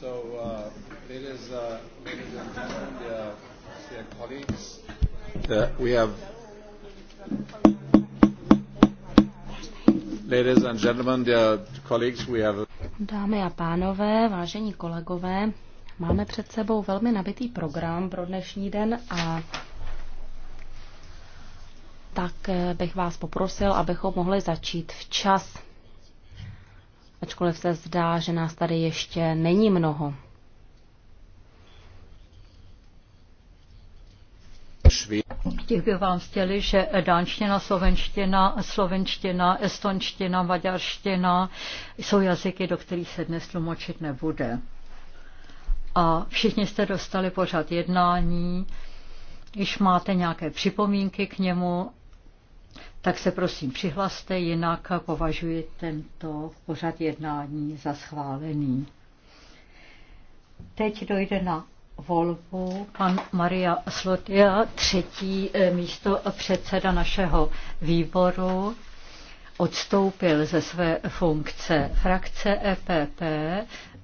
So, uh, ladies, uh, ladies and gentlemen, dear, dear colleagues, uh, we have. Ladies and gentlemen, dear colleagues, we have. Dámy a pánové, vážení kolegové, máme před sebou velmi nabitý program pro dnešní den a tak eh, bych vás poprosil, abychom mohli začít včas ačkoliv se zdá, že nás tady ještě není mnoho. Těch bych vám chtěli, že dánština, slovenština, slovenština, estonština, maďarština jsou jazyky, do kterých se dnes tlumočit nebude. A všichni jste dostali pořád jednání, když máte nějaké připomínky k němu, tak se prosím přihlaste, jinak považuji tento pořad jednání za schválený. Teď dojde na volbu pan Maria Slotia, třetí eh, místo předseda našeho výboru, odstoupil ze své funkce. Frakce EPP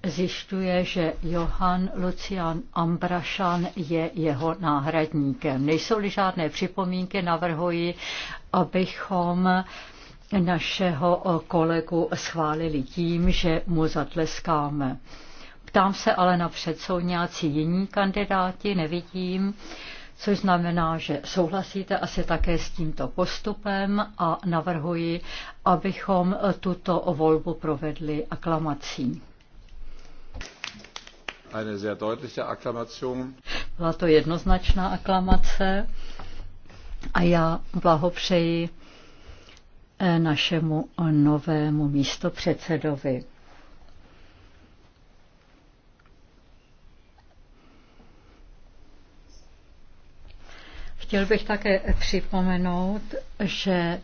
zjišťuje, že Johan Lucian Ambrašan je jeho náhradníkem. Nejsou-li žádné připomínky, navrhuji abychom našeho eh, kolegu schválili tím, že mu zatleskáme. Ptám se ale napřed, jsou nějací jiní kandidáti, nevidím, což znamená, že souhlasíte asi také s tímto postupem a navrhuji, abychom eh, tuto volbu provedli aklamací. Eine sehr deutliche Aklamation. Byla to jednoznačná aklamace a já blahopřeji eh, našemu novému místopředsedovi. Chtěl bych také připomenout, že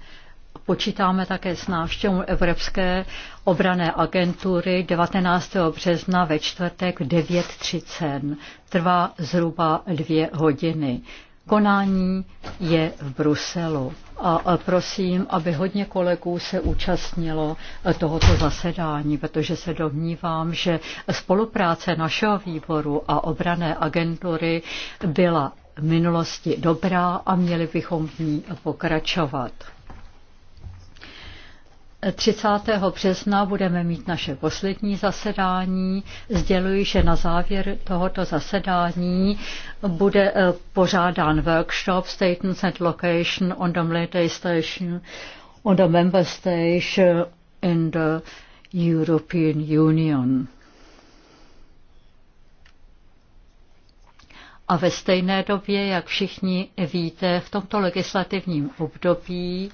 počítáme také s návštěvou Evropské obrané agentury 19. března ve čtvrtek v 9.30. Trvá zhruba dvě hodiny konání je v Bruselu. A prosím, aby hodně kolegů se účastnilo eh, tohoto zasedání, protože se domnívám, že spolupráce našeho výboru a obrané agentury byla v minulosti dobrá a měli bychom v ní pokračovat. 30. března budeme mít naše poslední zasedání. Sděluji, že na závěr tohoto zasedání bude eh, pořádán workshop Statements and Location on the Military Station, on the Member Station in the European Union. A ve stejné době, jak všichni víte, v tomto legislativním období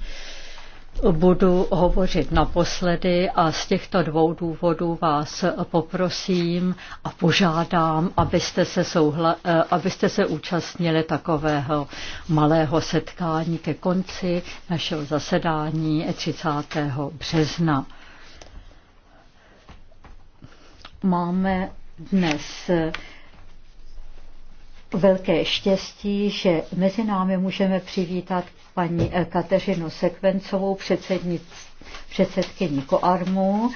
budu hovořit naposledy a z těchto dvou důvodů vás poprosím a požádám, abyste se, souhla, eh, abyste se účastnili takového malého setkání ke konci našeho zasedání 30. března. Máme dnes velké štěstí, že mezi námi můžeme přivítat paní Kateřinu Sekvencovou, předsedkyni Koarmu,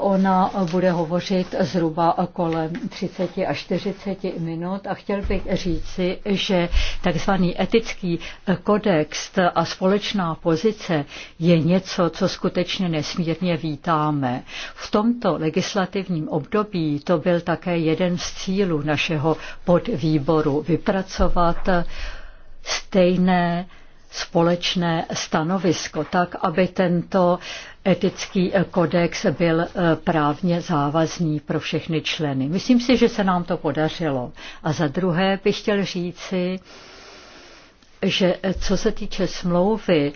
Ona bude hovořit zhruba kolem 30 až 40 minut a chtěl bych říci, že takzvaný etický kodex a společná pozice je něco, co skutečně nesmírně vítáme. V tomto legislativním období to byl také jeden z cílů našeho podvýboru vypracovat stejné společné stanovisko, tak aby tento etický kodex byl eh, právně závazný pro všechny členy. Myslím si, že se nám to podařilo. A za druhé bych chtěl říci, že eh, co se týče smlouvy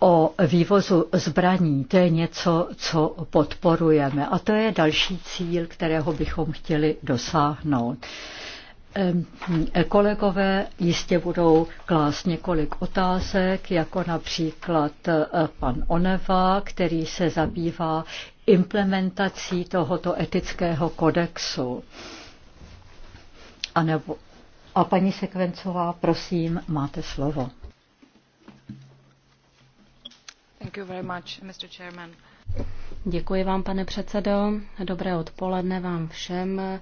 o vývozu zbraní, to je něco, co podporujeme. A to je další cíl, kterého bychom chtěli dosáhnout. Eh, kolegové jistě budou klást několik otázek, jako například eh, pan Oneva, který se zabývá implementací tohoto etického kodexu. A, nebo, a paní Sekvencová, prosím, máte slovo. Thank you very much, Mr. Chairman. Děkuji vám, pane předsedo. Dobré odpoledne vám všem.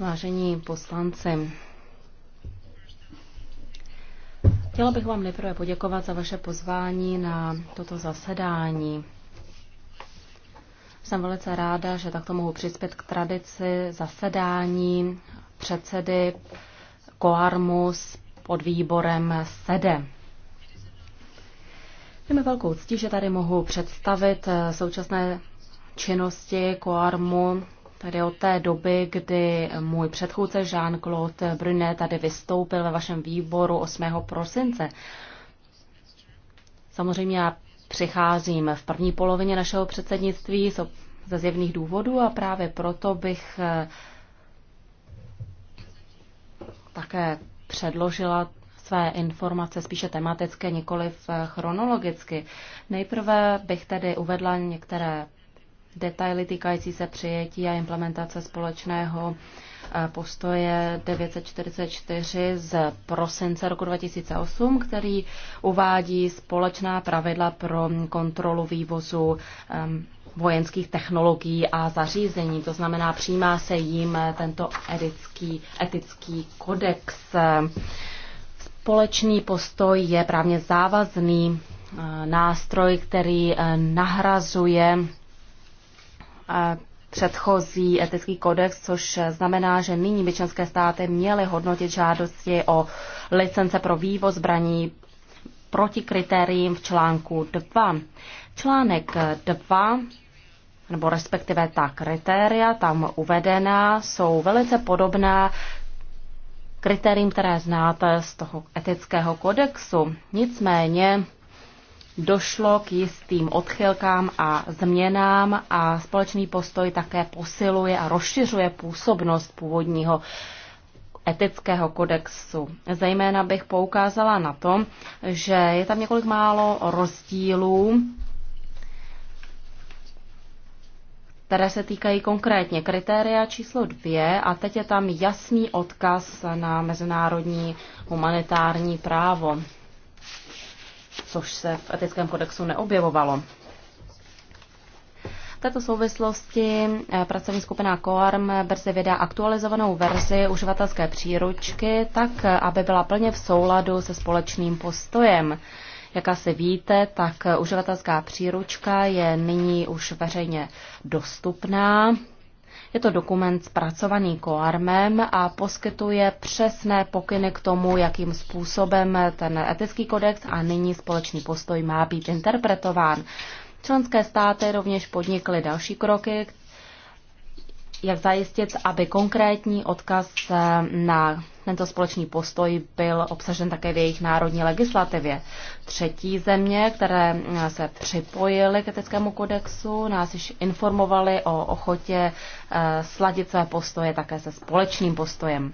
Vážení poslanci, chtěla bych vám nejprve poděkovat za vaše pozvání na toto zasedání. Jsem velice ráda, že takto mohu přispět k tradici zasedání předsedy Koarmu s podvýborem SEDE. Je mi velkou ctí, že tady mohu představit současné činnosti Koarmu Tady od té doby, kdy můj předchůdce Jean-Claude Brunet tady vystoupil ve vašem výboru 8. prosince. Samozřejmě já přicházím v první polovině našeho předsednictví ze zjevných důvodů a právě proto bych eh, také předložila své informace spíše tematické, nikoli eh, chronologicky. Nejprve bych tedy uvedla některé detaily týkající se přijetí a implementace společného eh, postoje 944 z prosince roku 2008, který uvádí společná pravidla pro kontrolu vývozu ehm, vojenských technologií a zařízení. To znamená, přijímá se jim tento etický, etický kodex. Společný postoj je právně závazný eh, nástroj, který eh, nahrazuje předchozí etický kodex, což znamená, že nyní by členské státy měly hodnotit žádosti o licence pro vývoz zbraní proti kritériím v článku 2. Článek 2 nebo respektive ta kritéria tam uvedená jsou velice podobná kritériím, které znáte z toho etického kodexu. Nicméně došlo k jistým odchylkám a změnám a společný postoj také posiluje a rozšiřuje působnost původního etického kodexu. Zejména bych poukázala na to, že je tam několik málo rozdílů, které se týkají konkrétně kritéria číslo dvě a teď je tam jasný odkaz na mezinárodní humanitární právo což se v etickém kodexu neobjevovalo. V této souvislosti eh, pracovní skupina COARM brzy vydá aktualizovanou verzi uživatelské příručky, tak eh, aby byla plně v souladu se společným postojem. Jak asi víte, tak eh, uživatelská příručka je nyní už veřejně dostupná je to dokument zpracovaný Koarmem a poskytuje přesné pokyny k tomu, jakým způsobem ten etický kodex a nyní společný postoj má být interpretován. Členské státy rovněž podnikly další kroky, jak zajistit, aby konkrétní odkaz na tento společný postoj byl obsažen také v jejich národní legislativě. Třetí země, které eh, se připojily k etickému kodexu, nás již informovali o ochotě eh, sladit své postoje také se společným postojem.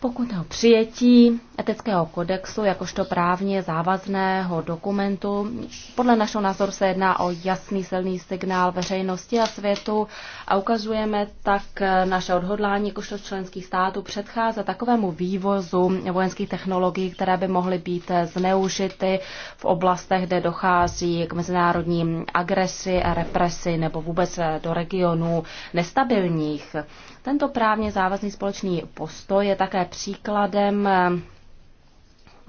Pokud o přijetí etického kodexu jakožto právně závazného dokumentu, podle našeho názoru se jedná o jasný silný signál veřejnosti a světu a ukazujeme tak naše odhodlání jakožto členských států předcházet takovému vývozu vojenských technologií, které by mohly být zneužity v oblastech, kde dochází k mezinárodní agresi, represi nebo vůbec do regionů nestabilních. Tento právně závazný společný postoj je také příkladem eh,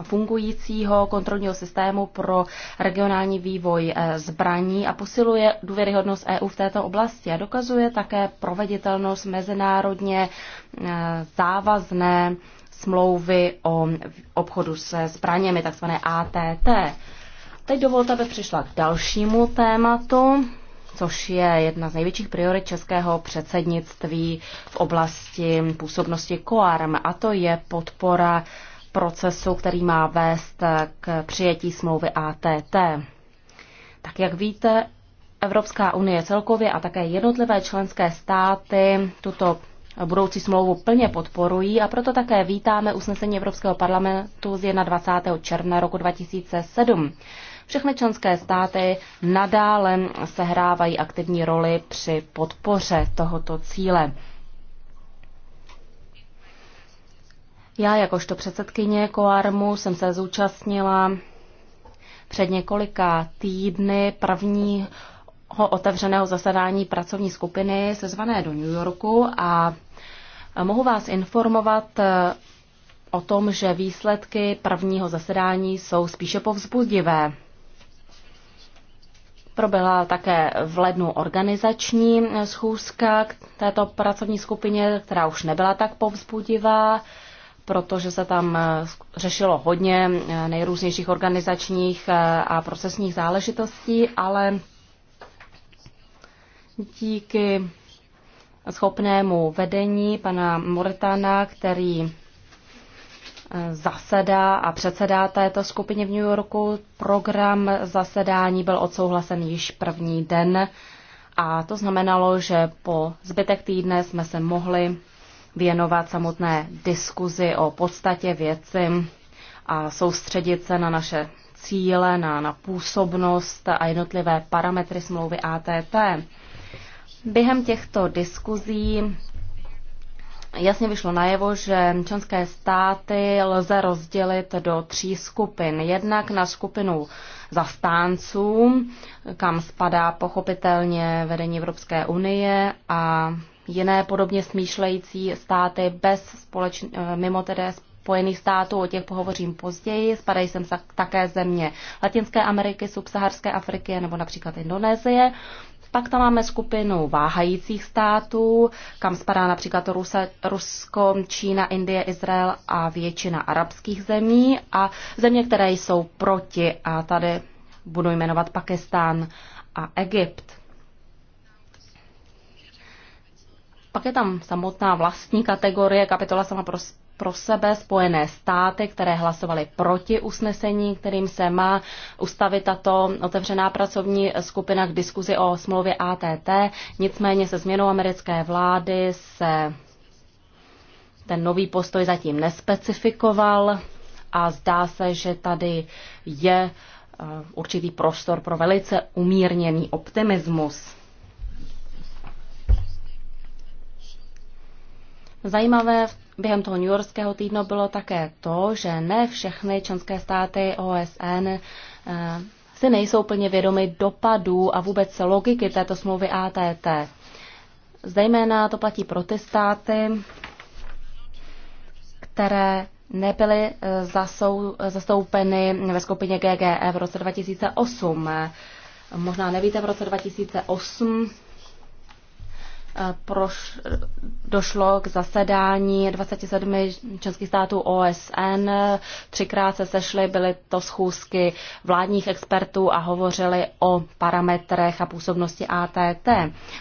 fungujícího kontrolního systému pro regionální vývoj eh, zbraní a posiluje důvěryhodnost EU v této oblasti a dokazuje také proveditelnost mezinárodně eh, závazné smlouvy o obchodu se zbraněmi, takzvané ATT. Teď dovolte, abych přišla k dalšímu tématu což je jedna z největších priorit českého předsednictví v oblasti působnosti COARM, a to je podpora procesu, který má vést k přijetí smlouvy ATT. Tak jak víte, Evropská unie celkově a také jednotlivé členské státy tuto budoucí smlouvu plně podporují a proto také vítáme usnesení Evropského parlamentu z 21. června roku 2007. Všechny členské státy nadále sehrávají aktivní roli při podpoře tohoto cíle. Já jakožto předsedkyně Koarmu jsem se zúčastnila před několika týdny prvního otevřeného zasedání pracovní skupiny sezvané do New Yorku a mohu vás informovat eh, o tom, že výsledky prvního zasedání jsou spíše povzbudivé. Proběhla také v lednu organizační schůzka k této pracovní skupině, která už nebyla tak povzbudivá, protože se tam eh, řešilo hodně eh, nejrůznějších organizačních eh, a procesních záležitostí, ale díky schopnému vedení pana Moretana, který zasedá a předsedá této skupině v New Yorku. Program zasedání byl odsouhlasen již první den a to znamenalo, že po zbytek týdne jsme se mohli věnovat samotné diskuzi o podstatě věci a soustředit se na naše cíle, na, na působnost a jednotlivé parametry smlouvy ATT. Během těchto diskuzí jasně vyšlo najevo, že členské státy lze rozdělit do tří skupin. Jednak na skupinu zastánců, kam spadá pochopitelně vedení Evropské unie a jiné podobně smýšlející státy bez společn- eh, mimo tedy Spojených států, o těch pohovořím později, spadají sem také země Latinské Ameriky, subsaharské Afriky nebo například Indonésie. Pak tam máme skupinu váhajících států, kam spadá například Rusa, Rusko, Čína, Indie, Izrael a většina arabských zemí a země, které jsou proti a tady budu jmenovat Pakistán a Egypt. Pak je tam samotná vlastní kategorie, kapitola sama pro pro sebe Spojené státy, které hlasovaly proti usnesení, kterým se má ustavit tato otevřená pracovní skupina k diskuzi o smlouvě ATT. Nicméně se změnou americké vlády se ten nový postoj zatím nespecifikoval a zdá se, že tady je eh, určitý prostor pro velice umírněný optimismus. Zajímavé během toho New Yorkského týdnu bylo také to, že ne všechny členské státy OSN eh, si nejsou plně vědomy dopadů a vůbec logiky této smlouvy ATT. Zejména to platí pro ty státy, které nebyly eh, zasou, zastoupeny ve skupině GGE v roce 2008. Možná nevíte, v roce 2008 Eh, proš, došlo k zasedání 27 členských států OSN. Třikrát se sešly, byly to schůzky vládních expertů a hovořili o parametrech a působnosti ATT.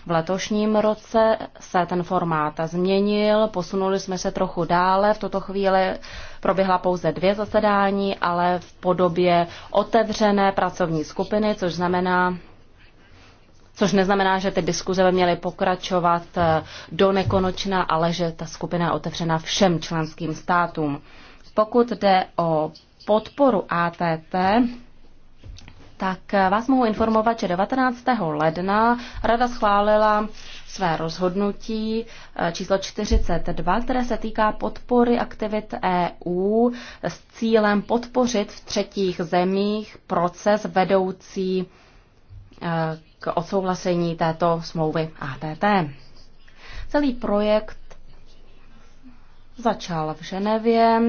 V letošním roce se ten formát změnil, posunuli jsme se trochu dále. V tuto chvíli proběhla pouze dvě zasedání, ale v podobě otevřené pracovní skupiny, což znamená, což neznamená, že ty diskuze by měly pokračovat eh, do nekonečna, ale že ta skupina je otevřena všem členským státům. Pokud jde o podporu ATT, tak eh, vás mohu informovat, že 19. ledna Rada schválila své rozhodnutí eh, číslo 42, které se týká podpory aktivit EU s cílem podpořit v třetích zemích proces vedoucí k odsouhlasení této smlouvy ATT. Celý projekt začal v Ženevě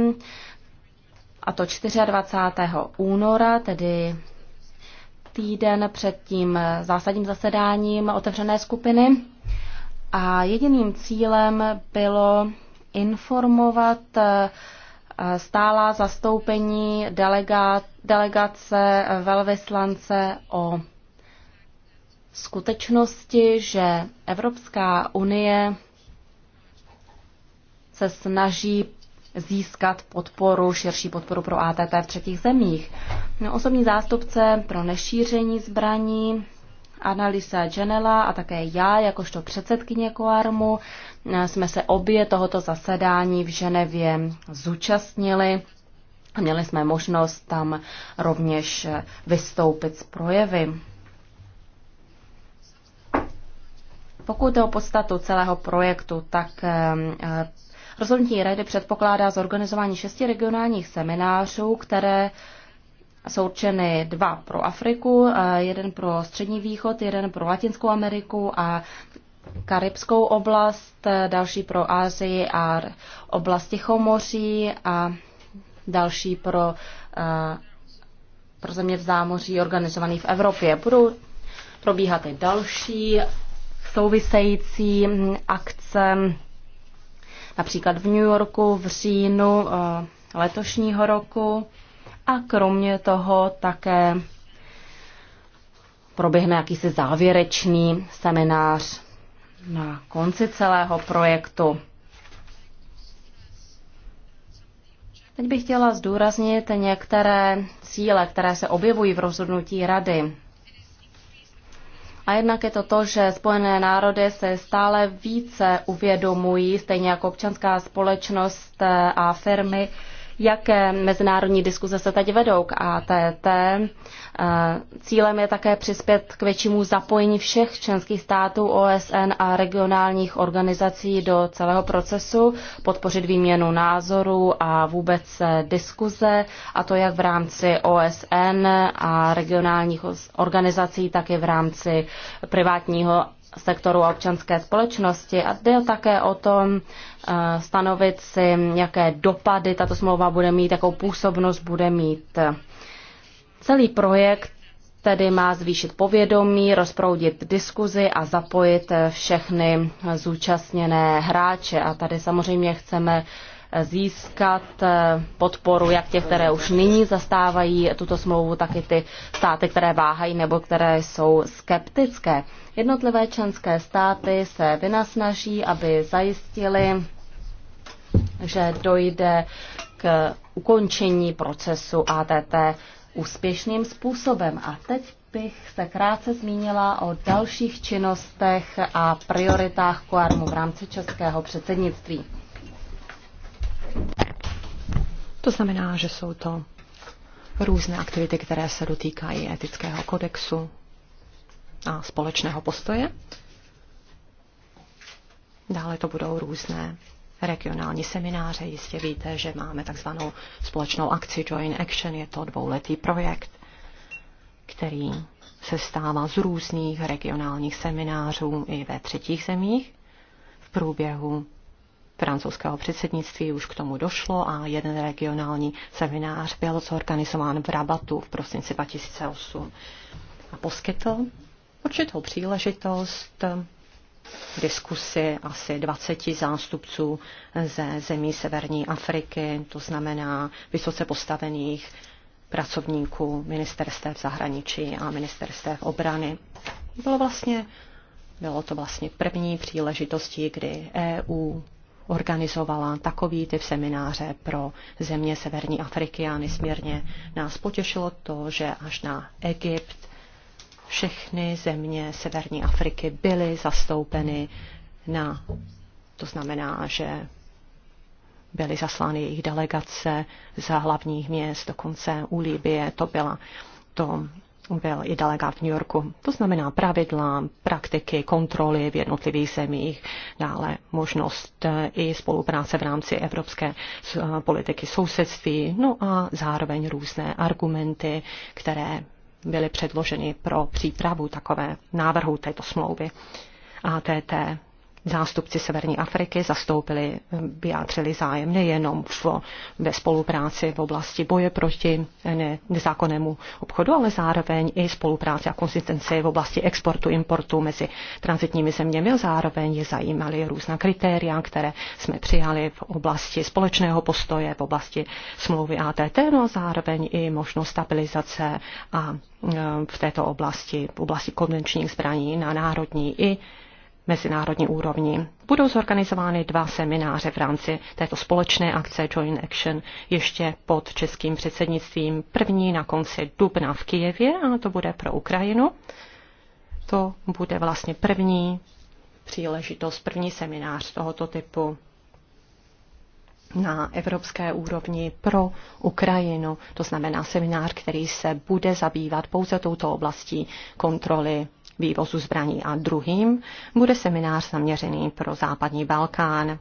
a to 24. února, tedy týden před tím zásadním zasedáním otevřené skupiny. A jediným cílem bylo informovat eh, stálá zastoupení delegace eh, velvyslance o skutečnosti, že Evropská unie se snaží získat podporu, širší podporu pro ATT v třetích zemích. No, osobní zástupce pro nešíření zbraní Analisa Janela a také já, jakožto předsedkyně Koarmu, jsme se obě tohoto zasedání v Ženevě zúčastnili. Měli jsme možnost tam rovněž vystoupit s projevy. Pokud jde o podstatu celého projektu, tak eh, eh, rozhodnutí Rady předpokládá zorganizování šesti regionálních seminářů, které jsou určeny dva pro Afriku, eh, jeden pro Střední východ, jeden pro Latinskou Ameriku a Karibskou oblast, další pro Ázii a oblast Tichomoří a další pro, pro země v zámoří organizovaný v Evropě. Budou probíhat i další související mm, akce například v New Yorku v říjnu eh, letošního roku a kromě toho také proběhne jakýsi závěrečný seminář na konci celého projektu. Teď bych chtěla zdůraznit některé cíle, které se objevují v rozhodnutí Rady. A jednak je to to, že Spojené národy se stále více uvědomují, stejně jako občanská společnost a firmy, jaké mezinárodní diskuze se teď vedou k ATT. Eh, cílem je také přispět k většímu zapojení všech členských států OSN a regionálních organizací do celého procesu, podpořit výměnu názorů a vůbec eh, diskuze, a to jak v rámci OSN a regionálních organizací, tak i v rámci privátního sektoru občanské společnosti a jde také o tom eh, stanovit si, jaké dopady tato smlouva bude mít, jakou působnost bude mít. Celý projekt tedy má zvýšit povědomí, rozproudit diskuzi a zapojit všechny zúčastněné hráče. A tady samozřejmě chceme získat eh, podporu jak těch, které už nyní zastávají tuto smlouvu, tak i ty státy, které váhají nebo které jsou skeptické. Jednotlivé členské státy se vynasnaží, aby zajistili, že dojde k ukončení procesu ATT úspěšným způsobem. A teď bych se krátce zmínila o dalších činnostech a prioritách Koarmu v rámci českého předsednictví. To znamená, že jsou to různé aktivity, které se dotýkají etického kodexu a společného postoje. Dále to budou různé regionální semináře. Jistě víte, že máme takzvanou společnou akci Join Action. Je to dvouletý projekt, který se stává z různých regionálních seminářů i ve třetích zemích v průběhu francouzského předsednictví už k tomu došlo a jeden regionální seminář byl zorganizován v Rabatu v prosinci 2008 a poskytl určitou příležitost diskusi asi 20 zástupců ze zemí Severní Afriky, to znamená vysoce postavených pracovníků ministerstev zahraničí a ministerstev obrany. Bylo vlastně bylo to vlastně první příležitostí, kdy EU organizovala takový typ semináře pro země Severní Afriky a nesmírně nás potěšilo to, že až na Egypt všechny země Severní Afriky byly zastoupeny na, to znamená, že byly zaslány jejich delegace za hlavních měst, dokonce u Libie to byla to byl i delegát v New Yorku. To znamená pravidla, praktiky, kontroly v jednotlivých zemích, dále možnost eh, i spolupráce v rámci evropské eh, politiky sousedství, no a zároveň různé argumenty, které byly předloženy pro přípravu takové návrhu této smlouvy. ATT zástupci Severní Afriky zastoupili, vyjádřili zájem nejenom v, ve spolupráci v oblasti boje proti nezákonnému obchodu, ale zároveň i spolupráci a konsistenci v oblasti exportu, importu mezi transitními zeměmi a zároveň je zajímaly různá kritéria, které jsme přijali v oblasti společného postoje, v oblasti smlouvy ATT, no a zároveň i možnost stabilizace a e, v této oblasti, v oblasti konvenčních zbraní na národní i mezinárodní úrovni. Budou zorganizovány dva semináře v rámci této společné akce Joint Action ještě pod českým předsednictvím. První na konci dubna v Kijevě, a to bude pro Ukrajinu. To bude vlastně první příležitost, první seminář tohoto typu na evropské úrovni pro Ukrajinu, to znamená seminář, který se bude zabývat pouze touto oblastí kontroly vývozu zbraní a druhým bude seminář zaměřený pro západní Balkán.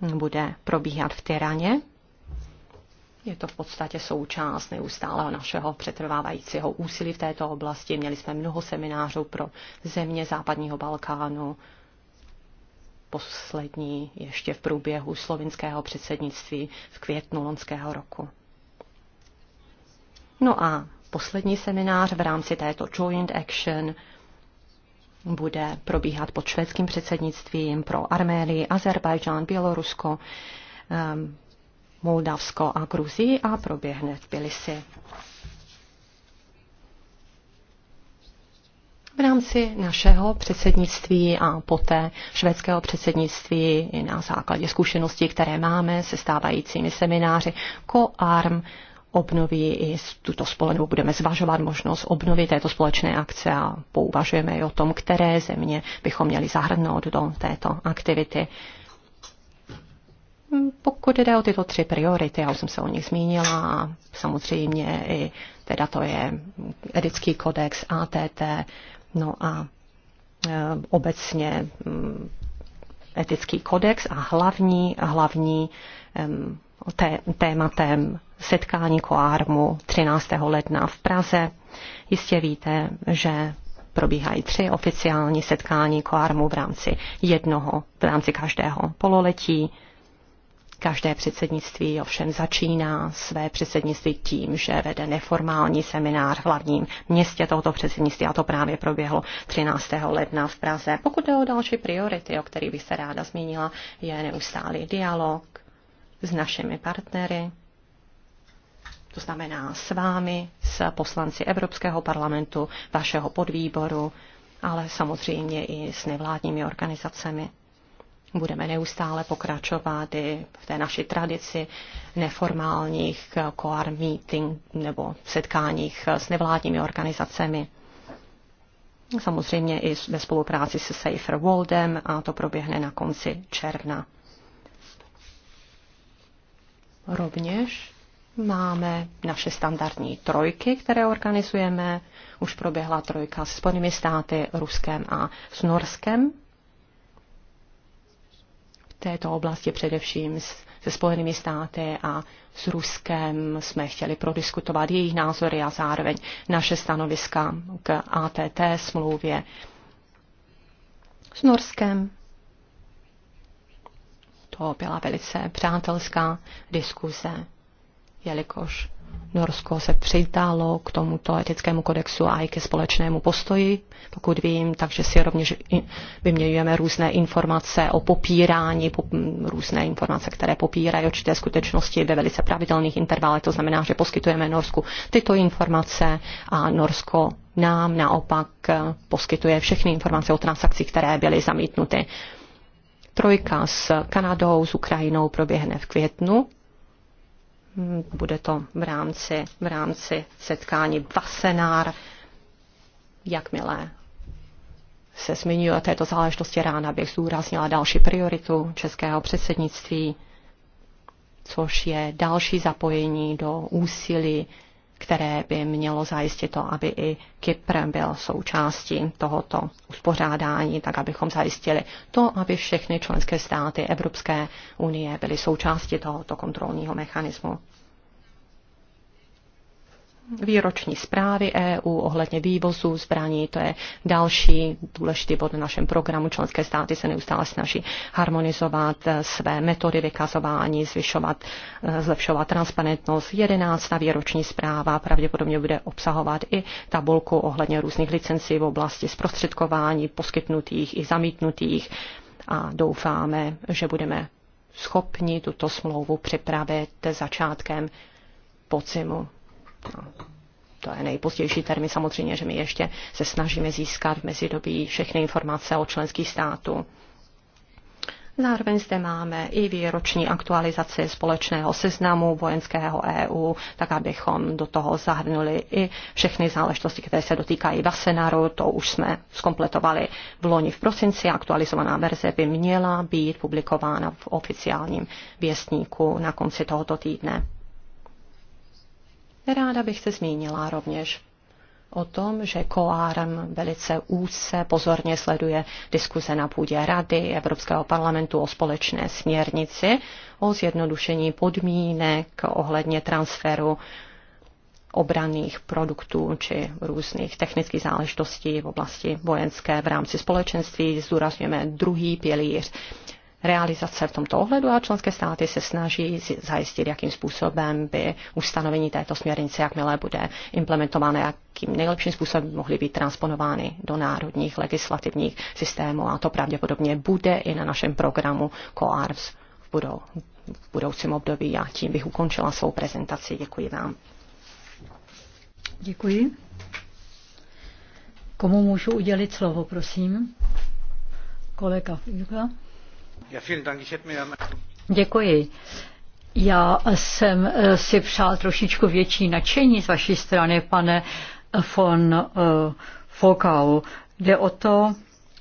Bude probíhat v Tyraně. Je to v podstatě součást neustálého našeho přetrvávajícího úsilí v této oblasti. Měli jsme mnoho seminářů pro země západního Balkánu. Poslední ještě v průběhu slovinského předsednictví v květnu lonského roku. No a poslední seminář v rámci této Joint Action bude probíhat pod švédským předsednictvím pro Arménii, Azerbajdžán, Bělorusko, ehm, Moldavsko a Gruzii a proběhne v Tbilisi. V rámci našeho předsednictví a poté švédského předsednictví i na základě zkušeností, které máme se stávajícími semináři, CoArm obnoví i tuto společnost, nebo budeme zvažovat možnost obnovy této společné akce a pouvažujeme i o tom, které země bychom měli zahrnout do této aktivity. Hm, pokud jde o tyto tři priority, já už jsem se o nich zmínila, samozřejmě i teda to je etický kodex ATT, no a e, obecně hm, etický kodex a hlavní, hlavní hm, tématem setkání Koármu 13. ledna v Praze. Jistě víte, že probíhají tři oficiální setkání Koármu v rámci jednoho, v rámci každého pololetí. Každé předsednictví ovšem začíná své předsednictví tím, že vede neformální seminář v hlavním městě tohoto předsednictví a to právě proběhlo 13. ledna v Praze. Pokud jde o další priority, o kterých bych se ráda zmínila, je neustálý dialog s našimi partnery, to znamená s vámi, s poslanci Evropského parlamentu, vašeho podvýboru, ale samozřejmě i s nevládními organizacemi. Budeme neustále pokračovat i v té naší tradici neformálních koar meeting nebo setkáních s nevládními organizacemi. Samozřejmě i ve spolupráci se Safer Worldem a to proběhne na konci června. Rovněž Máme naše standardní trojky, které organizujeme. Už proběhla trojka s Spojenými státy, Ruskem a s Norskem. V této oblasti především se Spojenými státy a s Ruskem jsme chtěli prodiskutovat jejich názory a zároveň naše stanoviska k ATT smlouvě s Norskem. To byla velice přátelská diskuze jelikož Norsko se přidalo k tomuto etickému kodexu a i ke společnému postoji, pokud vím, takže si rovněž vyměňujeme různé informace o popírání, po, různé informace, které popírají určité skutečnosti ve velice pravidelných intervalech. To znamená, že poskytujeme Norsku tyto informace a Norsko nám naopak eh, poskytuje všechny informace o transakcích, které byly zamítnuty. Trojka s Kanadou, s Ukrajinou proběhne v květnu bude to v rámci, v rámci setkání Vasenár. Jakmile se zmiňuje o této záležitosti rána, bych zúraznila další prioritu českého předsednictví, což je další zapojení do úsilí které by mělo zajistit to, aby i Kypr byl součástí tohoto uspořádání, tak abychom zajistili to, aby všechny členské státy Evropské unie byly součástí tohoto kontrolního mechanismu výroční zprávy EU ohledně vývozu zbraní, to je další důležitý bod v našem programu. Členské státy se neustále snaží harmonizovat eh, své metody vykazování, zvyšovat, eh, zlepšovat transparentnost. Jedenáctá výroční zpráva pravděpodobně bude obsahovat i tabulku ohledně různých licencí v oblasti zprostředkování, poskytnutých i zamítnutých a doufáme, že budeme schopni tuto smlouvu připravit začátkem podzimu to je nejpozdější termín. Samozřejmě, že my ještě se snažíme získat v mezidobí všechny informace o členských států. Zároveň zde máme i výroční aktualizaci společného seznamu vojenského EU, tak abychom do toho zahrnuli i všechny záležitosti, které se dotýkají Vasenaru. To už jsme skompletovali v loni v prosinci. Aktualizovaná verze by měla být publikována v oficiálním věstníku na konci tohoto týdne. Ráda bych se zmínila rovněž o tom, že Koárem velice úzce pozorně sleduje diskuze na půdě Rady Evropského parlamentu o společné směrnici o zjednodušení podmínek ohledně transferu obraných produktů či různých technických záležitostí v oblasti vojenské v rámci společenství. Zdůrazňujeme druhý pilíř realizace v tomto ohledu a členské státy se snaží zajistit, jakým způsobem by ustanovení této směrnice, jakmile bude implementována, jakým nejlepším způsobem mohly být transponovány do národních legislativních systémů a to pravděpodobně bude i na našem programu COARS v, budou, v budoucím období a tím bych ukončila svou prezentaci. Děkuji vám. Děkuji. Komu můžu udělit slovo, prosím? Kolega Figla. Děkuji. Já jsem eh, si přál trošičku větší nadšení z vaší strany, pane eh, von Fokau. Eh, Jde o to,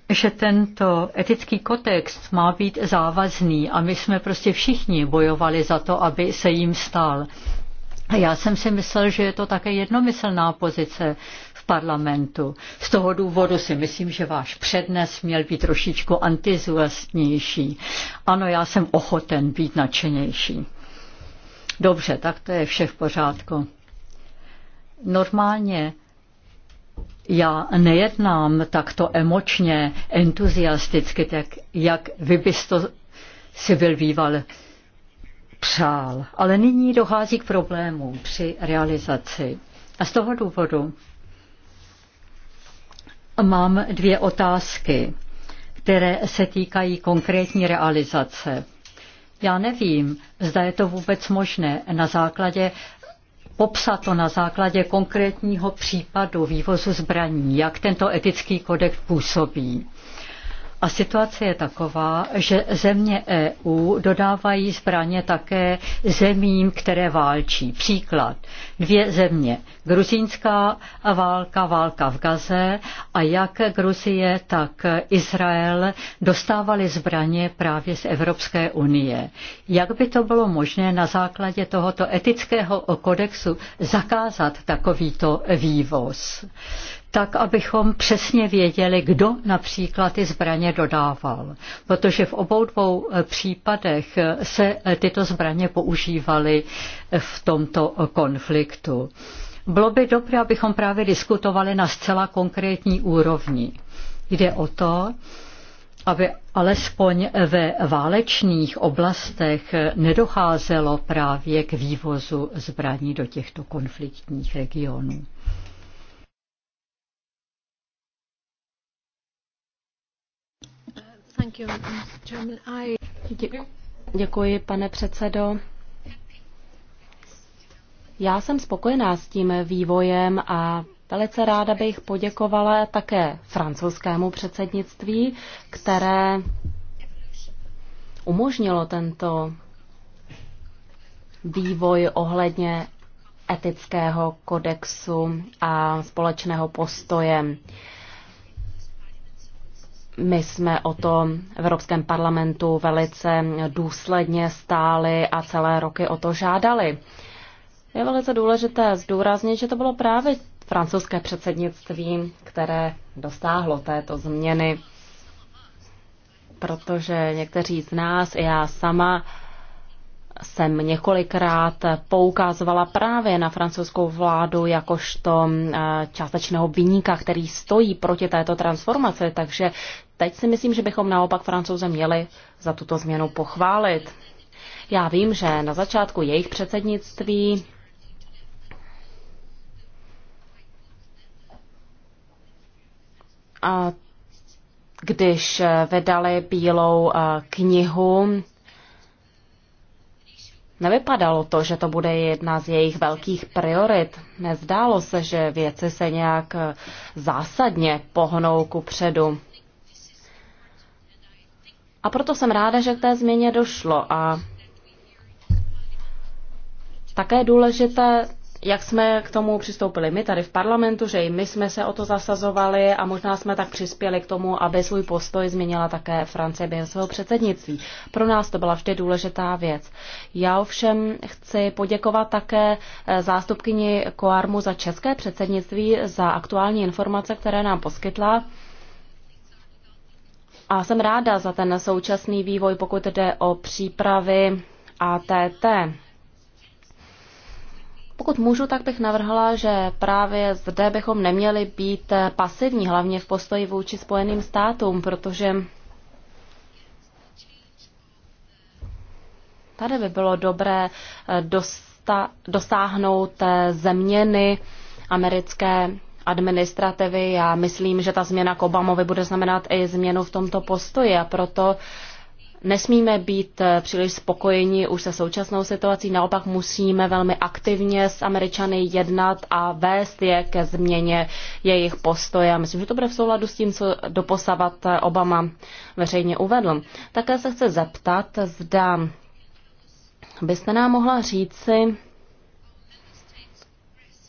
že tento etický kotext má být závazný a my jsme prostě všichni bojovali za to, aby se jim stal. A já jsem si myslel, že je to také jednomyslná pozice parlamentu. Z toho důvodu si myslím, že váš přednes měl být trošičku antizuestnější. Ano, já jsem ochoten být nadšenější. Dobře, tak to je vše v pořádku. Normálně já nejednám takto emočně, entuziasticky, tak jak vy byste to si byl býval přál. Ale nyní dochází k problémům při realizaci. A z toho důvodu mám dvě otázky, které se týkají konkrétní realizace. Já nevím, zda je to vůbec možné na základě popsat to na základě konkrétního případu vývozu zbraní, jak tento etický kodek působí. A situace je taková, že země EU dodávají zbraně také zemím, které válčí. Příklad. Dvě země. Gruzínská válka, válka v Gaze a jak Gruzie, tak Izrael dostávali zbraně právě z Evropské unie. Jak by to bylo možné na základě tohoto etického kodexu zakázat takovýto vývoz? tak abychom přesně věděli, kdo například ty zbraně dodával. Protože v obou dvou eh, případech eh, se eh, tyto zbraně používaly v tomto konfliktu. Bylo by dobré, abychom právě diskutovali na zcela konkrétní úrovni. Jde o to, aby alespoň ve válečných oblastech nedocházelo právě k vývozu zbraní do těchto konfliktních regionů. Děkuji. pane předsedo. Já jsem spokojená s tím vývojem a velice ráda bych poděkovala také francouzskému předsednictví, které umožnilo tento vývoj ohledně etického kodexu a společného postoje. My jsme o tom v Evropském parlamentu velice důsledně stáli a celé roky o to žádali. Je velice důležité zdůraznit, že to bylo právě francouzské předsednictví, které dostáhlo této změny, protože někteří z nás, i já sama, jsem několikrát poukázovala právě na francouzskou vládu jakožto eh, částečného vyníka, který stojí proti této transformaci, takže teď si myslím, že bychom naopak francouze měli za tuto změnu pochválit. Já vím, že na začátku jejich předsednictví a když vydali bílou eh, knihu Nevypadalo to, že to bude jedna z jejich velkých priorit. Nezdálo se, že věci se nějak eh, zásadně pohnou ku předu. A proto jsem ráda, že k té změně došlo. A také důležité jak jsme k tomu přistoupili my tady v parlamentu, že i my jsme se o to zasazovali a možná jsme tak přispěli k tomu, aby svůj postoj změnila také Francie během svého předsednictví. Pro nás to byla vždy důležitá věc. Já ovšem chci poděkovat také eh, zástupkyni Koarmu za české předsednictví, za aktuální informace, které nám poskytla. A jsem ráda za ten současný vývoj, pokud jde o přípravy ATT. Pokud můžu, tak bych navrhla, že právě zde bychom neměli být pasivní, hlavně v postoji vůči Spojeným státům, protože tady by bylo dobré eh, dosta, dosáhnout eh, změny americké administrativy. Já myslím, že ta změna k Obamovi bude znamenat i změnu v tomto postoji a proto uh, Nesmíme být eh, příliš spokojeni už se současnou situací, naopak musíme velmi aktivně s Američany jednat a vést je ke změně jejich postoje. Myslím, že to bude v souladu s tím, co doposavat eh, Obama veřejně uvedl. Také se chce zeptat, zda byste nám mohla říci,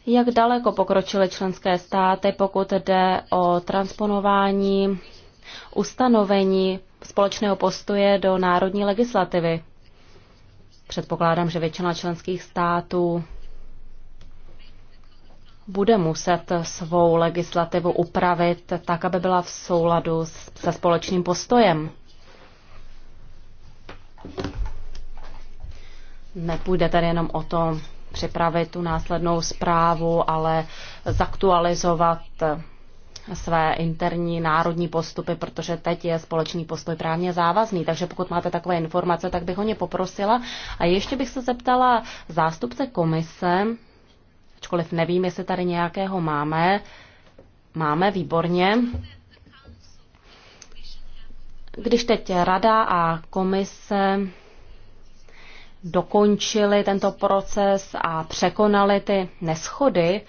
jak daleko pokročily členské státy, pokud jde o transponování ustanovení společného postoje do národní legislativy. Předpokládám, že většina členských států bude muset svou legislativu upravit tak, aby byla v souladu se společným postojem. Nepůjde tady jenom o to připravit tu následnou zprávu, ale zaktualizovat své interní národní postupy, protože teď je společný postoj právně závazný. Takže pokud máte takové informace, tak bych ho ně poprosila. A ještě bych se zeptala zástupce komise, ačkoliv nevím, jestli tady nějakého máme. Máme, výborně. Když teď rada a komise dokončili tento proces a překonali ty neschody,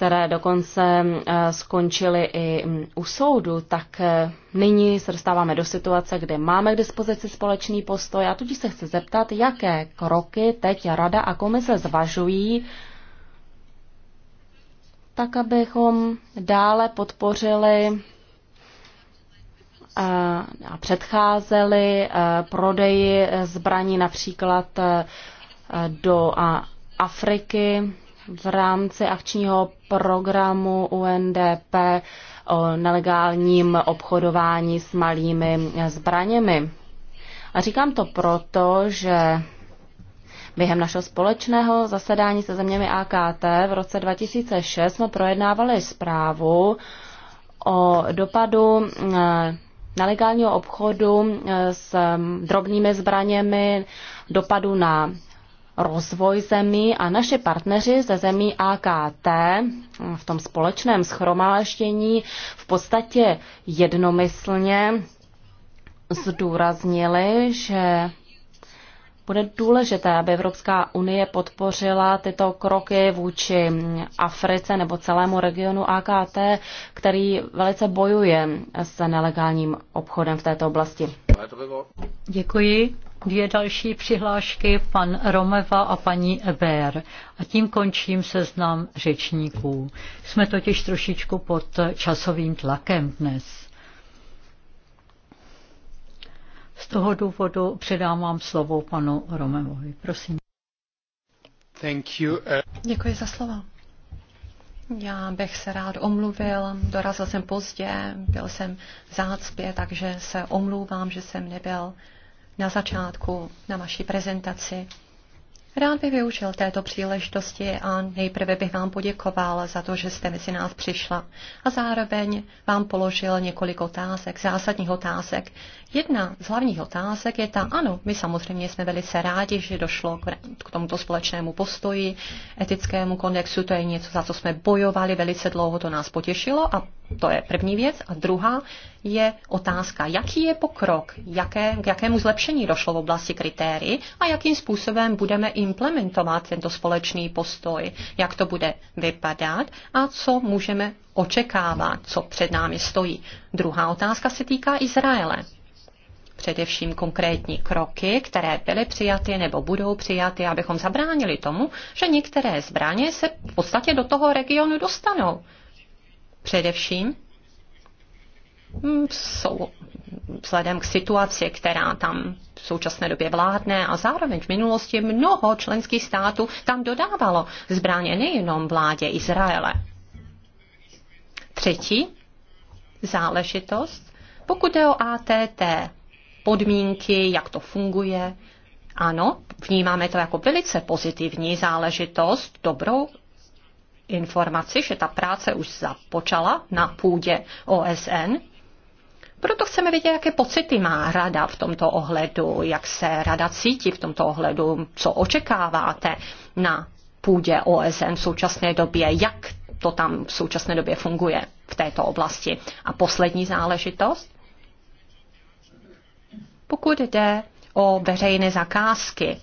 které dokonce eh, skončily i mm, u soudu, tak eh, nyní se dostáváme do situace, kde máme k dispozici společný postoj a tudíž se chci zeptat, jaké kroky teď Rada a Komise zvažují, tak abychom dále podpořili eh, a předcházeli prodeji zbraní například do Afriky, v rámci akčního programu UNDP o nelegálním obchodování s malými zbraněmi. A říkám to proto, že Během našeho společného zasedání se zeměmi AKT v roce 2006 jsme projednávali zprávu o dopadu eh, nelegálního obchodu eh, s drobnými zbraněmi, dopadu na rozvoj zemí a naši partneři ze zemí AKT v tom společném schromáždění v podstatě jednomyslně zdůraznili, že bude důležité, aby Evropská unie podpořila tyto kroky vůči Africe nebo celému regionu AKT, který velice bojuje s nelegálním obchodem v této oblasti. Děkuji dvě další přihlášky, pan Romeva a paní Eber. A tím končím seznam řečníků. Jsme totiž trošičku pod časovým tlakem dnes. Z toho důvodu předám vám slovo panu Romevovi. Prosím. Thank you. Uh, Děkuji za slovo. Já bych se rád omluvil, dorazil jsem pozdě, byl jsem v zácpě, takže se omlouvám, že jsem nebyl na začátku, na vaší prezentaci. Rád bych využil této příležitosti a nejprve bych vám poděkoval za to, že jste mezi nás přišla. A zároveň vám položil několik otázek, zásadních otázek. Jedna z hlavních otázek je ta, ano, my samozřejmě jsme velice rádi, že došlo k tomuto společnému postoji, etickému kondexu, to je něco, za co jsme bojovali velice dlouho, to nás potěšilo a to je první věc. A druhá je otázka, jaký je pokrok, jaké, k jakému zlepšení došlo v oblasti kritérií a jakým způsobem budeme implementovat tento společný postoj, jak to bude vypadat a co můžeme očekávat, co před námi stojí. Druhá otázka se týká Izraele především konkrétní kroky, které byly přijaty nebo budou přijaty, abychom zabránili tomu, že některé zbraně se v podstatě do toho regionu dostanou. Především Hmm, jsou vzhledem k situaci, která tam v současné době vládne a zároveň v minulosti mnoho členských států tam dodávalo zbraně nejenom vládě Izraele. Třetí záležitost, pokud je o ATT, podmínky, jak to funguje, ano, vnímáme to jako velice pozitivní záležitost, dobrou informaci, že ta práce už započala na půdě OSN, proto chceme vědět, jaké pocity má rada v tomto ohledu, jak se rada cítí v tomto ohledu, co očekáváte na půdě OSN v současné době, jak to tam v současné době funguje v této oblasti. A poslední záležitost, pokud jde o veřejné zakázky,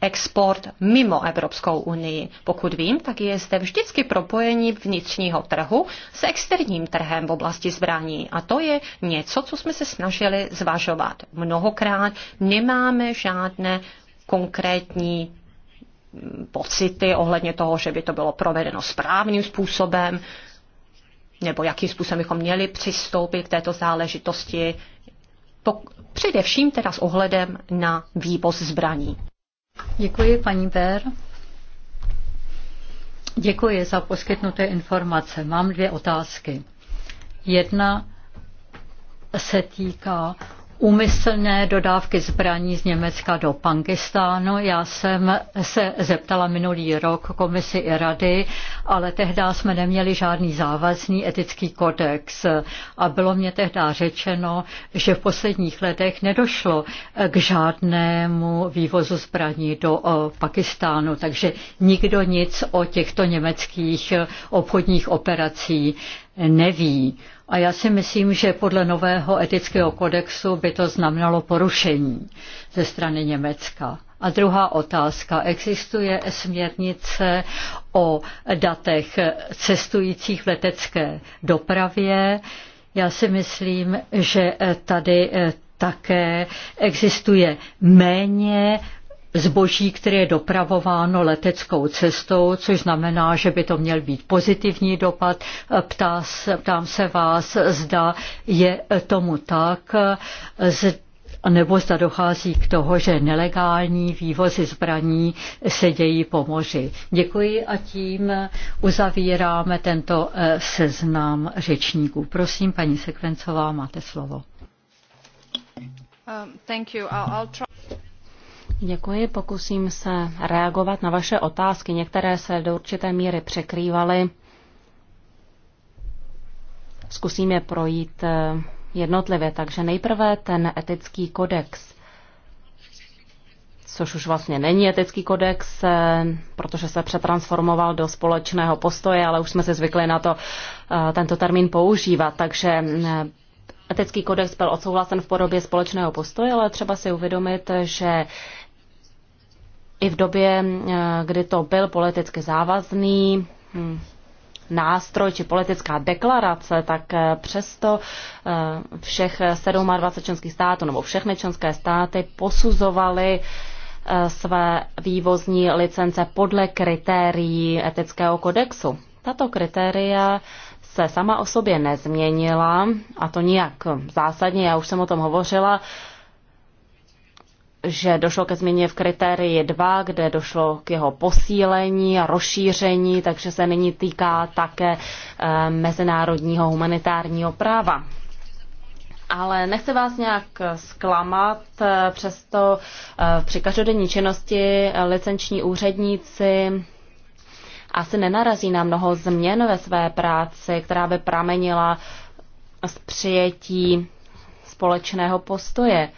export mimo Evropskou unii. Pokud vím, tak je zde vždycky propojení vnitřního trhu s externím trhem v oblasti zbraní. A to je něco, co jsme se snažili zvažovat. Mnohokrát nemáme žádné konkrétní mm, pocity ohledně toho, že by to bylo provedeno správným způsobem, nebo jakým způsobem bychom měli přistoupit k této záležitosti, pok- především teda s ohledem na vývoz zbraní. Děkuji, paní Bér. Děkuji za poskytnuté informace. Mám dvě otázky. Jedna se týká úmyslné dodávky zbraní z Německa do Pakistánu. Já jsem se zeptala minulý rok komisi i rady, ale tehdy jsme neměli žádný závazný etický kodex a bylo mě tehdy řečeno, že v posledních letech nedošlo k žádnému vývozu zbraní do Pakistánu, takže nikdo nic o těchto německých obchodních operacích neví. A já si myslím, že podle nového etického kodexu by to znamenalo porušení ze strany Německa. A druhá otázka. Existuje směrnice o datech cestujících v letecké dopravě? Já si myslím, že tady také existuje méně zboží, které je dopravováno leteckou cestou, což znamená, že by to měl být pozitivní dopad. Ptá se, ptám se vás, zda je tomu tak, nebo zda dochází k toho, že nelegální vývozy zbraní se dějí po moři. Děkuji a tím uzavíráme tento eh, seznam řečníků. Prosím, paní Sekvencová, máte slovo. Um, thank you. I'll, I'll try... Děkuji, pokusím se reagovat na vaše otázky. Některé se do určité míry překrývaly. Zkusím je projít eh, jednotlivě. Takže nejprve ten etický kodex, což už vlastně není etický kodex, eh, protože se přetransformoval do společného postoje, ale už jsme se zvykli na to eh, tento termín používat. Takže Etický kodex byl odsouhlasen v podobě společného postoje, ale třeba si uvědomit, že i v době, eh, kdy to byl politicky závazný hm, nástroj či politická deklarace, tak eh, přesto eh, všech 27 členských států nebo všechny členské státy posuzovaly své vývozní licence podle kritérií etického kodexu. Tato kritéria se sama o sobě nezměnila, a to nijak zásadně, já už jsem o tom hovořila, že došlo ke změně v kritérii 2, kde došlo k jeho posílení a rozšíření, takže se nyní týká také eh, mezinárodního humanitárního práva. Ale nechci vás nějak zklamat, eh, přesto eh, při každodenní činnosti licenční úředníci asi nenarazí na mnoho změn ve své práci, která by pramenila z přijetí společného postoje.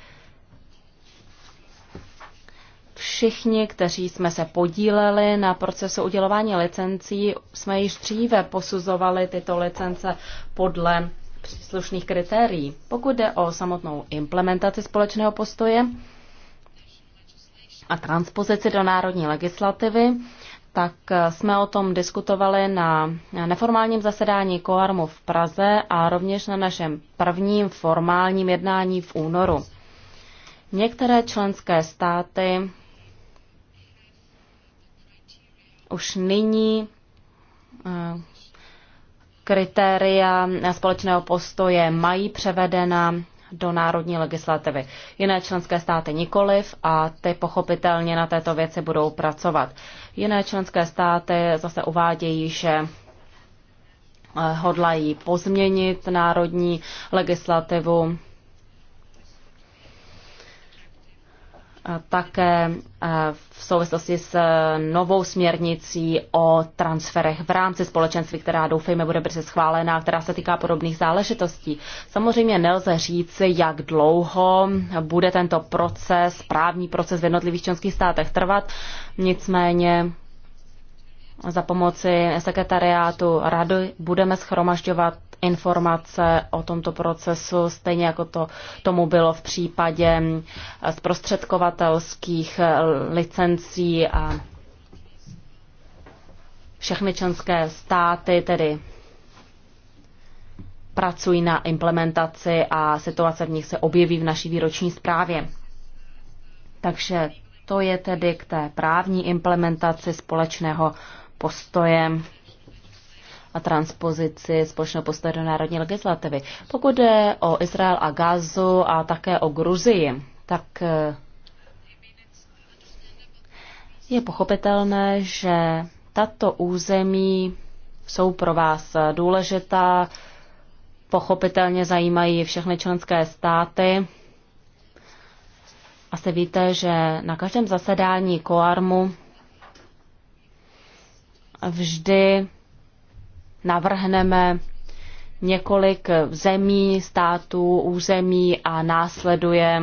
Všichni, kteří jsme se podíleli na procesu udělování licencí, jsme již dříve posuzovali tyto licence podle příslušných kritérií. Pokud jde o samotnou implementaci společného postoje a transpozici do národní legislativy, tak jsme o tom diskutovali na neformálním zasedání Koarmu v Praze a rovněž na našem prvním formálním jednání v únoru. Některé členské státy už nyní eh, kritéria společného postoje mají převedena do národní legislativy. Jiné členské státy nikoliv a ty pochopitelně na této věci budou pracovat. Jiné členské státy zase uvádějí, že eh, hodlají pozměnit národní legislativu také e, v souvislosti s e, novou směrnicí o transferech v rámci společenství, která doufejme bude brzy schválená, která se týká podobných záležitostí. Samozřejmě nelze říci, jak dlouho bude tento proces, právní proces v jednotlivých členských státech trvat, nicméně za pomoci sekretariátu rady budeme schromažďovat informace o tomto procesu, stejně jako to tomu bylo v případě eh, zprostředkovatelských eh, licencí a všechny členské státy tedy pracují na implementaci a situace v nich se objeví v naší výroční zprávě. Takže to je tedy k té právní implementaci společného postoje a transpozici společného postoje do národní legislativy. Pokud jde o Izrael a Gazu a také o Gruzii, tak eh, je pochopitelné, že tato území jsou pro vás důležitá, pochopitelně zajímají všechny členské státy. Asi víte, že na každém zasedání koarmu vždy navrhneme několik zemí, států, území a následuje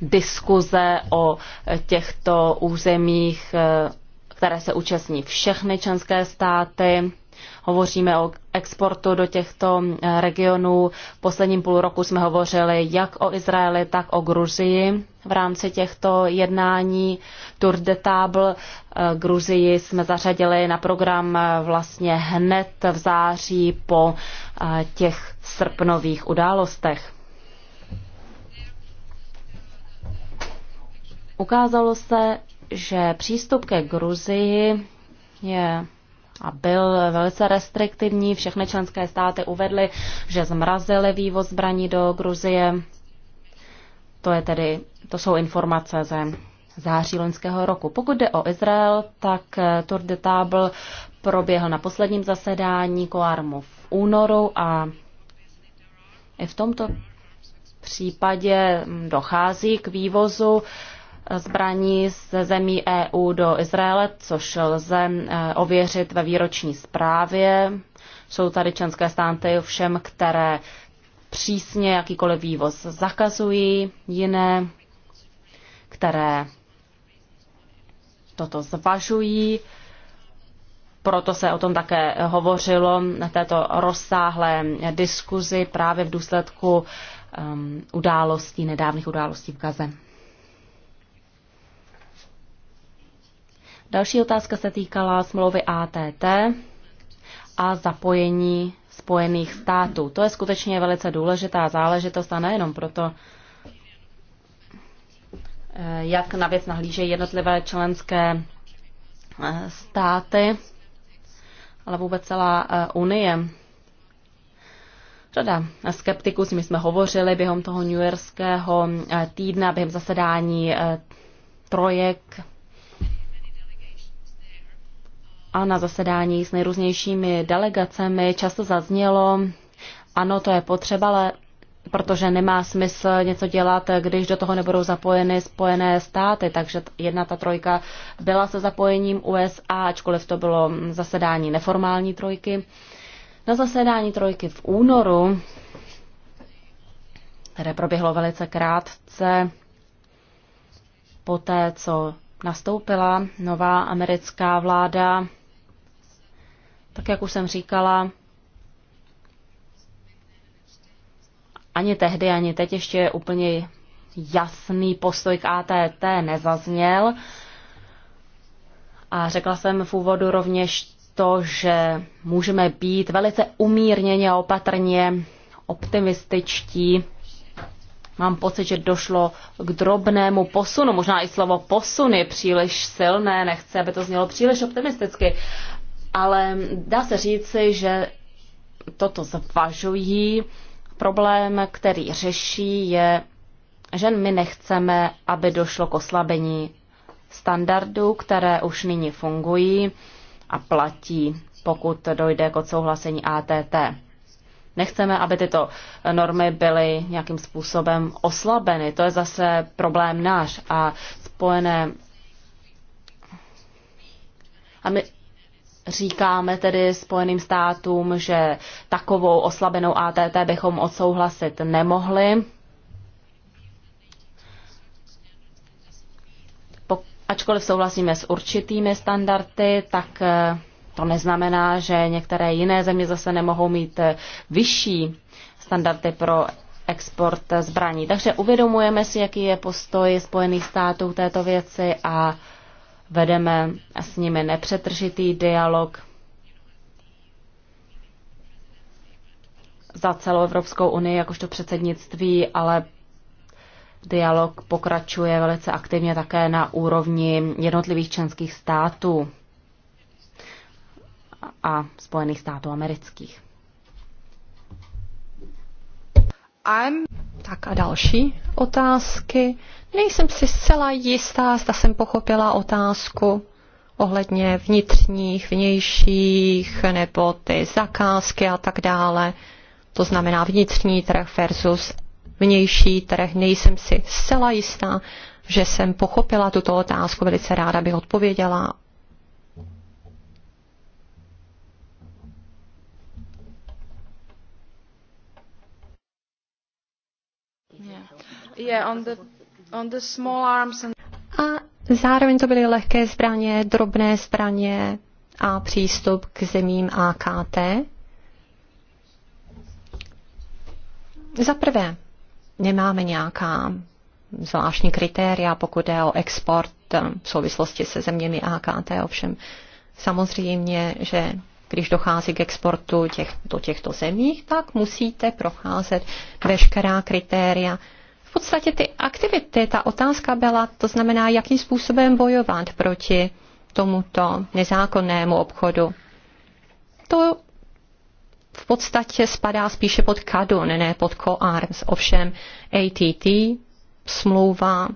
diskuze o těchto územích, eh, které se účastní všechny členské státy. Hovoříme o exportu do těchto eh, regionů. V posledním půl roku jsme hovořili jak o Izraeli, tak o Gruzii. V rámci těchto jednání Tour de Table eh, Gruzii jsme zařadili na program eh, vlastně hned v září po těch srpnových událostech. Ukázalo se, že přístup ke Gruzii je a byl velice restriktivní. Všechny členské státy uvedly, že zmrazily vývoz zbraní do Gruzie. To, je tedy, to jsou informace ze září loňského roku. Pokud jde o Izrael, tak eh, Tour de Table proběhl na posledním zasedání Koarmu v únoru a i v tomto případě hm, dochází k vývozu zbraní ze zemí EU do Izraele, což lze eh, ověřit ve výroční zprávě. Jsou tady členské státy všem, které přísně jakýkoliv vývoz zakazují, jiné, které toto zvažují. Proto se o tom také hovořilo na této rozsáhlé diskuzi právě v důsledku um, událostí, nedávných událostí v Gaze. Další otázka se týkala smlouvy ATT a zapojení Spojených států. To je skutečně velice důležitá záležitost a nejenom proto, eh, jak na věc nahlížejí jednotlivé členské eh, státy, ale vůbec celá eh, Unie. Řada skeptiků, s nimi jsme hovořili během toho newyorského týdne, během zasedání trojek a na zasedání s nejrůznějšími delegacemi často zaznělo, ano, to je potřeba, ale protože nemá smysl něco dělat, když do toho nebudou zapojeny spojené státy. Takže jedna ta trojka byla se zapojením USA, ačkoliv to bylo zasedání neformální trojky. Na zasedání trojky v únoru, které proběhlo velice krátce, poté co nastoupila nová americká vláda, tak jak už jsem říkala, ani tehdy, ani teď ještě úplně jasný postoj k ATT nezazněl. A řekla jsem v úvodu rovněž to, že můžeme být velice umírněně a opatrně optimističtí. Mám pocit, že došlo k drobnému posunu. Možná i slovo posun je příliš silné, nechci, aby to znělo příliš optimisticky, ale dá se říci, že toto zvažují. Problém, který řeší, je, že my nechceme, aby došlo k oslabení standardů, které už nyní fungují a platí, pokud dojde k odsouhlasení ATT. Nechceme, aby tyto normy byly nějakým způsobem oslabeny. To je zase problém náš a spojené. A my, Říkáme tedy Spojeným státům, že takovou oslabenou ATT bychom odsouhlasit nemohli. Ačkoliv souhlasíme s určitými standardy, tak eh, to neznamená, že některé jiné země zase nemohou mít eh, vyšší standardy pro export zbraní. Takže uvědomujeme si, jaký je postoj Spojených států této věci a vedeme s nimi nepřetržitý dialog za celou Evropskou unii jakožto předsednictví, ale dialog pokračuje velice aktivně také na úrovni jednotlivých členských států a Spojených států amerických. I'm... Tak a další otázky. Nejsem si zcela jistá, zda jsem pochopila otázku ohledně vnitřních, vnějších, nebo ty zakázky a tak dále. To znamená vnitřní trh versus vnější trh. Nejsem si zcela jistá, že jsem pochopila tuto otázku. Velice ráda bych odpověděla A zároveň to byly lehké zbraně, drobné zbraně a přístup k zemím AKT. Za prvé, nemáme nějaká zvláštní kritéria, pokud je o export eh, v souvislosti se zeměmi AKT. Ovšem, samozřejmě, že když dochází k exportu těch, do těchto zemí, tak musíte procházet veškerá kritéria v podstatě ty aktivity, ta otázka byla, to znamená, jakým způsobem bojovat proti tomuto nezákonnému obchodu. To v podstatě spadá spíše pod Kadun, ne pod CoArms. Ovšem ATT smlouva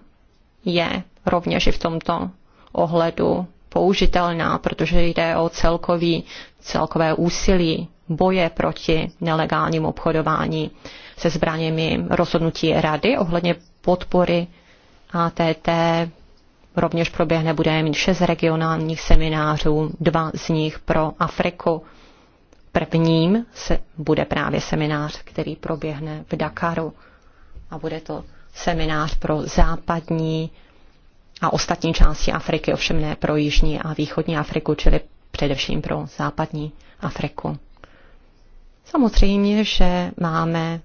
je rovněž i v tomto ohledu použitelná, protože jde o celkový, celkové úsilí boje proti nelegálnímu obchodování se zbraněmi rozhodnutí rady ohledně podpory ATT. Rovněž proběhne, budeme mít šest regionálních seminářů, dva z nich pro Afriku. Prvním se bude právě seminář, který proběhne v Dakaru a bude to seminář pro západní a ostatní části Afriky, ovšem ne pro jižní a východní Afriku, čili především pro západní Afriku. Samozřejmě, že máme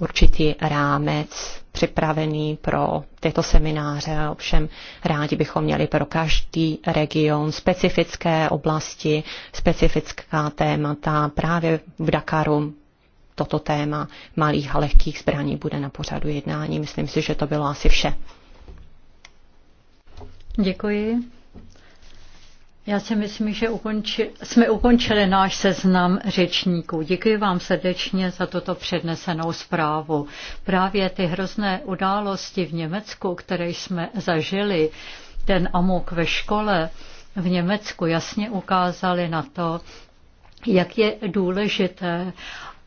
určitý rámec připravený pro tyto semináře. Ovšem rádi bychom měli pro každý region specifické oblasti, specifická témata. Právě v Dakaru toto téma malých a lehkých zbraní bude na pořadu jednání. Myslím si, že to bylo asi vše. Děkuji. Já si myslím, že ukonči, jsme ukončili náš seznam řečníků. Děkuji vám srdečně za toto přednesenou zprávu. Právě ty hrozné události v Německu, které jsme zažili, ten amok ve škole v Německu jasně ukázali na to, jak je důležité,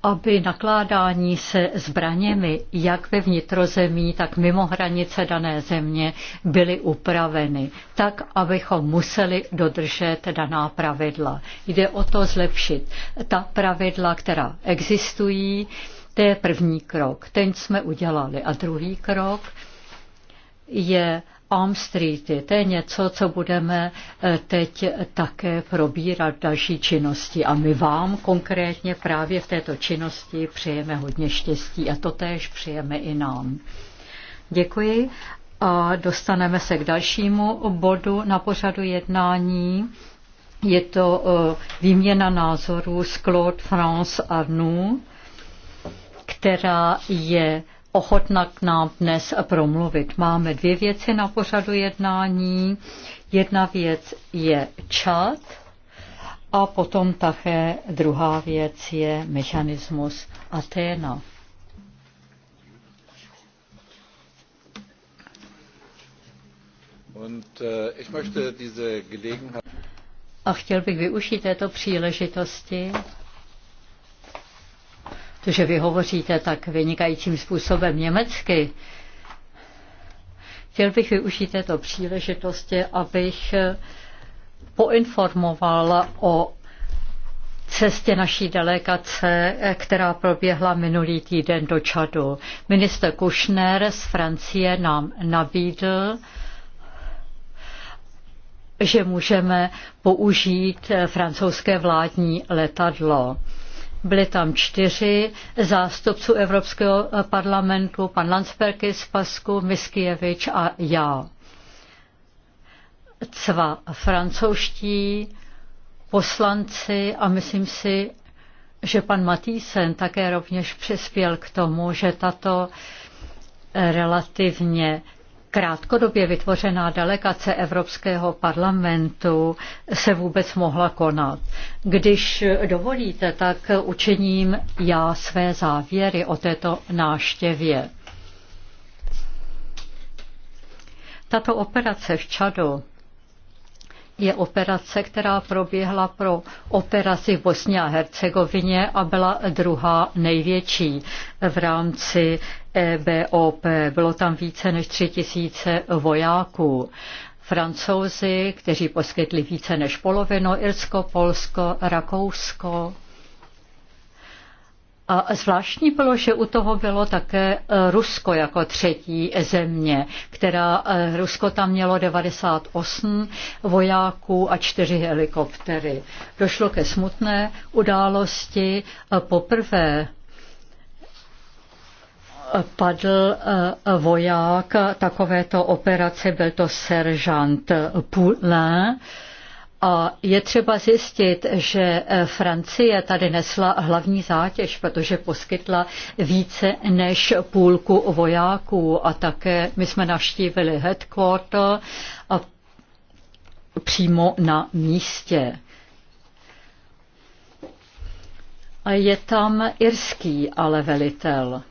aby nakládání se zbraněmi jak ve vnitrozemí, tak mimo hranice dané země byly upraveny, tak, abychom museli dodržet daná pravidla. Jde o to zlepšit ta pravidla, která existují, to je první krok, ten jsme udělali. A druhý krok je Palm Street, to je něco, co budeme eh, teď také probírat v další činnosti. A my vám konkrétně právě v této činnosti přejeme hodně štěstí a to též přejeme i nám. Děkuji a dostaneme se k dalšímu bodu na pořadu jednání. Je to eh, výměna názorů z Claude France Arnoux, která je ochotna k nám dnes promluvit. Máme dvě věci na pořadu jednání. Jedna věc je čat a potom také druhá věc je mechanismus Athena. Äh, a chtěl bych využít této příležitosti to, že vy hovoříte tak vynikajícím způsobem německy, chtěl bych využít této příležitosti, abych poinformoval o cestě naší delegace, která proběhla minulý týden do Čadu. Minister Kušner z Francie nám nabídl, že můžeme použít francouzské vládní letadlo. Byli tam čtyři zástupců Evropského parlamentu, pan z Pasku, Miskijevič a já. Cva francouzští poslanci a myslím si, že pan Matýsen také rovněž přispěl k tomu, že tato relativně krátkodobě vytvořená delegace Evropského parlamentu se vůbec mohla konat. Když dovolíte, tak učiním já své závěry o této náštěvě. Tato operace v Čadu je operace, která proběhla pro operaci v Bosně a Hercegovině a byla druhá největší v rámci EBOP. Bylo tam více než tři tisíce vojáků. Francouzi, kteří poskytli více než polovinu, Irsko, Polsko, Rakousko, a zvláštní bylo, že u toho bylo také e, Rusko jako třetí země, která e, Rusko tam mělo 98 vojáků a čtyři helikoptery. Došlo ke smutné události. E, poprvé padl voják takovéto operace, byl to seržant Poulin, a je třeba zjistit, že eh, Francie tady nesla hlavní zátěž, protože poskytla více než půlku vojáků a také my jsme navštívili headquarter a přímo na místě. A je tam irský ale velitel.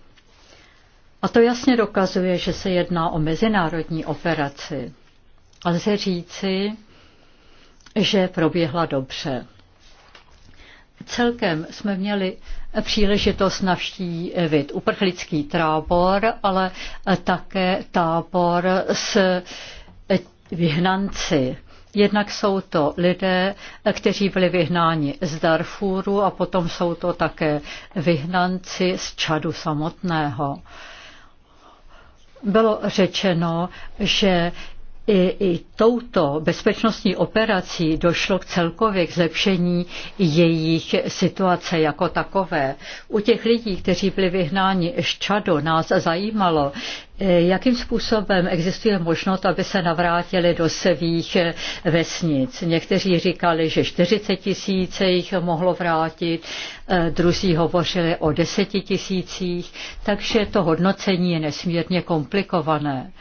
A to jasně dokazuje, že se jedná o mezinárodní operaci. A Lze říci, že proběhla dobře. Celkem jsme měli příležitost navštívit uprchlický tábor, ale také tábor s vyhnanci. Jednak jsou to lidé, kteří byli vyhnáni z Darfuru a potom jsou to také vyhnanci z Čadu samotného. Bylo řečeno, že i, I touto bezpečnostní operací došlo k celkově k zlepšení jejich situace jako takové. U těch lidí, kteří byli vyhnáni z Čadu, nás zajímalo, e, Jakým způsobem existuje možnost, aby se navrátili do svých vesnic? Někteří říkali, že 40 tisíc se jich mohlo vrátit, e, druzí hovořili o 10 tisících, takže to hodnocení je nesmírně komplikované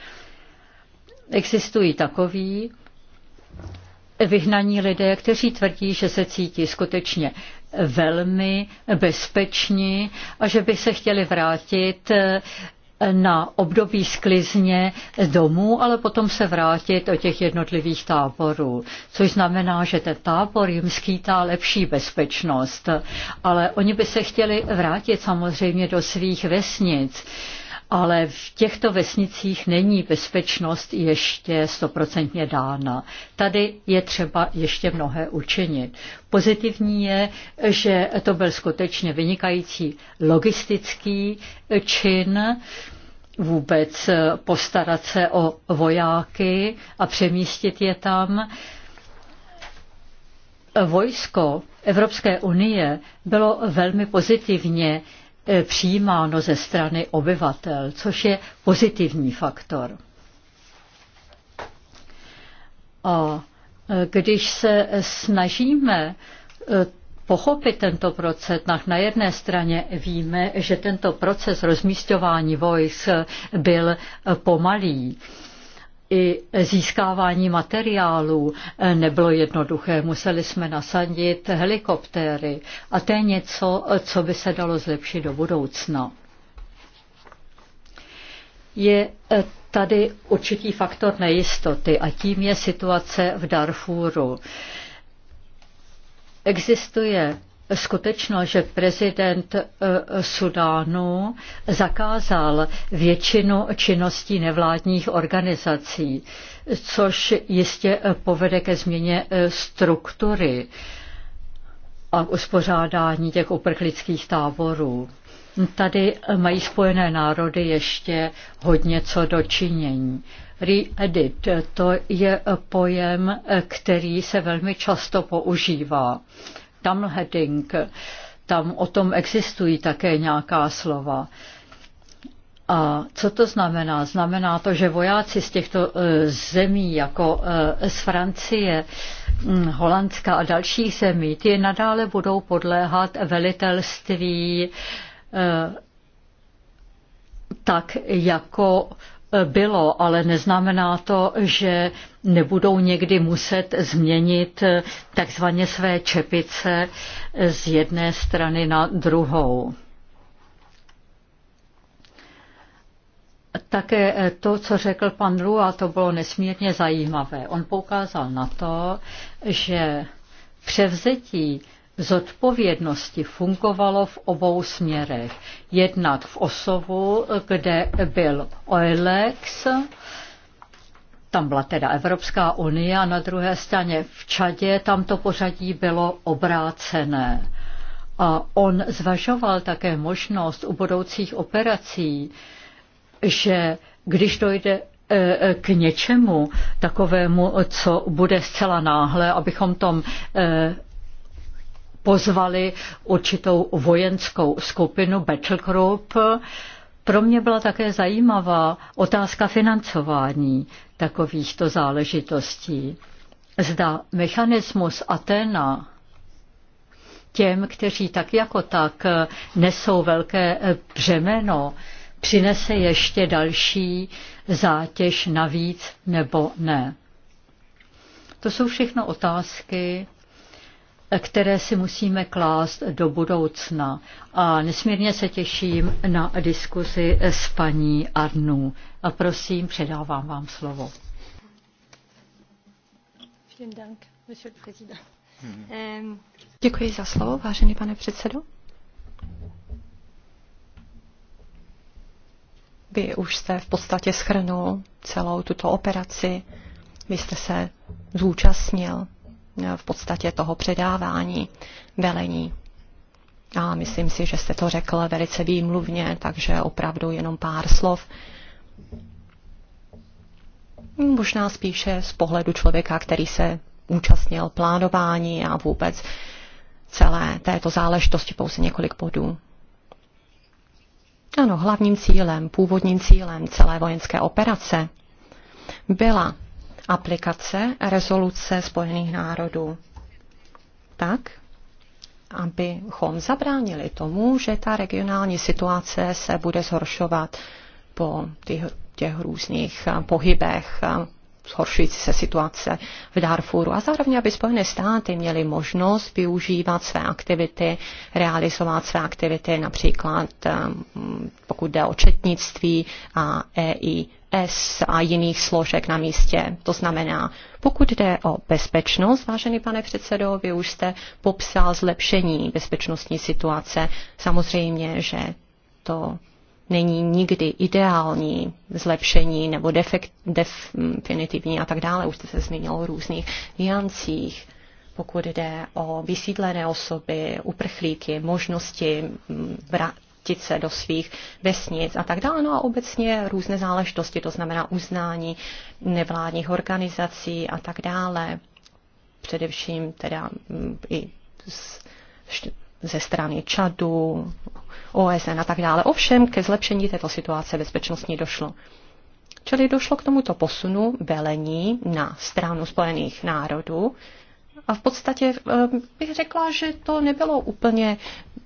existují takoví vyhnaní lidé, kteří tvrdí, že se cítí skutečně velmi bezpeční a že by se chtěli vrátit eh, na období sklizně domů, ale potom se vrátit do těch jednotlivých táborů. Což znamená, že ten tábor jim skýtá lepší bezpečnost. Ale oni by se chtěli vrátit samozřejmě do svých vesnic ale v těchto vesnicích není bezpečnost ještě stoprocentně dána. Tady je třeba ještě mnohé učinit. Pozitivní je, že to byl skutečně vynikající logistický čin, vůbec postarat se o vojáky a přemístit je tam. Vojsko Evropské unie bylo velmi pozitivně E, přijímáno ze strany obyvatel, což je pozitivní faktor. A e, když se snažíme e, pochopit tento proces, tak na jedné straně víme, že tento proces rozmístování vojsk byl pomalý i získávání materiálů nebylo jednoduché. Museli jsme nasadit helikoptéry a to je něco, co by se dalo zlepšit do budoucna. Je eh, tady určitý faktor nejistoty a tím je situace v Darfuru. Existuje Skutečno, že prezident eh, Sudánu zakázal většinu činností nevládních organizací, což jistě eh, povede ke změně eh, struktury a uspořádání těch uprchlických táborů. Tady mají spojené národy ještě hodně co dočinění. Re-edit to je pojem, který se velmi často používá tamheading, tam o tom existují také nějaká slova. A co to znamená? Znamená to, že vojáci z těchto e, zemí, jako e, z Francie, Holandska a dalších zemí, ty nadále budou podléhat velitelství e, tak jako bylo, ale neznamená to, že nebudou někdy muset změnit takzvaně své čepice z jedné strany na druhou. Také to, co řekl pan a to bylo nesmírně zajímavé. On poukázal na to, že převzetí zodpovědnosti fungovalo v obou směrech. Jednak v Osovu, kde byl Eulex, tam byla teda Evropská unie a na druhé straně v Čadě tam to pořadí bylo obrácené. A on zvažoval také možnost u budoucích operací, že když dojde e, e, k něčemu takovému, co bude zcela náhle, abychom tom e, pozvali určitou vojenskou skupinu Battle Group. Pro mě byla také zajímavá otázka financování takovýchto záležitostí. Zda mechanismus Atena těm, kteří tak jako tak nesou velké břemeno, přinese ještě další zátěž navíc nebo ne. To jsou všechno otázky, které si musíme klást do budoucna. A nesmírně se těším na diskuzi s paní Arnu. A prosím, předávám vám slovo. Hmm. Děkuji za slovo, vážený pane předsedo. Vy už jste v podstatě schrnul celou tuto operaci, vy jste se zúčastnil v podstatě toho předávání velení. A myslím si, že jste to řekl velice výmluvně, takže opravdu jenom pár slov. Možná spíše z pohledu člověka, který se účastnil plánování a vůbec celé této záležitosti pouze několik bodů. Ano, hlavním cílem, původním cílem celé vojenské operace byla aplikace rezoluce Spojených národů. Tak, abychom zabránili tomu, že ta regionální situace se bude zhoršovat po těch, těch různých pohybech zhoršující se situace v Darfuru a zároveň, aby Spojené státy měly možnost využívat své aktivity, realizovat své aktivity, například mm, pokud jde o četnictví a EI s a jiných složek na místě. To znamená, pokud jde o bezpečnost, vážený pane předsedo, vy už jste popsal zlepšení bezpečnostní situace. Samozřejmě, že to není nikdy ideální zlepšení nebo defekt, definitivní a tak dále. Už jste se zmínil o různých niancích pokud jde o vysídlené osoby, uprchlíky, možnosti vrátit se do svých vesnic a tak dále. No a obecně různé záležitosti, to znamená uznání nevládních organizací a tak dále. Především teda mm, i z, ze strany Čadu, OSN a tak dále. Ovšem ke zlepšení této situace bezpečnostní došlo. Čili došlo k tomuto posunu velení na stranu Spojených národů a v podstatě eh, bych řekla, že to nebylo úplně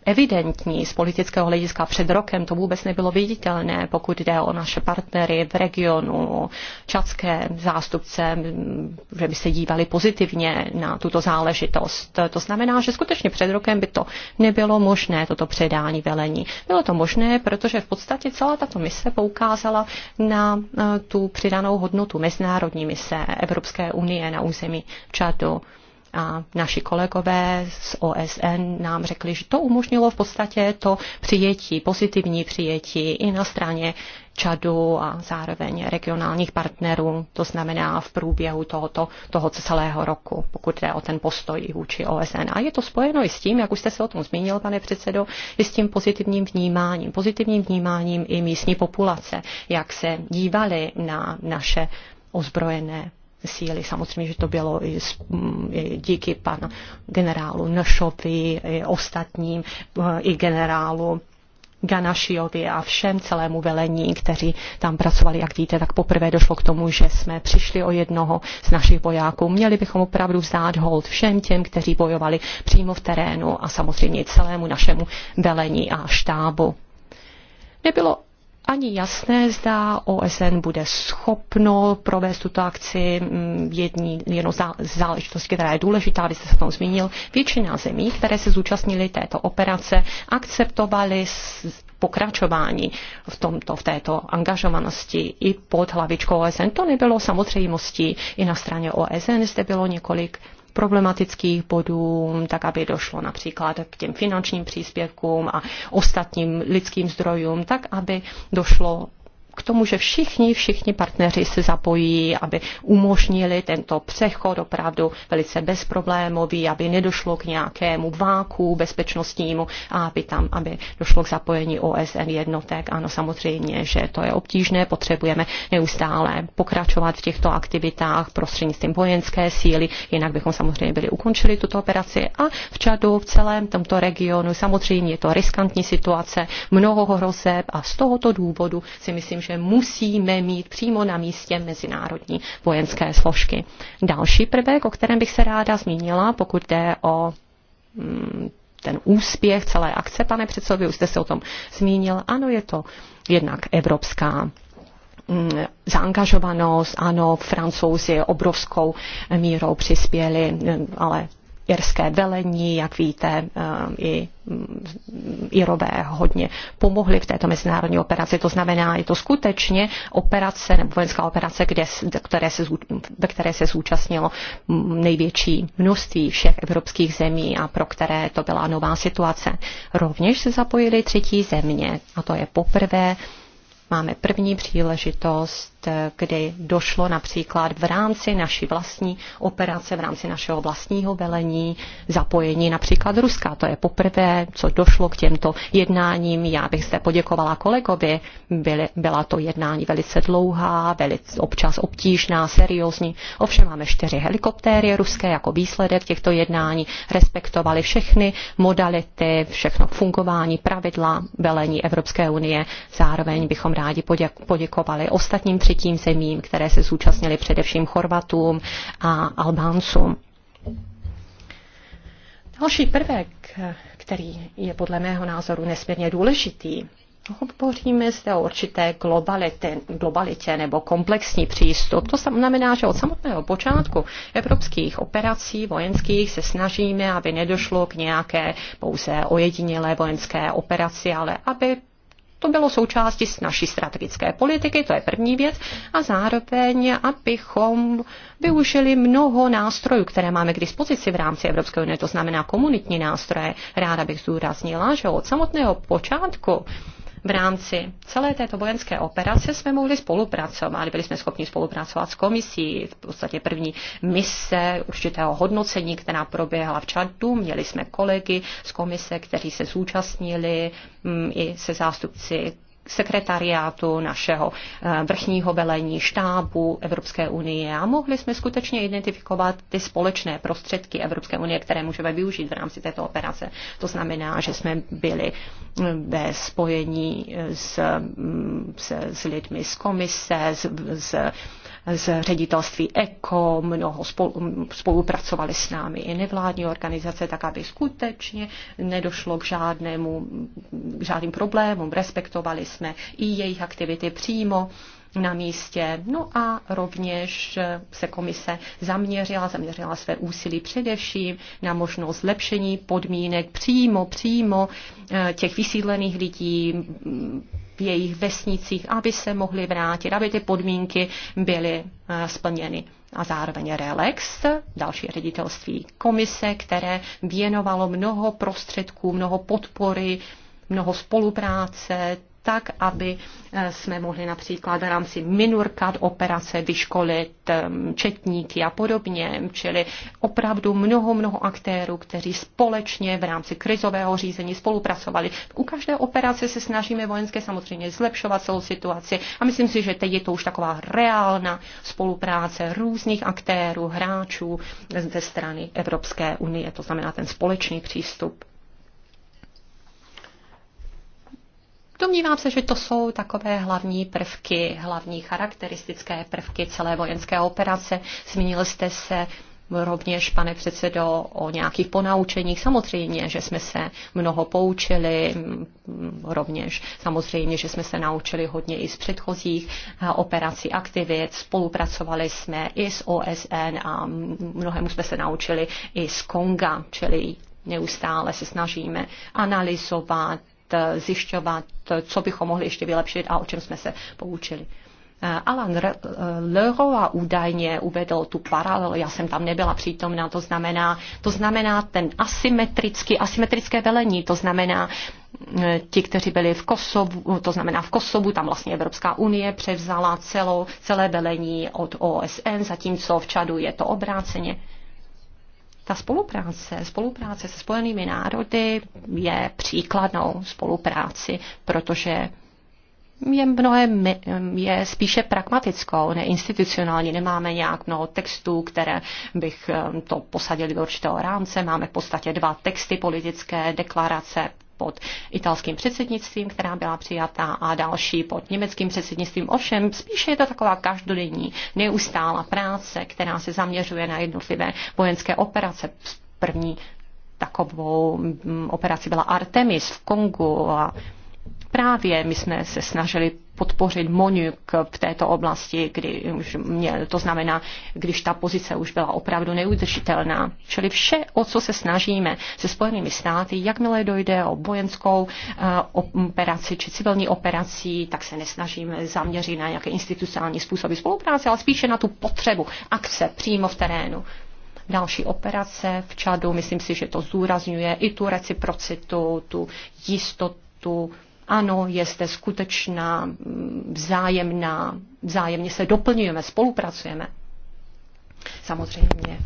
evidentní z politického hlediska. Před rokem to vůbec nebylo viditelné, pokud jde o naše partnery v regionu, čatské zástupce, že by se dívali pozitivně na tuto záležitost. To znamená, že skutečně před rokem by to nebylo možné, toto předání velení. Bylo to možné, protože v podstatě celá tato mise poukázala na eh, tu přidanou hodnotu mezinárodní mise Evropské unie na území Čadu a naši kolegové z OSN nám řekli, že to umožnilo v podstatě to přijetí, pozitivní přijetí i na straně Čadu a zároveň regionálních partnerů, to znamená v průběhu tohoto, toho celého roku, pokud jde o ten postoj vůči OSN. A je to spojeno i s tím, jak už jste se o tom zmínil, pane předsedo, i s tím pozitivním vnímáním, pozitivním vnímáním i místní populace, jak se dívali na naše ozbrojené síly. Samozřejmě, že to bylo mm, i díky panu generálu Nošovi, i ostatním, eh, i generálu Ganašiovi a všem celému velení, kteří tam pracovali, jak víte, tak poprvé došlo k tomu, že jsme přišli o jednoho z našich vojáků. Měli bychom opravdu vzdát hold všem těm, kteří bojovali přímo v terénu a samozřejmě celému našemu velení a štábu. Nebylo ani jasné, zda OSN bude schopno provést tuto akci mm, jední, jednou záležitostí, která je důležitá, vy jste se tam zmínil. Většina zemí, které se zúčastnily této operace, akceptovaly pokračování v, tomto, v této angažovanosti i pod hlavičkou OSN. To nebylo samozřejmostí. I na straně OSN zde bylo několik problematických bodů, tak aby došlo například k těm finančním příspěvkům a ostatním lidským zdrojům, tak aby došlo k tomu, že všichni, všichni partneři se zapojí, aby umožnili tento přechod opravdu velice bezproblémový, aby nedošlo k nějakému váku bezpečnostnímu a aby tam, aby došlo k zapojení OSN jednotek. Ano, samozřejmě, že to je obtížné, potřebujeme neustále pokračovat v těchto aktivitách prostřednictvím vojenské síly, jinak bychom samozřejmě byli ukončili tuto operaci a v Čadu, v celém tomto regionu, samozřejmě je to riskantní situace, mnoho hrozeb a z tohoto důvodu si myslím, že musíme mít přímo na místě mezinárodní vojenské složky. Další prvek, o kterém bych se ráda zmínila, pokud jde o mm, ten úspěch celé akce, pane předsedovi, už jste se o tom zmínil. Ano, je to jednak evropská mm, zaangažovanost, ano, francouzi obrovskou mírou přispěli, mm, ale irské velení, jak víte, eh, i mm, Irové hodně pomohli v této mezinárodní operaci. To znamená, je to skutečně operace nebo vojenská operace, kde, které se, ve které se zúčastnilo mm, největší množství všech evropských zemí a pro které to byla nová situace. Rovněž se zapojily třetí země a to je poprvé. Máme první příležitost Eh, kdy došlo například v rámci naší vlastní operace, v rámci našeho vlastního velení, zapojení například Ruska. To je poprvé, co došlo k těmto jednáním. Já bych zde poděkovala kolegovi. Byly, byla to jednání velice dlouhá, velice občas obtížná, seriózní. Ovšem máme čtyři helikoptéry ruské jako výsledek těchto jednání. Respektovali všechny modality, všechno fungování, pravidla velení Evropské unie. Zároveň bychom rádi poděkovali ostatním tři třetím zemím, které se zúčastnily především Chorvatům a Albáncům. Další prvek, který je podle mého názoru nesmírně důležitý, Hovoříme zde o určité globalitě, globalitě nebo komplexní přístup. To znamená, že od samotného počátku evropských operací vojenských se snažíme, aby nedošlo k nějaké pouze ojedinělé vojenské operaci, ale aby to bylo součástí naší strategické politiky, to je první věc, a zároveň, abychom využili mnoho nástrojů, které máme k dispozici v rámci Evropské unie, to znamená komunitní nástroje. Ráda bych zdůraznila, že od samotného počátku v rámci celé této vojenské operace jsme mohli spolupracovat. Byli jsme schopni spolupracovat s komisí, v podstatě první mise určitého hodnocení, která proběhla v Čadu. Měli jsme kolegy z komise, kteří se zúčastnili, mm, i se zástupci sekretariátu našeho eh, vrchního velení štábu Evropské unie a mohli jsme skutečně identifikovat ty společné prostředky Evropské unie, které můžeme využít v rámci této operace. To znamená, že jsme byli eh, ve spojení s, mm, s, s lidmi z komise, s, s z ředitelství ECO, mnoho spolu, spolupracovali s námi i nevládní organizace, tak aby skutečně nedošlo k žádnému, k žádným problémům. Respektovali jsme i jejich aktivity přímo na místě. No a rovněž se komise zaměřila, zaměřila své úsilí především na možnost zlepšení podmínek přímo, přímo eh, těch vysídlených lidí, jejich vesnicích, aby se mohli vrátit, aby ty podmínky byly eh, splněny. A zároveň Relex, další ředitelství komise, které věnovalo mnoho prostředků, mnoho podpory, mnoho spolupráce tak, aby eh, jsme mohli například v rámci minurkat operace vyškolit ehm, četníky a podobně, čili opravdu mnoho, mnoho aktérů, kteří společně v rámci krizového řízení spolupracovali. U každé operace se snažíme vojenské samozřejmě zlepšovat celou situaci a myslím si, že teď je to už taková reálna spolupráce různých aktérů, hráčů ze strany Evropské unie, to znamená ten společný přístup. Domnívám se, že to jsou takové hlavní prvky, hlavní charakteristické prvky celé vojenské operace. Zmínil jste se rovněž, pane předsedo, o nějakých ponaučeních. Samozřejmě, že jsme se mnoho poučili, rovněž samozřejmě, že jsme se naučili hodně i z předchozích eh, operací aktivit, spolupracovali jsme i s OSN a mnohem jsme se naučili i z Konga, čili neustále se snažíme analyzovat Eh, zjišťovat, co bychom mohli ještě vylepšit a o čem jsme se poučili. Eh, Alan eh, Leroy údajně uvedl tu paralelu, já jsem tam nebyla přítomná, to znamená, to znamená ten asymetrický, asymetrické velení, to znamená ti, kteří byli v Kosovu, to znamená v Kosovu, tam vlastně Evropská unie převzala celou, celé velení od OSN, zatímco v Čadu je to obráceně ta spolupráce, spolupráce se Spojenými národy je příkladnou spolupráci, protože je mnohem, je spíše pragmatickou, neinstitucionální. Nemáme nějak mnoho textů, které bych eh, to posadili do určitého rámce. Máme v podstatě dva texty politické, deklarace pod italským předsednictvím, která byla přijata a další pod německým předsednictvím. Ovšem, spíše je to taková každodenní, neustála práce, která se zaměřuje na jednotlivé vojenské operace. První takovou mm, operaci byla Artemis v Kongu a právě my jsme se snažili podpořit Monik v této oblasti, kdy už měl, to znamená, když ta pozice už byla opravdu neudržitelná. Čili vše, o co se snažíme se Spojenými státy, jakmile dojde o vojenskou eh, operaci či civilní operací, tak se nesnažíme zaměřit na nějaké institucionální způsoby spolupráce, ale spíše na tu potřebu akce přímo v terénu další operace v Čadu. Myslím si, že to zúrazňuje i tu reciprocitu, tu jistotu, ano, je zde skutečná, mm, vzájemná, vzájemně se doplňujeme, spolupracujeme. Samozřejmě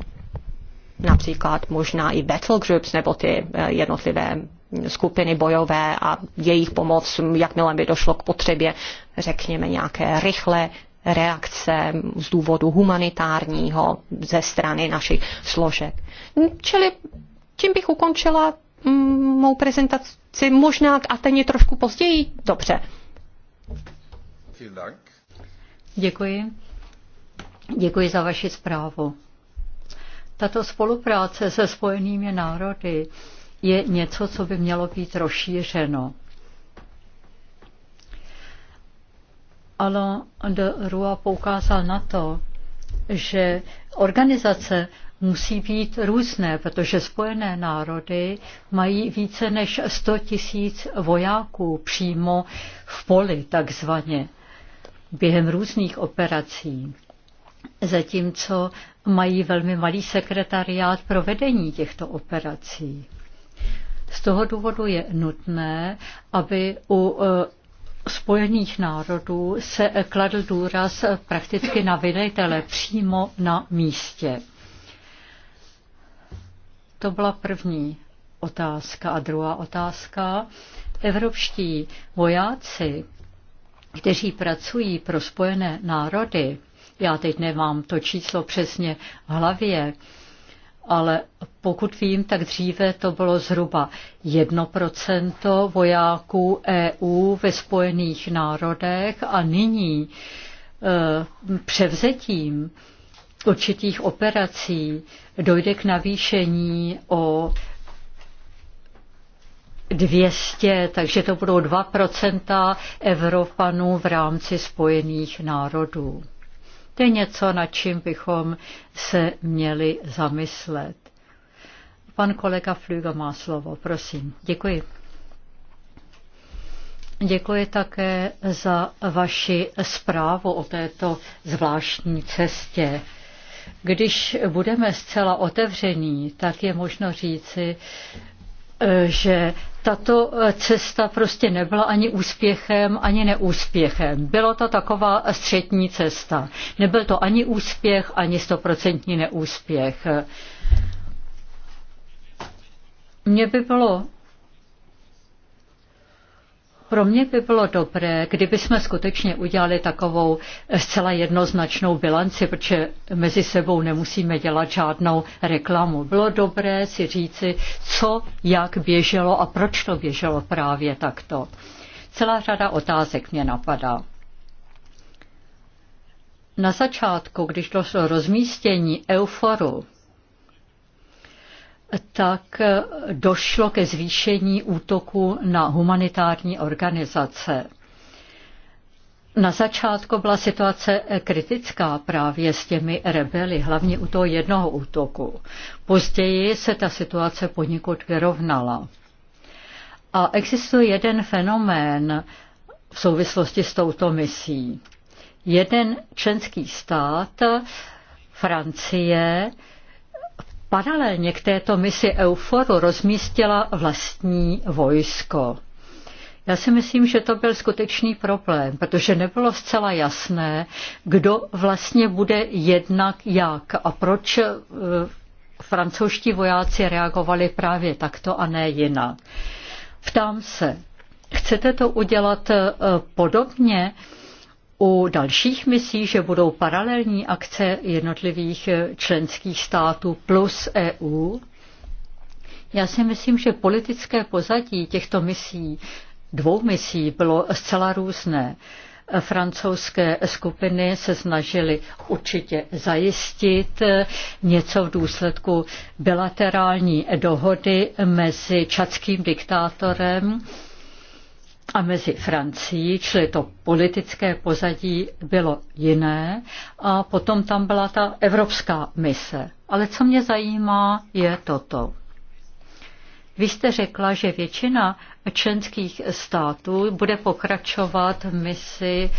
například možná i groups nebo ty eh, jednotlivé mm, skupiny bojové a jejich pomoc, mm, jakmile by došlo k potřebě, řekněme, nějaké rychlé reakce z důvodu humanitárního ze strany našich složek. Čili tím bych ukončila mou prezentaci si možná k Ateně trošku později. Dobře. Děkuji. Děkuji za vaši zprávu. Tato spolupráce se spojenými národy je něco, co by mělo být rozšířeno. Alain de Rua poukázal na to, že organizace musí být různé, protože Spojené národy mají více než 100 tisíc vojáků přímo v poli takzvaně během různých operací. Zatímco mají velmi malý sekretariát pro vedení těchto operací. Z toho důvodu je nutné, aby u e, Spojených národů se kladl důraz prakticky na vydajitele přímo na místě. To byla první otázka. A druhá otázka. Evropští vojáci, kteří pracují pro spojené národy, já teď nemám to číslo přesně v hlavě, ale pokud vím, tak dříve to bylo zhruba 1% vojáků EU ve Spojených národech a nyní e, převzetím e, určitých operací dojde k navýšení o 200, takže to budou 2% Evropanů v rámci spojených národů. To je něco, nad čím bychom se měli zamyslet. Pan kolega Flüger má slovo, prosím. Děkuji. Děkuji také za vaši zprávu o této zvláštní cestě. Když budeme zcela otevření, tak je možno říci, eh, že tato eh, cesta prostě nebyla ani úspěchem, ani neúspěchem. Byla to taková střední cesta. Nebyl to ani úspěch, ani stoprocentní neúspěch. Mně by bylo pro mě by bylo dobré, kdyby jsme skutečně udělali takovou zcela jednoznačnou bilanci, protože mezi sebou nemusíme dělat žádnou reklamu. Bylo dobré si říci, co, jak běželo a proč to běželo právě takto. Celá řada otázek mě napadá. Na začátku, když došlo rozmístění euforu tak eh, došlo ke zvýšení útoku na humanitární organizace. Na začátku byla situace kritická právě s těmi rebeli, hlavně u toho jednoho útoku. Později se ta situace poněkud vyrovnala. A existuje jeden fenomén v souvislosti s touto misí. Jeden členský stát, Francie, Paralelně k této misi Euforu rozmístila vlastní vojsko. Já si myslím, že to byl skutečný problém, protože nebylo zcela jasné, kdo vlastně bude jednak jak a proč eh, francouzští vojáci reagovali právě takto a ne jinak. Ptám se, chcete to udělat eh, podobně? u dalších misí, že budou paralelní akce jednotlivých eh, členských států plus EU? Já si myslím, že politické pozadí těchto misí, dvou misí, bylo zcela různé. Francouzské skupiny se snažily určitě zajistit eh, něco v důsledku bilaterální dohody mezi čadským diktátorem a mezi Francií, čili to politické pozadí bylo jiné a potom tam byla ta evropská mise. Ale co mě zajímá, je toto. Vy jste řekla, že většina členských států bude pokračovat v misi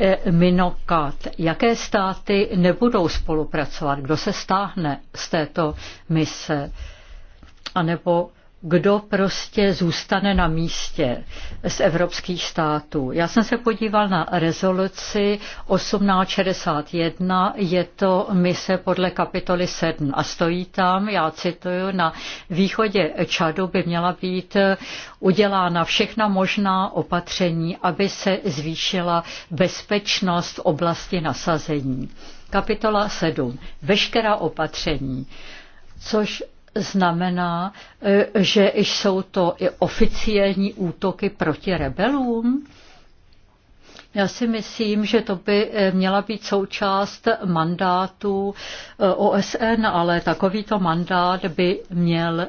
eh, Minokat. Jaké státy nebudou spolupracovat? Kdo se stáhne z této mise? A nebo kdo prostě zůstane na místě z evropských států. Já jsem se podíval na rezoluci 1861, je to mise podle kapitoly 7 a stojí tam, já cituju, na východě Čadu by měla být udělána všechna možná opatření, aby se zvýšila bezpečnost v oblasti nasazení. Kapitola 7. Veškerá opatření což znamená, e, že jsou to i oficiální útoky proti rebelům? Já si myslím, že to by e, měla být součást mandátu e, OSN, ale takovýto mandát by měl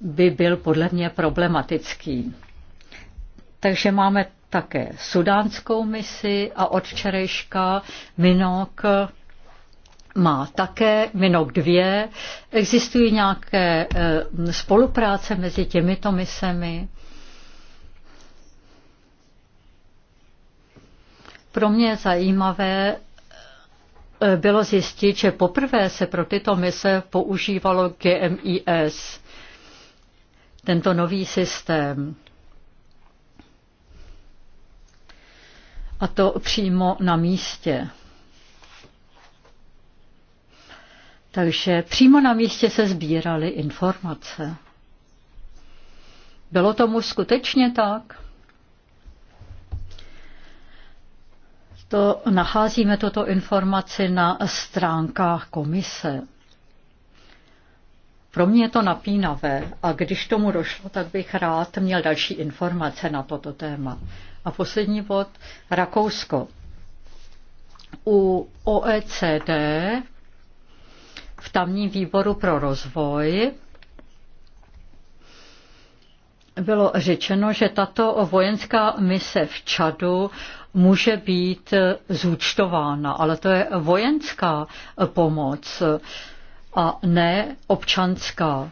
by byl podle mě problematický. Takže máme také sudánskou misi a od včerejška Minok má také minok dvě. Existují nějaké eh, spolupráce mezi těmito misemi? Pro mě zajímavé eh, bylo zjistit, že poprvé se pro tyto mise používalo GMIS, tento nový systém. A to přímo na místě. Takže přímo na místě se sbíraly informace. Bylo tomu skutečně tak? To nacházíme toto informaci na stránkách komise. Pro mě je to napínavé a když tomu došlo, tak bych rád měl další informace na toto téma. A poslední bod, Rakousko. U OECD v tamním výboru pro rozvoj bylo řečeno, že tato vojenská mise v Čadu může být zúčtována, ale to je vojenská pomoc a ne občanská.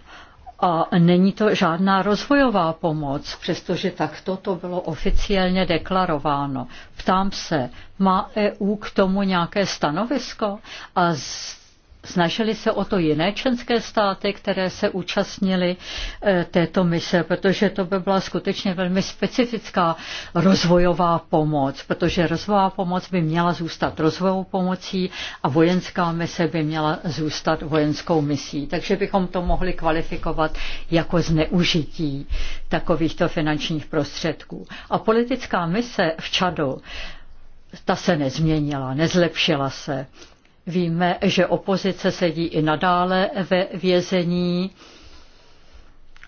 A není to žádná rozvojová pomoc, přestože takto to bylo oficiálně deklarováno. Ptám se, má EU k tomu nějaké stanovisko? A z Snažili se o to jiné členské státy, které se účastnily eh, této mise, protože to by byla skutečně velmi specifická rozvojová pomoc, protože rozvojová pomoc by měla zůstat rozvojovou pomocí a vojenská mise by měla zůstat vojenskou misí. Takže bychom to mohli kvalifikovat jako zneužití takovýchto finančních prostředků. A politická mise v Čadu ta se nezměnila, nezlepšila se. Víme, že opozice sedí i nadále ve vězení.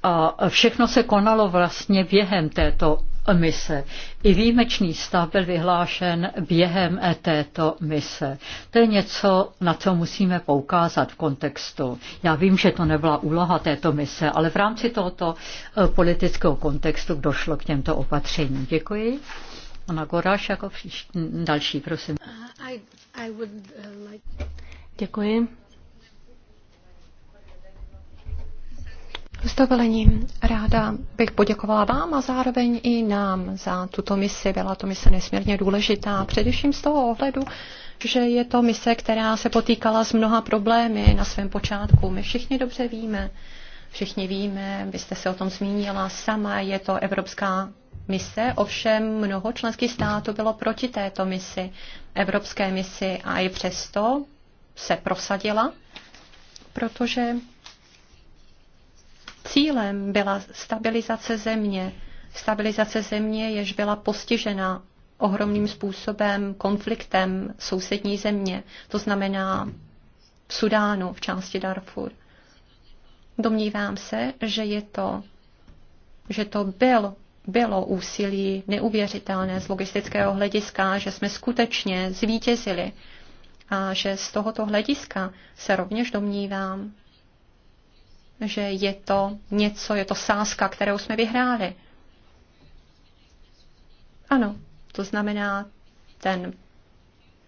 A všechno se konalo vlastně během této mise. I výjimečný stav byl vyhlášen během této mise. To je něco, na co musíme poukázat v kontextu. Já vím, že to nebyla úloha této mise, ale v rámci tohoto eh, politického kontextu došlo k těmto opatřením. Děkuji. Ona Goráš jako příští, další, prosím. Uh, uh, Děkuji. S dovolením ráda bych poděkovala vám a zároveň i nám za tuto misi. Byla to mise nesmírně důležitá, především z toho ohledu, že je to mise, která se potýkala s mnoha problémy na svém počátku. My všichni dobře víme, všichni víme, vy jste se o tom zmínila sama, je to Evropská mise, ovšem mnoho členských států bylo proti této misi, evropské misi a i přesto se prosadila, protože cílem byla stabilizace země, stabilizace země, jež byla postižena ohromným způsobem konfliktem sousední země, to znamená v Sudánu, v části Darfur. Domnívám se, že je to, že to byl bylo úsilí neuvěřitelné z logistického hlediska, že jsme skutečně zvítězili a že z tohoto hlediska se rovněž domnívám, že je to něco, je to sázka, kterou jsme vyhráli. Ano, to znamená ten,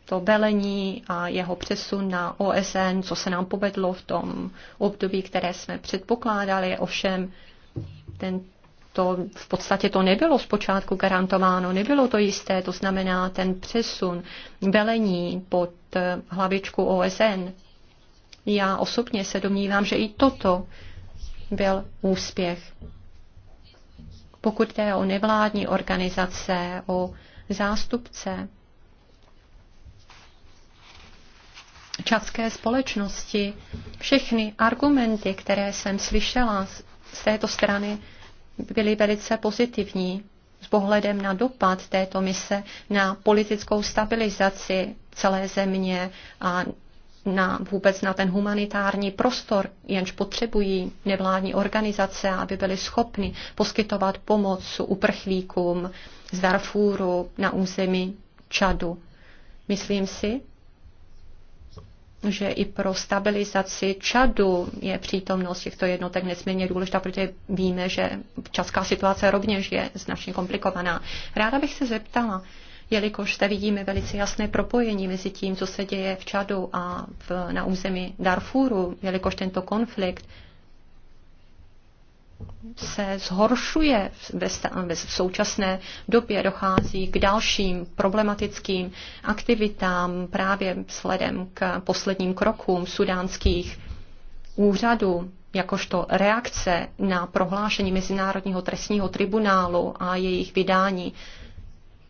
to velení a jeho přesun na OSN, co se nám povedlo v tom období, které jsme předpokládali, ovšem ten to v podstatě to nebylo zpočátku garantováno, nebylo to jisté, to znamená ten přesun velení pod eh, hlavičku OSN. Já osobně se domnívám, že i toto byl úspěch. Pokud jde o nevládní organizace, o zástupce čatské společnosti, všechny argumenty, které jsem slyšela z této strany, byli velice pozitivní s pohledem na dopad této mise na politickou stabilizaci celé země a na vůbec na ten humanitární prostor, jenž potřebují nevládní organizace, aby byly schopny poskytovat pomoc uprchlíkům z Darfuru na území Čadu. Myslím si, že i pro stabilizaci Čadu je přítomnost těchto jednotek nesmírně důležitá, protože víme, že česká situace rovněž je značně komplikovaná. Ráda bych se zeptala, jelikož zde vidíme velice jasné propojení mezi tím, co se děje v Čadu a v, na území Darfuru, jelikož tento konflikt se zhoršuje v současné době, dochází k dalším problematickým aktivitám právě sledem k posledním krokům sudánských úřadů, jakožto reakce na prohlášení Mezinárodního trestního tribunálu a jejich vydání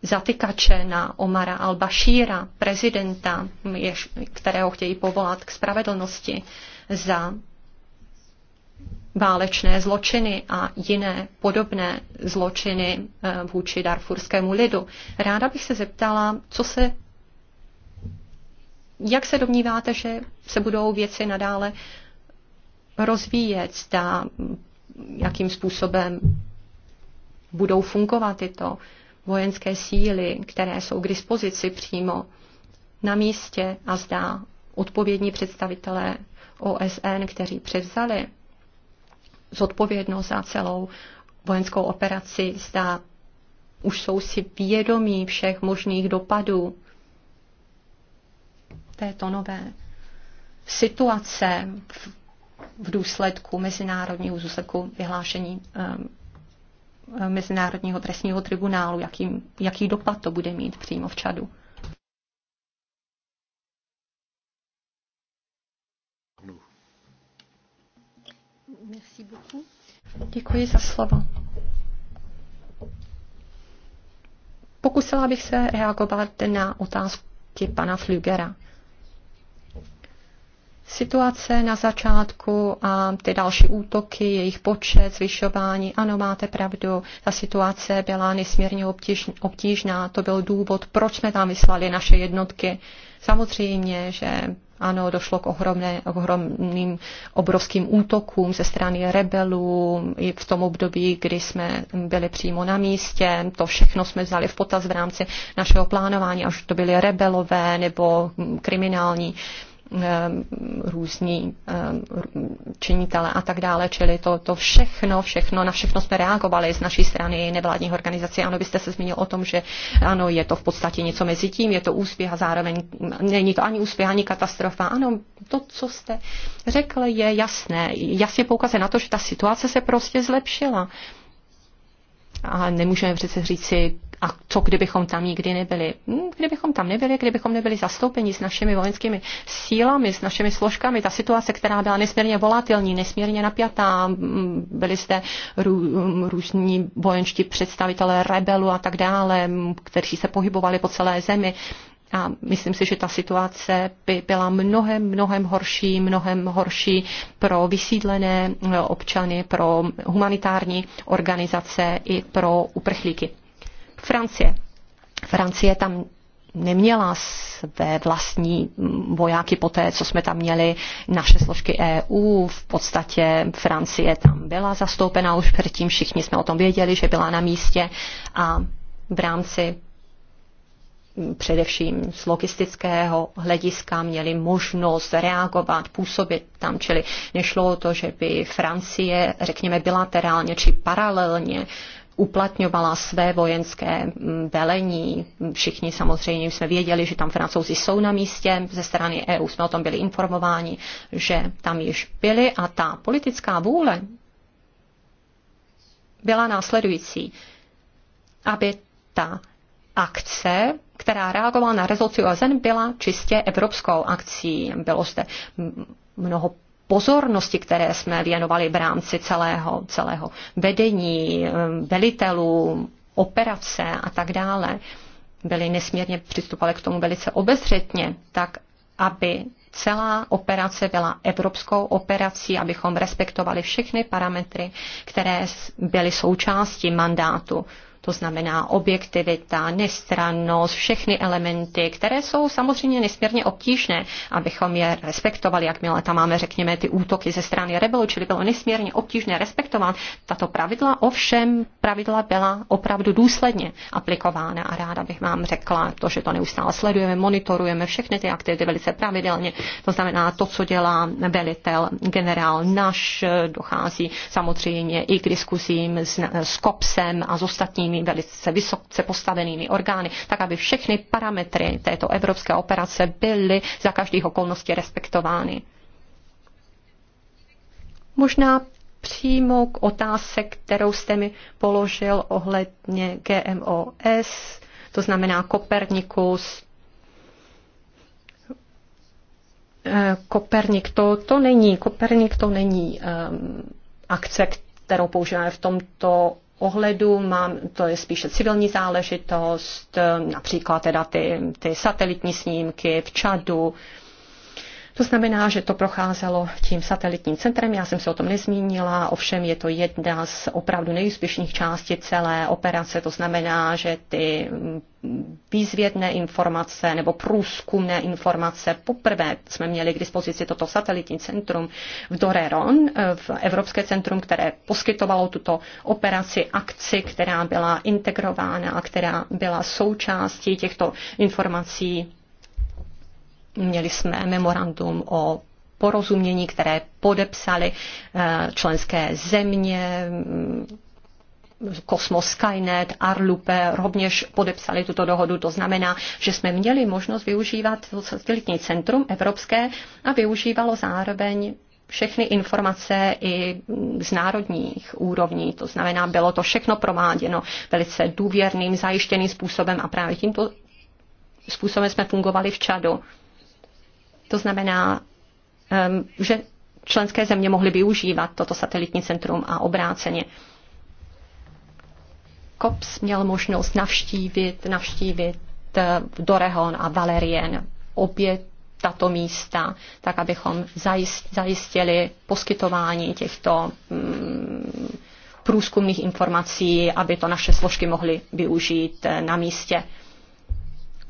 zatykače na Omara al-Bashira, prezidenta, kterého chtějí povolat k spravedlnosti za válečné zločiny a jiné podobné zločiny eh, vůči darfurskému lidu. Ráda bych se zeptala, co se, jak se domníváte, že se budou věci nadále rozvíjet, zda jakým způsobem budou fungovat tyto vojenské síly, které jsou k dispozici přímo na místě a zdá odpovědní představitelé OSN, kteří převzali zodpovědnost za celou vojenskou operaci, zda už jsou si vědomí všech možných dopadů této nové situace v, v důsledku mezinárodního, zůsledku důsledku vyhlášení um, Mezinárodního trestního tribunálu, jaký, jaký dopad to bude mít přímo v Čadu. Děkuji za slovo. Pokusila bych se reagovat na otázky pana Flügera. Situace na začátku a ty další útoky, jejich počet, zvyšování, ano, máte pravdu, ta situace byla nesmírně obtížná, to byl důvod, proč jsme tam vyslali naše jednotky. Uh, Samozřejmě, že ano, došlo k ohromné, ohromným obrovským útokům ze strany rebelů i v tom období, kdy jsme byli přímo na místě. To všechno jsme vzali v potaz v rámci našeho plánování, až to byly rebelové nebo kriminální Eh, různí eh, činitele a tak dále, čili to, to všechno, všechno, na všechno jsme reagovali z naší strany nevládních organizací. Ano, byste se zmínil o tom, že ano, je to v podstatě něco mezi tím, je to úspěch a zároveň není to ani úspěch, ani katastrofa. Ano, to, co jste řekl, je jasné. Jasně poukazuje na to, že ta situace se prostě zlepšila a nemůžeme přece říct si, a co kdybychom tam nikdy nebyli? Hm, kdybychom tam nebyli, kdybychom nebyli zastoupeni s našimi vojenskými sílami, s našimi složkami, ta situace, která byla nesmírně volatilní, nesmírně napjatá, hm, byli zde rů, hm, různí vojenští představitelé rebelů a tak dále, kteří se pohybovali po celé zemi a myslím si, že ta situace by byla mnohem, mnohem horší, mnohem horší pro vysídlené občany, pro humanitární organizace i pro uprchlíky. Francie. Francie tam neměla své vlastní vojáky po té, co jsme tam měli naše složky EU. V podstatě Francie tam byla zastoupena už předtím, všichni jsme o tom věděli, že byla na místě a v rámci především z logistického hlediska měli možnost reagovat, působit tam, čili nešlo o to, že by Francie, řekněme bilaterálně či paralelně, uplatňovala své vojenské mm, velení. Všichni samozřejmě jsme věděli, že tam francouzi jsou na místě, ze strany EU jsme o tom byli informováni, že tam již byli a ta politická vůle byla následující, aby ta akce, která reagovala na rezoluci OSN, byla čistě evropskou akcí. Bylo zde mnoho pozornosti, které jsme věnovali v rámci celého, celého vedení, velitelů, operace a tak dále, byli nesmírně přistupovali k tomu velice obezřetně, tak aby celá operace byla evropskou operací, abychom respektovali všechny parametry, které byly součástí mandátu to znamená objektivita, nestrannost, všechny elementy, které jsou samozřejmě nesmírně obtížné, abychom je respektovali, jakmile tam máme, řekněme, ty útoky ze strany rebelů, čili bylo nesmírně obtížné respektovat tato pravidla, ovšem pravidla byla opravdu důsledně aplikována a ráda bych vám řekla to, že to neustále sledujeme, monitorujeme všechny ty aktivity velice pravidelně, to znamená to, co dělá velitel, generál náš, dochází samozřejmě i k diskuzím s, s Kopsem a s ostatními postavenými, velice vysoce postavenými orgány, tak aby všechny parametry této evropské operace byly za každých okolností respektovány. Možná přímo k otázce, kterou jste mi položil ohledně GMOS, to znamená Kopernikus, eh, Kopernik to, to není, Kopernik to není um, akce, kterou používáme v tomto ohledu. Mám, to je spíše civilní záležitost, eh, například teda ty, ty satelitní snímky v Čadu, to znamená, že to procházelo tím satelitním centrem, já jsem se o tom nezmínila, ovšem je to jedna z opravdu nejúspěšných částí celé operace, to znamená, že ty výzvědné informace nebo průzkumné informace. Poprvé jsme měli k dispozici toto satelitní centrum v Doreron, v Evropské centrum, které poskytovalo tuto operaci, akci, která byla integrována a která byla součástí těchto informací Měli jsme memorandum o porozumění, které podepsali eh, členské země, mm, Kosmos Skynet, Arlupe rovněž podepsali tuto dohodu. To znamená, že jsme měli možnost využívat satelitní centrum evropské a využívalo zároveň všechny informace i z národních úrovní. To znamená, bylo to všechno prováděno velice důvěrným, zajištěným způsobem a právě tímto způsobem jsme fungovali v Čadu. To znamená, ehm, že členské země mohly využívat toto satelitní centrum a obráceně. COPS měl možnost navštívit, navštívit eh, Doregon a Valerien, obě tato místa, tak abychom zajistili poskytování těchto mm, průzkumných informací, aby to naše složky mohly využít eh, na místě.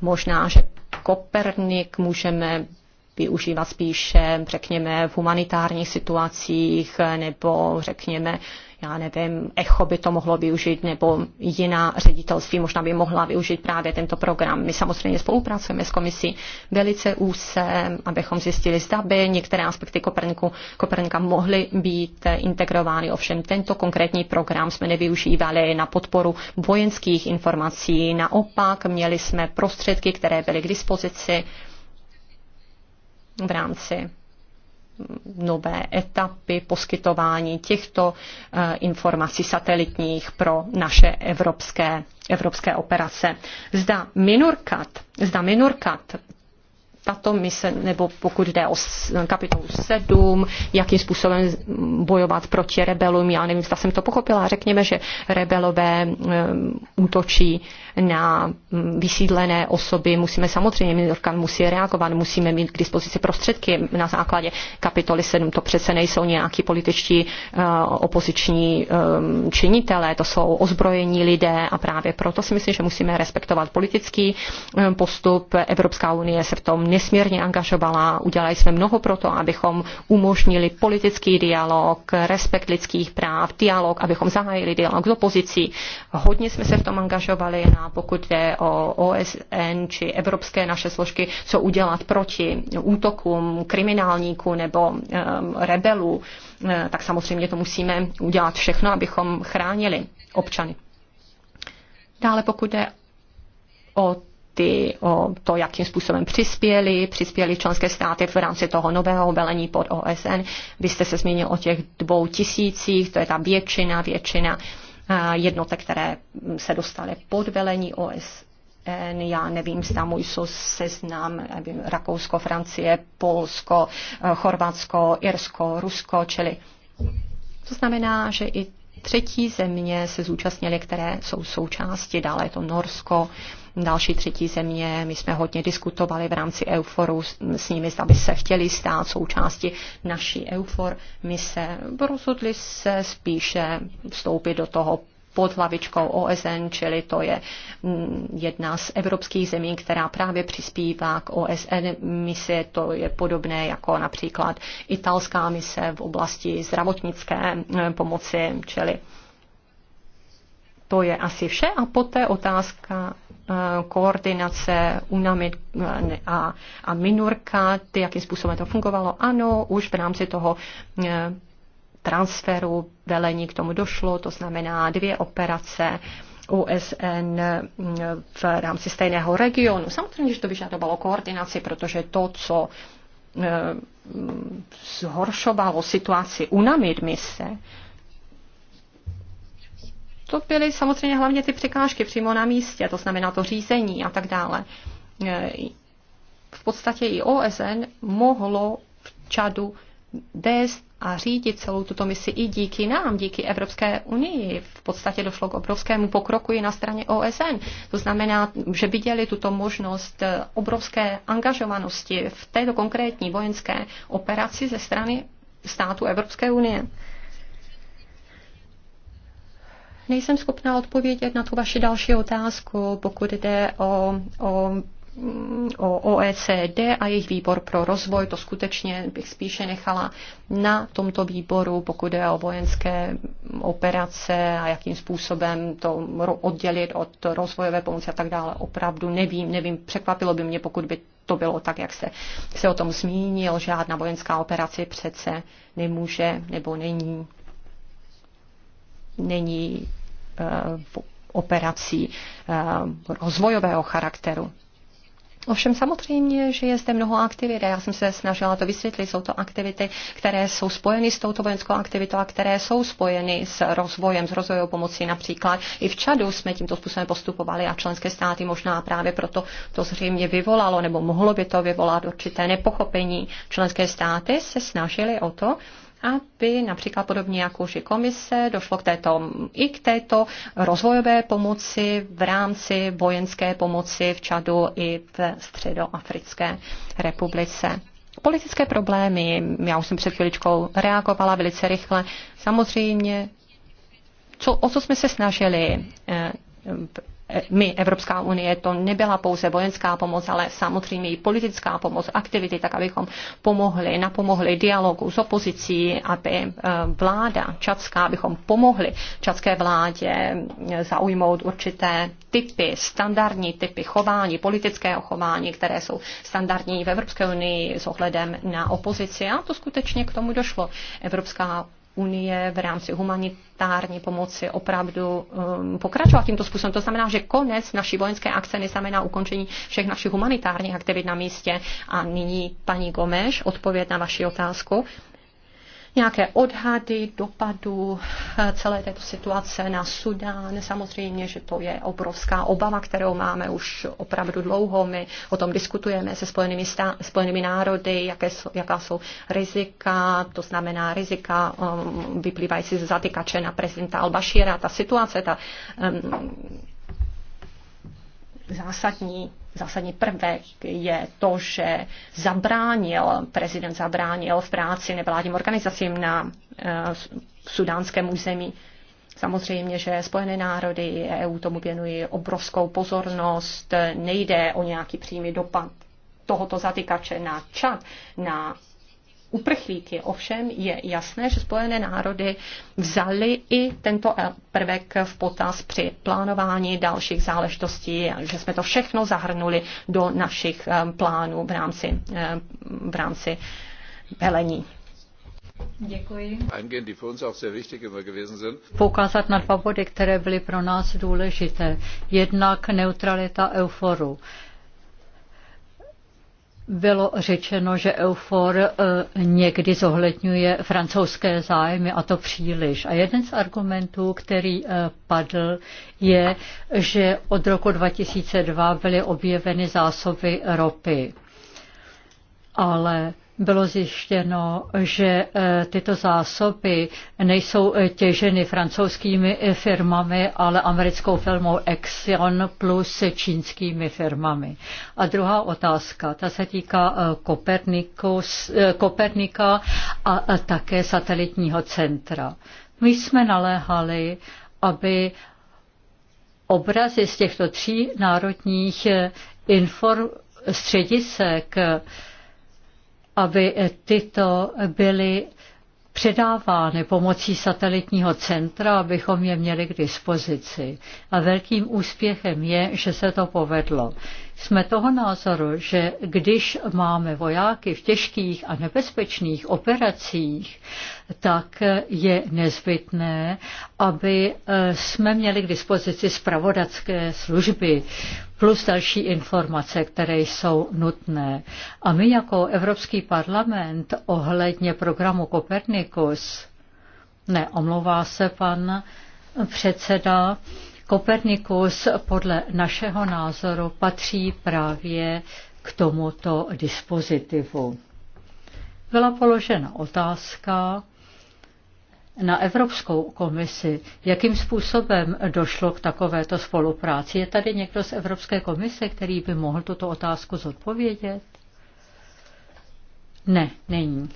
Možná, že Kopernik můžeme využívat spíše, řekněme, v humanitárních situacích nebo, řekněme, já nevím, ECHO by to mohlo využít nebo jiná ředitelství možná by mohla využít právě tento program. My samozřejmě spolupracujeme s komisí velice úse, abychom zjistili, zda by některé aspekty Koperniku, Kopernika mohly být integrovány. Ovšem tento konkrétní program jsme nevyužívali na podporu vojenských informací. Naopak měli jsme prostředky, které byly k dispozici v rámci nové etapy poskytování těchto eh, informací satelitních pro naše evropské, evropské operace. Zda Minurkat, zda Minurkat tato mise, nebo pokud jde o kapitolu 7, jakým způsobem bojovat proti rebelům, já nevím, zda jsem to pochopila, řekněme, že rebelové eh, útočí na mm, vysídlené osoby. Musíme samozřejmě, Minorkan musí reagovat, musíme mít k dispozici prostředky na základě kapitoly 7. To přece nejsou nějaký političtí eh, opoziční eh, činitelé, to jsou ozbrojení lidé a právě proto si myslím, že musíme respektovat politický eh, postup. Evropská unie se v tom nesmírně angažovala, udělali jsme mnoho proto, abychom umožnili politický dialog, respekt lidských práv, dialog, abychom zahájili dialog s opozicí. Hodně jsme se v tom angažovali na pokud jde o OSN či evropské naše složky, co udělat proti útokům kriminálníků nebo um, rebelů, eh, tak samozřejmě to musíme udělat všechno, abychom chránili občany. Dále pokud jde o ty, o to, jakým způsobem přispěli, přispěli členské státy v rámci toho nového velení pod OSN. Vy jste se zmínil o těch dvou tisících, to je ta většina, většina uh, jednotek, které se dostaly pod velení OS. Já nevím, zda můj seznam nevím, Rakousko, Francie, Polsko, e, Chorvatsko, Irsko, Rusko, čili to znamená, že i třetí země se zúčastnily, které jsou součástí, dále je to Norsko, další třetí země. My jsme hodně diskutovali v rámci EUFORu s nimi, zda by se chtěli stát součástí naší EUFOR. My se rozhodli se spíše vstoupit do toho pod hlavičkou OSN, čili to je mm, jedna z evropských zemí, která právě přispívá k OSN misi. To je podobné jako například italská mise v oblasti zdravotnické eh, pomoci, čili to je asi vše. A poté otázka eh, koordinace UNAMI eh, a, a Minurka, ty, jakým způsobem to fungovalo. Ano, už v rámci toho eh, transferu velení k tomu došlo, to znamená dvě operace OSN mm, v rámci stejného regionu. Samozřejmě, že to vyžadovalo koordinaci, protože to, co mm, zhoršovalo situaci UNAMID mise, to byly samozřejmě hlavně ty překážky přímo na místě, to znamená to řízení a tak dále. E, v podstatě i OSN mohlo v Čadu vést a řídit celou tuto misi i díky nám, díky Evropské unii. V podstatě došlo k obrovskému pokroku i na straně OSN. To znamená, že viděli tuto možnost e, obrovské angažovanosti v této konkrétní vojenské operaci ze strany státu Evropské unie nejsem schopná odpovědět na tu vaši další otázku, pokud jde o, o o OECD a jejich výbor pro rozvoj. To skutečně bych spíše nechala na tomto výboru, pokud je o vojenské operace a jakým způsobem to oddělit od rozvojové pomoci a tak dále. Opravdu nevím, nevím, překvapilo by mě, pokud by to bylo tak, jak se, se o tom zmínil. Žádná vojenská operace přece nemůže nebo není není eh, operací eh, rozvojového charakteru. Ovšem samozřejmě, že je zde mnoho aktivit já jsem se snažila to vysvětlit. Jsou to aktivity, které jsou spojeny s touto vojenskou aktivitou a které jsou spojeny s rozvojem, s rozvojovou pomocí. Například i v Čadu jsme tímto způsobem postupovali a členské státy možná právě proto to zřejmě vyvolalo nebo mohlo by to vyvolat určité nepochopení. Členské státy se snažily o to, aby například podobně jako už i komise došlo k této, i k této rozvojové pomoci v rámci vojenské pomoci v Čadu i v Středoafrické republice. Politické problémy, já už jsem před chvíličkou reagovala velice rychle. Samozřejmě, co, o co jsme se snažili eh, my, Evropská unie, to nebyla pouze vojenská pomoc, ale samozřejmě i politická pomoc, aktivity, tak abychom pomohli, napomohli dialogu s opozicí, aby eh, vláda čatská, abychom pomohli čatské vládě eh, zaujmout určité typy, standardní typy chování, politického chování, které jsou standardní v Evropské unii s ohledem na opozici. A to skutečně k tomu došlo. Evropská unie v rámci humanitární pomoci opravdu um, pokračovat tímto způsobem. To znamená, že konec naší vojenské akce neznamená ukončení všech našich humanitárních aktivit na místě. A nyní paní Gomeš, odpověď na vaši otázku nějaké odhady dopadu eh, celé této situace na Sudán. Samozřejmě, že to je obrovská obava, kterou máme už opravdu dlouho. My o tom diskutujeme se Spojenými, stá- spojenými národy, jaké, jaká jsou rizika, to znamená rizika um, vyplývající z zatykače na prezidenta Al-Bashira. Ta situace, ta um, zásadní zásadní prvek je to, že zabránil, prezident zabránil v práci nevládním organizacím na eh, sudánském území. Samozřejmě, že Spojené národy, EU tomu věnují obrovskou pozornost, nejde o nějaký přímý dopad tohoto zatykače na čat, na uprchlíky. Ovšem je jasné, že Spojené národy vzali i tento prvek v potaz při plánování dalších záležitostí, že jsme to všechno zahrnuli do našich eh, plánů v rámci, eh, v rámci velení. Děkuji. Poukázat na dva body, které byly pro nás důležité. Jednak neutralita euforu bylo řečeno, že EUFOR eh, někdy zohledňuje francouzské zájmy a to příliš. A jeden z argumentů, který eh, padl, je, že od roku 2002 byly objeveny zásoby ropy. Ale bylo zjištěno, že e, tyto zásoby nejsou e, těženy francouzskými e, firmami, ale americkou firmou Exxon plus čínskými firmami. A druhá otázka, ta se týká Kopernika a také satelitního centra. My jsme naléhali, aby obrazy z těchto tří národních inform- středisek aby tyto byly předávány pomocí satelitního centra, abychom je měli k dispozici. A velkým úspěchem je, že se to povedlo. Jsme toho názoru, že když máme vojáky v těžkých a nebezpečných operacích, tak je nezbytné, aby eh, jsme měli k dispozici zpravodacké služby plus další informace, které jsou nutné. A my jako Evropský parlament ohledně programu Kopernikus, ne, omlouvá se pan předseda, Kopernikus podle našeho názoru patří právě k tomuto dispozitivu. Byla položena otázka, na Evropskou komisi. Jakým způsobem došlo k takovéto spolupráci? Je tady někdo z Evropské komise, který by mohl tuto otázku zodpovědět? Ne, není.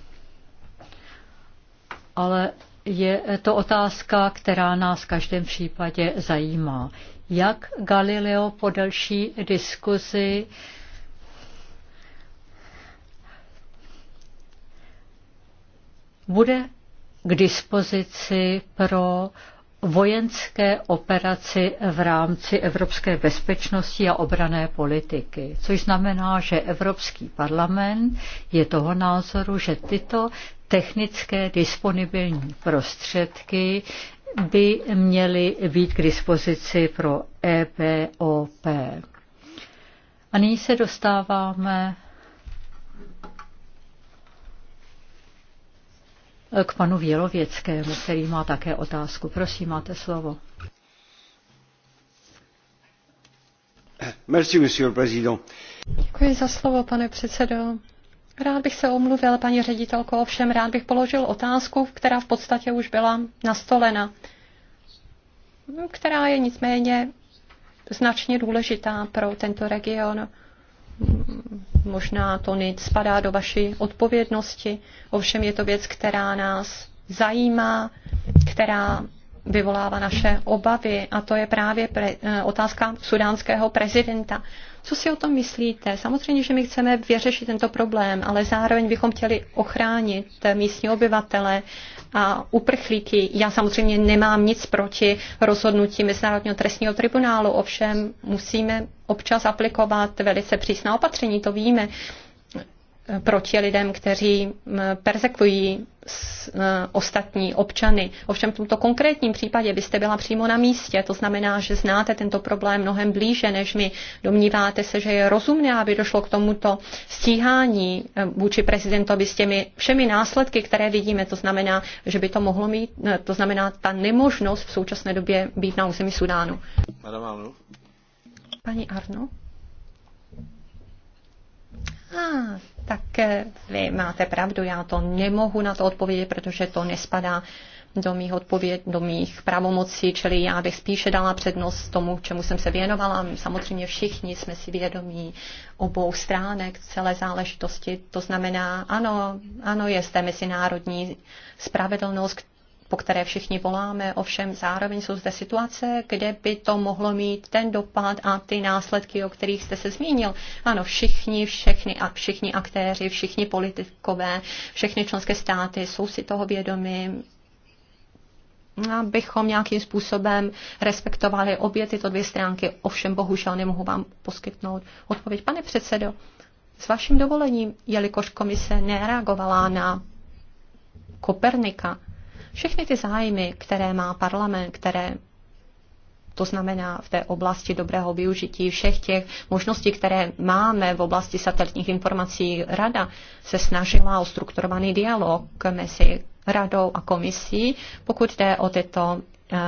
Ale je to otázka, která nás v každém případě zajímá. Jak Galileo po další diskuzi bude k dispozici pro vojenské operaci v rámci evropské bezpečnosti a obrané politiky, což znamená, že Evropský parlament je toho názoru, že tyto technické disponibilní prostředky by měly být k dispozici pro EPOP. A nyní se dostáváme k panu Vělověckému, který má také otázku. Prosím, máte slovo. Merci, monsieur président. Děkuji za slovo, pane předsedo. Rád bych se omluvil, paní ředitelko, ovšem rád bych položil otázku, která v podstatě už byla nastolena, která je nicméně značně důležitá pro tento region možná to spadá do vaší odpovědnosti, ovšem je to věc, která nás zajímá, která vyvolává naše obavy a to je právě pre, eh, otázka sudánského prezidenta. Co si o tom myslíte? Samozřejmě, že my chceme vyřešit tento problém, ale zároveň bychom chtěli ochránit místní obyvatele a uprchlíky. Já samozřejmě nemám nic proti rozhodnutí Mezinárodního trestního tribunálu, ovšem musíme občas aplikovat velice přísná opatření, to víme, proti lidem, kteří persekují ostatní občany. Ovšem v tomto konkrétním případě byste byla přímo na místě, to znamená, že znáte tento problém mnohem blíže než my. Domníváte se, že je rozumné, aby došlo k tomuto stíhání eh, vůči prezidentovi s těmi všemi následky, které vidíme, to znamená, že by to mohlo mít, eh, to znamená ta nemožnost v současné době být na území Sudánu. Paní Arno? A, ah, tak vy máte pravdu, já to nemohu na to odpovědět, protože to nespadá do mých odpověd, do mých pravomocí, čili já bych spíše dala přednost tomu, čemu jsem se věnovala. Samozřejmě všichni jsme si vědomí obou stránek celé záležitosti. To znamená, ano, ano, je zde mezinárodní spravedlnost, po které všichni voláme, ovšem zároveň jsou zde situace, kde by to mohlo mít ten dopad a ty následky, o kterých jste se zmínil. Ano, všichni, všechny a všichni aktéři, všichni politikové, všechny členské státy jsou si toho vědomi, abychom nějakým způsobem respektovali obě tyto dvě stránky. Ovšem, bohužel nemohu vám poskytnout odpověď. Pane předsedo, s vaším dovolením, jelikož komise nereagovala na Kopernika, všechny ty zájmy, které má parlament, které to znamená v té oblasti dobrého využití všech těch možností, které máme v oblasti satelitních informací. Rada se snažila o strukturovaný dialog mezi radou a komisí, pokud jde o tyto ehm,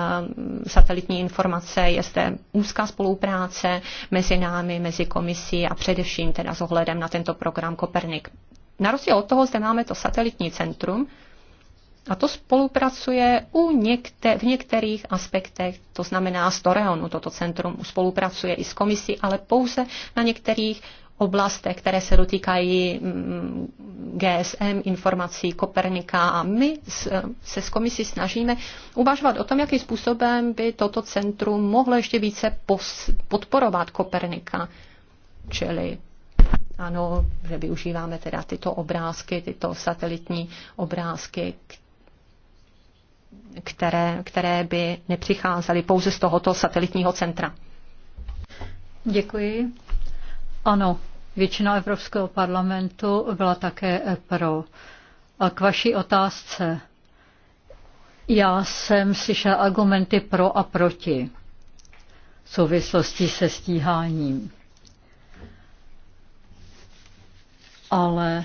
satelitní informace, je zde úzká spolupráce mezi námi, mezi komisí a především teda s ohledem na tento program Kopernik. Na rozdíl od toho zde máme to satelitní centrum, a to spolupracuje u někte, v některých aspektech, to znamená z Toreonu, toto centrum spolupracuje i s komisí, ale pouze na některých oblastech, které se dotýkají GSM, mm, informací Kopernika a my se s komisí snažíme uvažovat o tom, jakým způsobem by toto centrum mohlo ještě více podporovat Kopernika, čili ano, že využíváme teda tyto obrázky, tyto satelitní obrázky, které, které by nepřicházely pouze z tohoto satelitního centra. Děkuji. Ano, většina Evropského parlamentu byla také pro. A k vaší otázce. Já jsem slyšel argumenty pro a proti v souvislosti se stíháním. Ale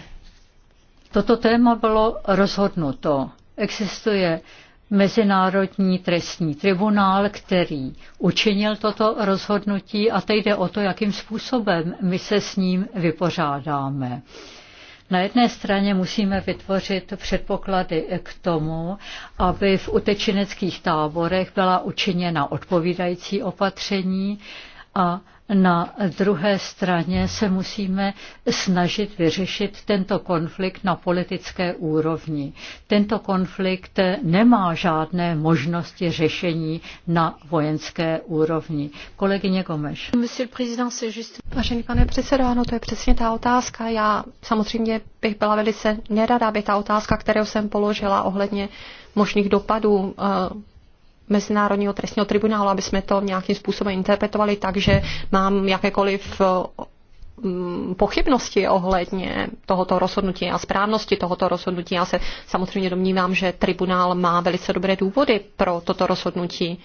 toto téma bylo rozhodnuto. Existuje Mezinárodní trestní tribunál, který učinil toto rozhodnutí a teď jde o to, jakým způsobem my se s ním vypořádáme. Na jedné straně musíme vytvořit předpoklady k tomu, aby v utečeneckých táborech byla učiněna odpovídající opatření a na druhé straně se musíme snažit vyřešit tento konflikt na politické úrovni. Tento konflikt nemá žádné možnosti řešení na vojenské úrovni. Kolegyně Gomeš. Vážený pane předsedo, ano, to je přesně ta otázka. Já samozřejmě bych byla velice nerada, aby ta otázka, kterou jsem položila ohledně možných dopadů eh, Mezinárodního trestního tribunálu, aby jsme to nějakým způsobem interpretovali tak, že mám jakékoliv eh, mm, pochybnosti ohledně tohoto rozhodnutí a správnosti tohoto rozhodnutí. Já se samozřejmě domnívám, že tribunál má velice dobré důvody pro toto rozhodnutí.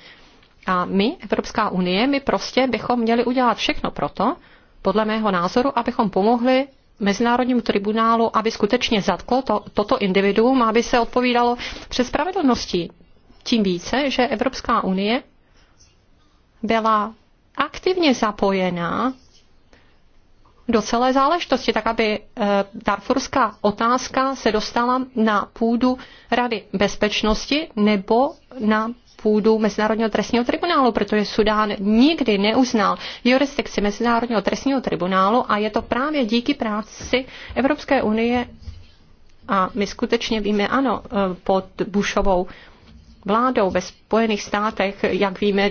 A my, Evropská unie, my prostě bychom měli udělat všechno proto, podle mého názoru, abychom pomohli Mezinárodnímu tribunálu, aby skutečně zatklo to, toto individuum, aby se odpovídalo přes spravedlností. Tím více, že Evropská unie byla aktivně zapojená do celé záležitosti, tak aby darfurská eh, otázka se dostala na půdu Rady bezpečnosti nebo na půdu Mezinárodního trestního tribunálu, protože Sudán nikdy neuznal jurisdikci Mezinárodního trestního tribunálu a je to právě díky práci Evropské unie a my skutečně víme, ano, eh, pod Bushovou vládou ve Spojených státech, jak víme,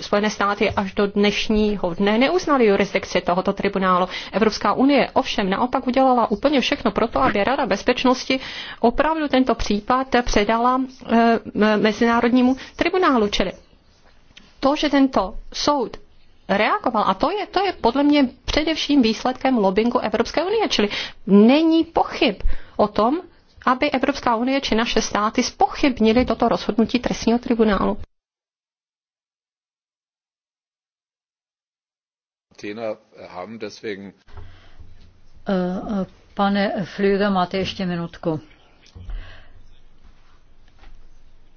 Spojené státy až do dnešního dne neuznaly jurisdikci tohoto tribunálu. Evropská unie ovšem naopak udělala úplně všechno pro to, aby Rada bezpečnosti opravdu tento případ předala eh, Mezinárodnímu tribunálu. Čili to, že tento soud reagoval. A to je, to je podle mě především výsledkem lobbingu Evropské unie, čili není pochyb o tom, aby Evropská unie či naše státy spochybnili toto rozhodnutí trestního tribunálu. Eh, eh, pane Flüger, máte ještě minutku.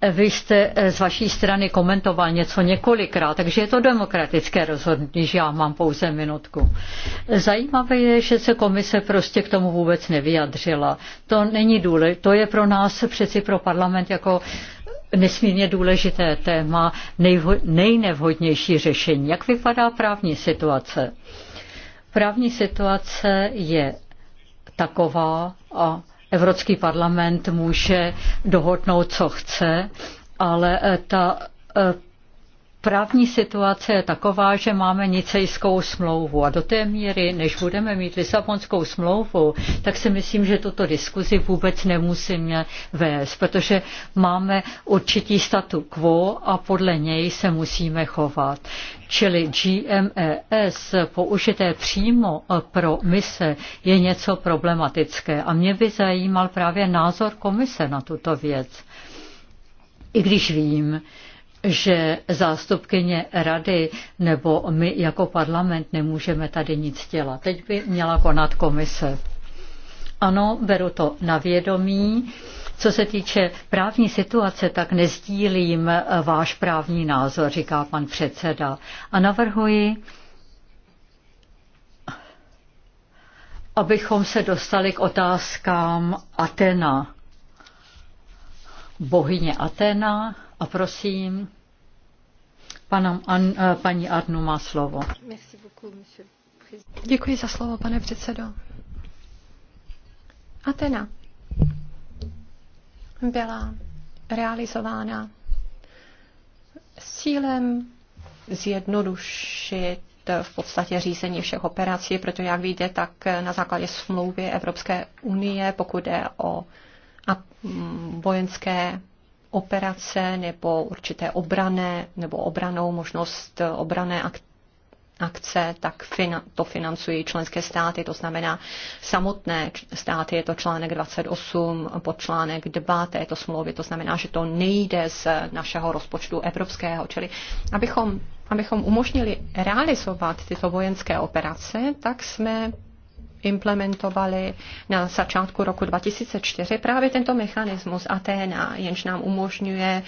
Vy jste eh, z vaší strany komentoval něco několikrát, takže je to demokratické rozhodnutí, že já mám pouze minutku. Zajímavé je, že se komise prostě k tomu vůbec nevyjadřila. To není důležité, to je pro nás přeci pro parlament jako nesmírně důležité téma, nejvho- nejnevhodnější řešení. Jak vypadá právní situace? Právní situace je taková, a Evropský parlament může dohodnout, co chce, ale ta eh, Právní situace je taková, že máme nicejskou smlouvu a do té míry, než budeme mít Lisabonskou smlouvu, tak si myslím, že tuto diskuzi vůbec nemusíme vést, protože máme určitý statu quo a podle něj se musíme chovat. Čili GMES použité přímo pro mise je něco problematické a mě by zajímal právě názor komise na tuto věc. I když vím, že zástupkyně rady nebo my jako parlament nemůžeme tady nic dělat. Teď by měla konat komise. Ano, beru to na vědomí. Co se týče právní situace, tak nezdílím váš právní názor, říká pan předseda. A navrhuji, abychom se dostali k otázkám Atena. Bohyně Atena a prosím, pana, an, eh, paní Arnu má slovo. Děkuji za slovo, pane předsedo. Atena byla realizována s cílem zjednodušit v podstatě řízení všech operací, protože jak víte, tak na základě smlouvy Evropské unie, pokud jde o vojenské operace nebo určité obrané nebo obranou možnost obrané akce, tak to financují členské státy, to znamená samotné státy, je to článek 28 pod článek 2 této smlouvy, to znamená, že to nejde z našeho rozpočtu evropského, čili abychom abychom umožnili realizovat tyto vojenské operace, tak jsme implementovali na začátku roku 2004 právě tento mechanismus Athena, jenž nám umožňuje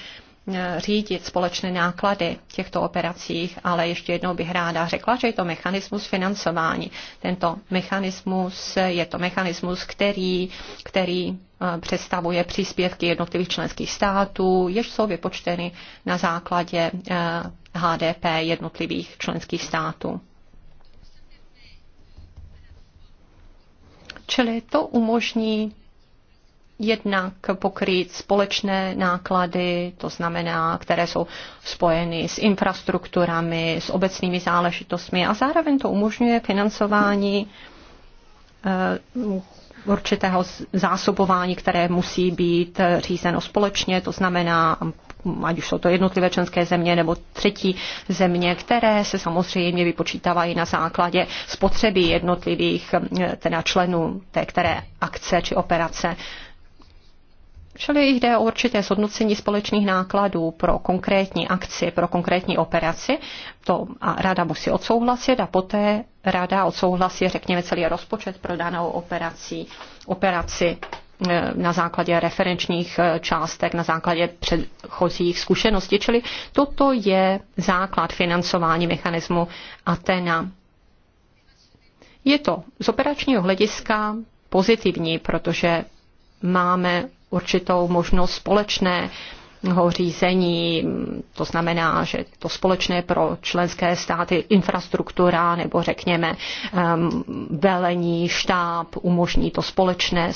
eh, řídit společné náklady těchto operacích, ale ještě jednou bych ráda řekla, že je to mechanismus financování. Tento mechanismus je to mechanismus, který, který eh, představuje příspěvky jednotlivých členských států, jež jsou vypočteny na základě HDP eh, jednotlivých členských států. Čili to umožní jednak pokrýt společné náklady, to znamená, které jsou spojeny s infrastrukturami, s obecnými záležitostmi a zároveň to umožňuje financování eh, určitého zásobování, které musí být eh, řízeno společně, to znamená ať už jsou to jednotlivé členské země nebo třetí země, které se samozřejmě vypočítávají na základě spotřeby jednotlivých eh, teda členů té které akce či operace. Čili jde o určité zhodnocení společných nákladů pro konkrétní akci, pro konkrétní operaci. To a rada musí odsouhlasit a poté rada odsouhlasí, řekněme, celý rozpočet pro danou operaci. operaci. Eh, na základě referenčních eh, částek, na základě předchozích zkušeností. Čili toto je základ financování mechanismu Atena. Je to z operačního hlediska pozitivní, protože máme určitou možnost společné řízení, to znamená, že to společné pro členské státy infrastruktura nebo řekněme ehm, velení štáb umožní to společné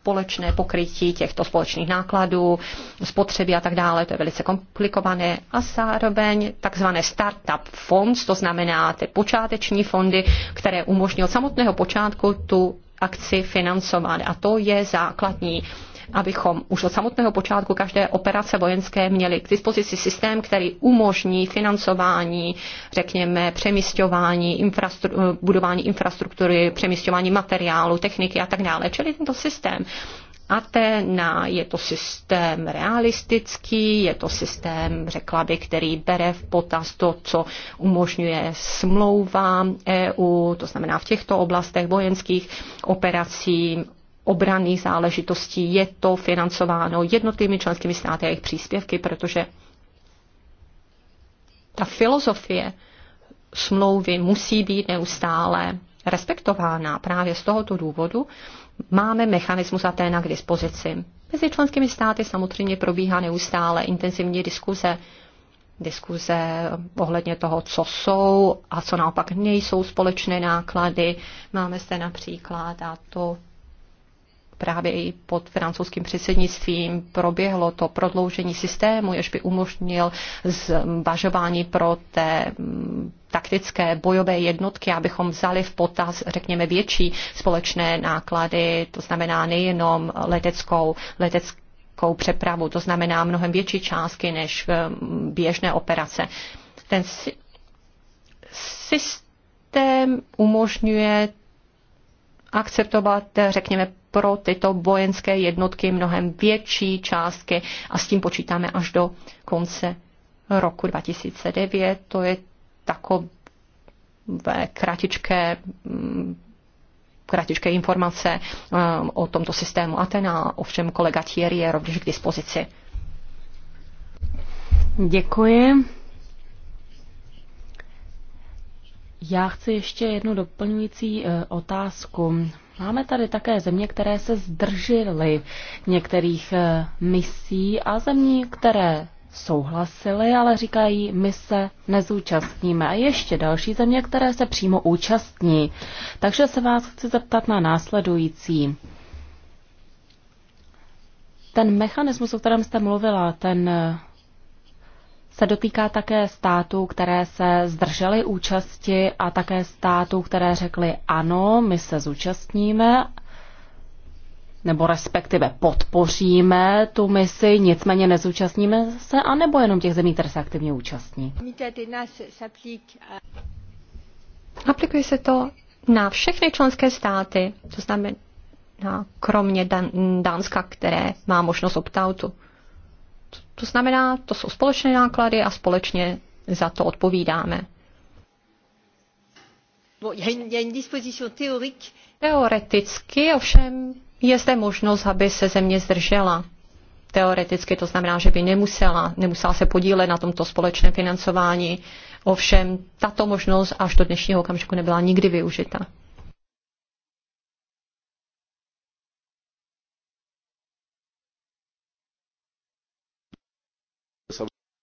společné pokrytí těchto společných nákladů, spotřeby a tak dále, to je velice komplikované. A zároveň takzvané startup funds, to znamená ty počáteční fondy, které umožní od samotného počátku tu akci financovat. A to je základní abychom už od samotného počátku každé operace vojenské měli k dispozici systém, který umožní financování, řekněme, přemysťování, infrastru- budování infrastruktury, přemysťování materiálu, techniky a tak dále. Čili tento systém Atena, je to systém realistický, je to systém, řekla bych, který bere v potaz to, co umožňuje smlouva EU, to znamená v těchto oblastech vojenských operací, obraných záležitostí. Je to financováno jednotlivými členskými státy a jejich příspěvky, protože ta filozofie smlouvy musí být neustále respektována. Právě z tohoto důvodu máme mechanismus Aténa k dispozici. Mezi členskými státy samozřejmě probíhá neustále intenzivní diskuze, diskuze ohledně toho, co jsou a co naopak nejsou společné náklady. Máme zde například, a to právě i pod francouzským předsednictvím proběhlo to prodloužení systému, jež by umožnil zvažování pro té mm, taktické bojové jednotky, abychom vzali v potaz, řekněme, větší společné náklady, to znamená nejenom leteckou, leteckou přepravu, to znamená mnohem větší částky než mm, běžné operace. Ten systém umožňuje akceptovat, řekněme, pro tyto vojenské jednotky mnohem větší částky a s tím počítáme až do konce roku 2009. To je takové kratičké mm, kratičké informace eh, o tomto systému Atena, ovšem kolega Thierry je rovněž k dispozici. Děkuji. Já chci ještě jednu doplňující eh, otázku. Máme tady také země, které se zdržily některých eh, misí a zemí, které souhlasily, ale říkají, my se nezúčastníme. A ještě další země, které se přímo účastní. Takže se vás chci zeptat na následující. Ten mechanismus, o kterém jste mluvila, ten eh, se dotýká také států, které se zdržely účasti a také států, které řekly ano, my se zúčastníme nebo respektive podpoříme tu misi, nicméně nezúčastníme se, anebo jenom těch zemí, které se aktivně účastní. Aplikuje se to na všechny členské státy, to znamená kromě Dánska, které má možnost optautu. To znamená, to jsou společné náklady a společně za to odpovídáme. Teoreticky ovšem je zde možnost, aby se země zdržela. Teoreticky to znamená, že by nemusela, nemusela se podílet na tomto společném financování. Ovšem tato možnost až do dnešního okamžiku nebyla nikdy využita.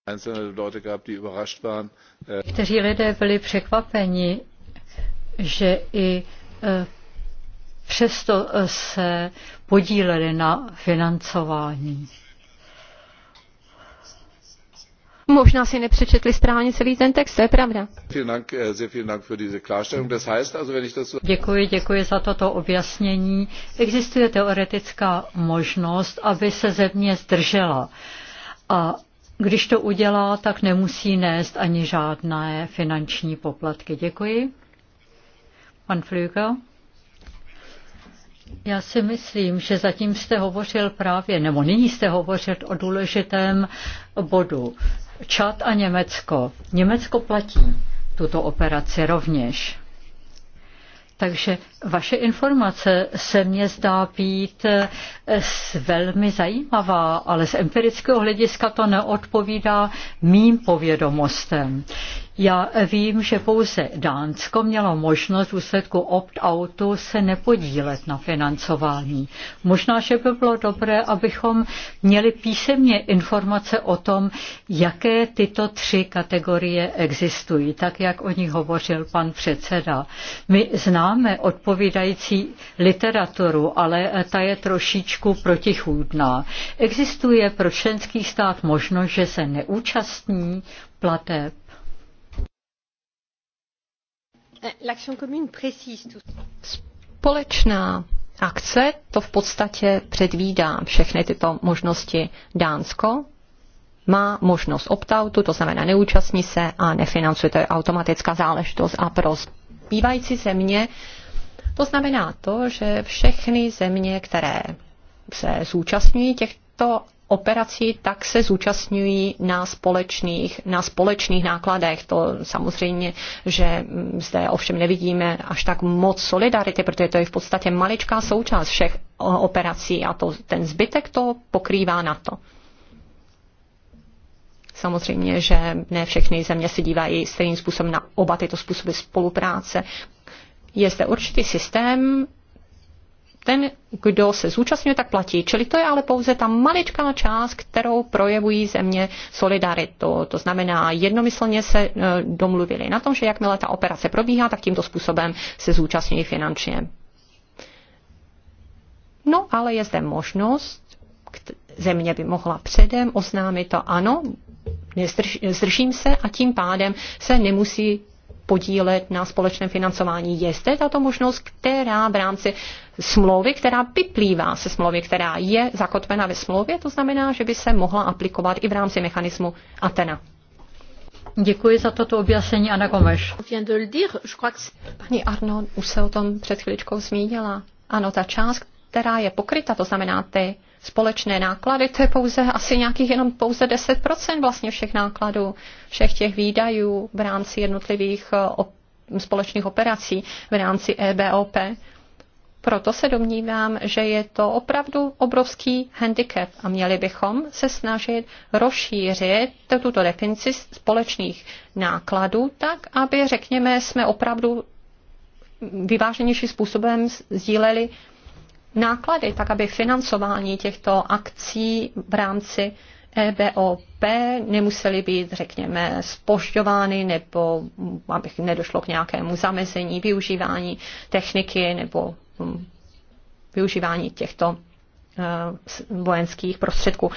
Äh, Někteří lidé byli překvapeni, že i e, přesto e, se podíleli na financování. Možná si nepřečetli správně celý ten text, to je pravda. Äh, děkuji, děkuji za toto objasnění. Existuje teoretická možnost, aby se země zdržela. A když to udělá, tak nemusí nést ani žádné finanční poplatky. Děkuji. Pan Flüger. Já si myslím, že zatím jste hovořil právě, nebo nyní jste hovořil o důležitém bodu. Čad a Německo. Německo platí tuto operaci rovněž. Takže vaše informace se mně zdá být eh, velmi zajímavá, ale z empirického hlediska to neodpovídá mým povědomostem. Já vím, že pouze Dánsko mělo možnost v úsledku opt-outu se nepodílet na financování. Možná, že by bylo dobré, abychom měli písemně informace o tom, jaké tyto tři kategorie existují, tak jak o nich hovořil pan předseda. My známe odpovídající literaturu, ale ta je trošičku protichůdná. Existuje pro členský stát možnost, že se neúčastní plateb Společná akce to v podstatě předvídá všechny tyto možnosti. Dánsko má možnost opt-outu, to znamená neúčastní se a nefinancuje, to je automatická záležitost a pro zbývající země to znamená to, že všechny země, které se zúčastňují těchto operací, tak se zúčastňují na společných, na společných nákladech. To samozřejmě, že mm, zde ovšem nevidíme až tak moc solidarity, protože to je v podstatě maličká součást všech operací a to, ten zbytek to pokrývá na to. Samozřejmě, že ne všechny země se dívají stejným způsobem na oba tyto způsoby spolupráce. Je zde určitý systém ten, kdo se zúčastňuje, tak platí. Čili to je ale pouze ta maličká část, kterou projevují země solidaritu. To znamená, jednomyslně se e, domluvili na tom, že jakmile ta operace probíhá, tak tímto způsobem se zúčastňují finančně. No, ale je zde možnost, země by mohla předem oznámit to ano, nezdrž, zdržím se a tím pádem se nemusí podílet na společném financování. Je zde tato možnost, která v rámci smlouvy, která vyplývá se smlouvy, která je zakotvena ve smlouvě, to znamená, že by se mohla aplikovat i v rámci mechanismu Atena. Děkuji za toto objasnění, Ana Gomeš. Paní Arno už se o tom před chvíličkou zmínila. Ano, ta část, která je pokryta, to znamená ty společné náklady, to je pouze asi nějakých jenom pouze 10% vlastně všech nákladů, všech těch výdajů v rámci jednotlivých eh, společných operací v rámci EBOP. Proto se domnívám, že je to opravdu obrovský handicap a měli bychom se snažit rozšířit tuto definici společných nákladů tak, aby, řekněme, jsme opravdu vyváženějším způsobem sdíleli náklady, tak aby financování těchto akcí v rámci EBOP nemusely být, řekněme, spožďovány nebo aby nedošlo k nějakému zamezení využívání techniky nebo mm, využívání těchto eh, vojenských prostředků.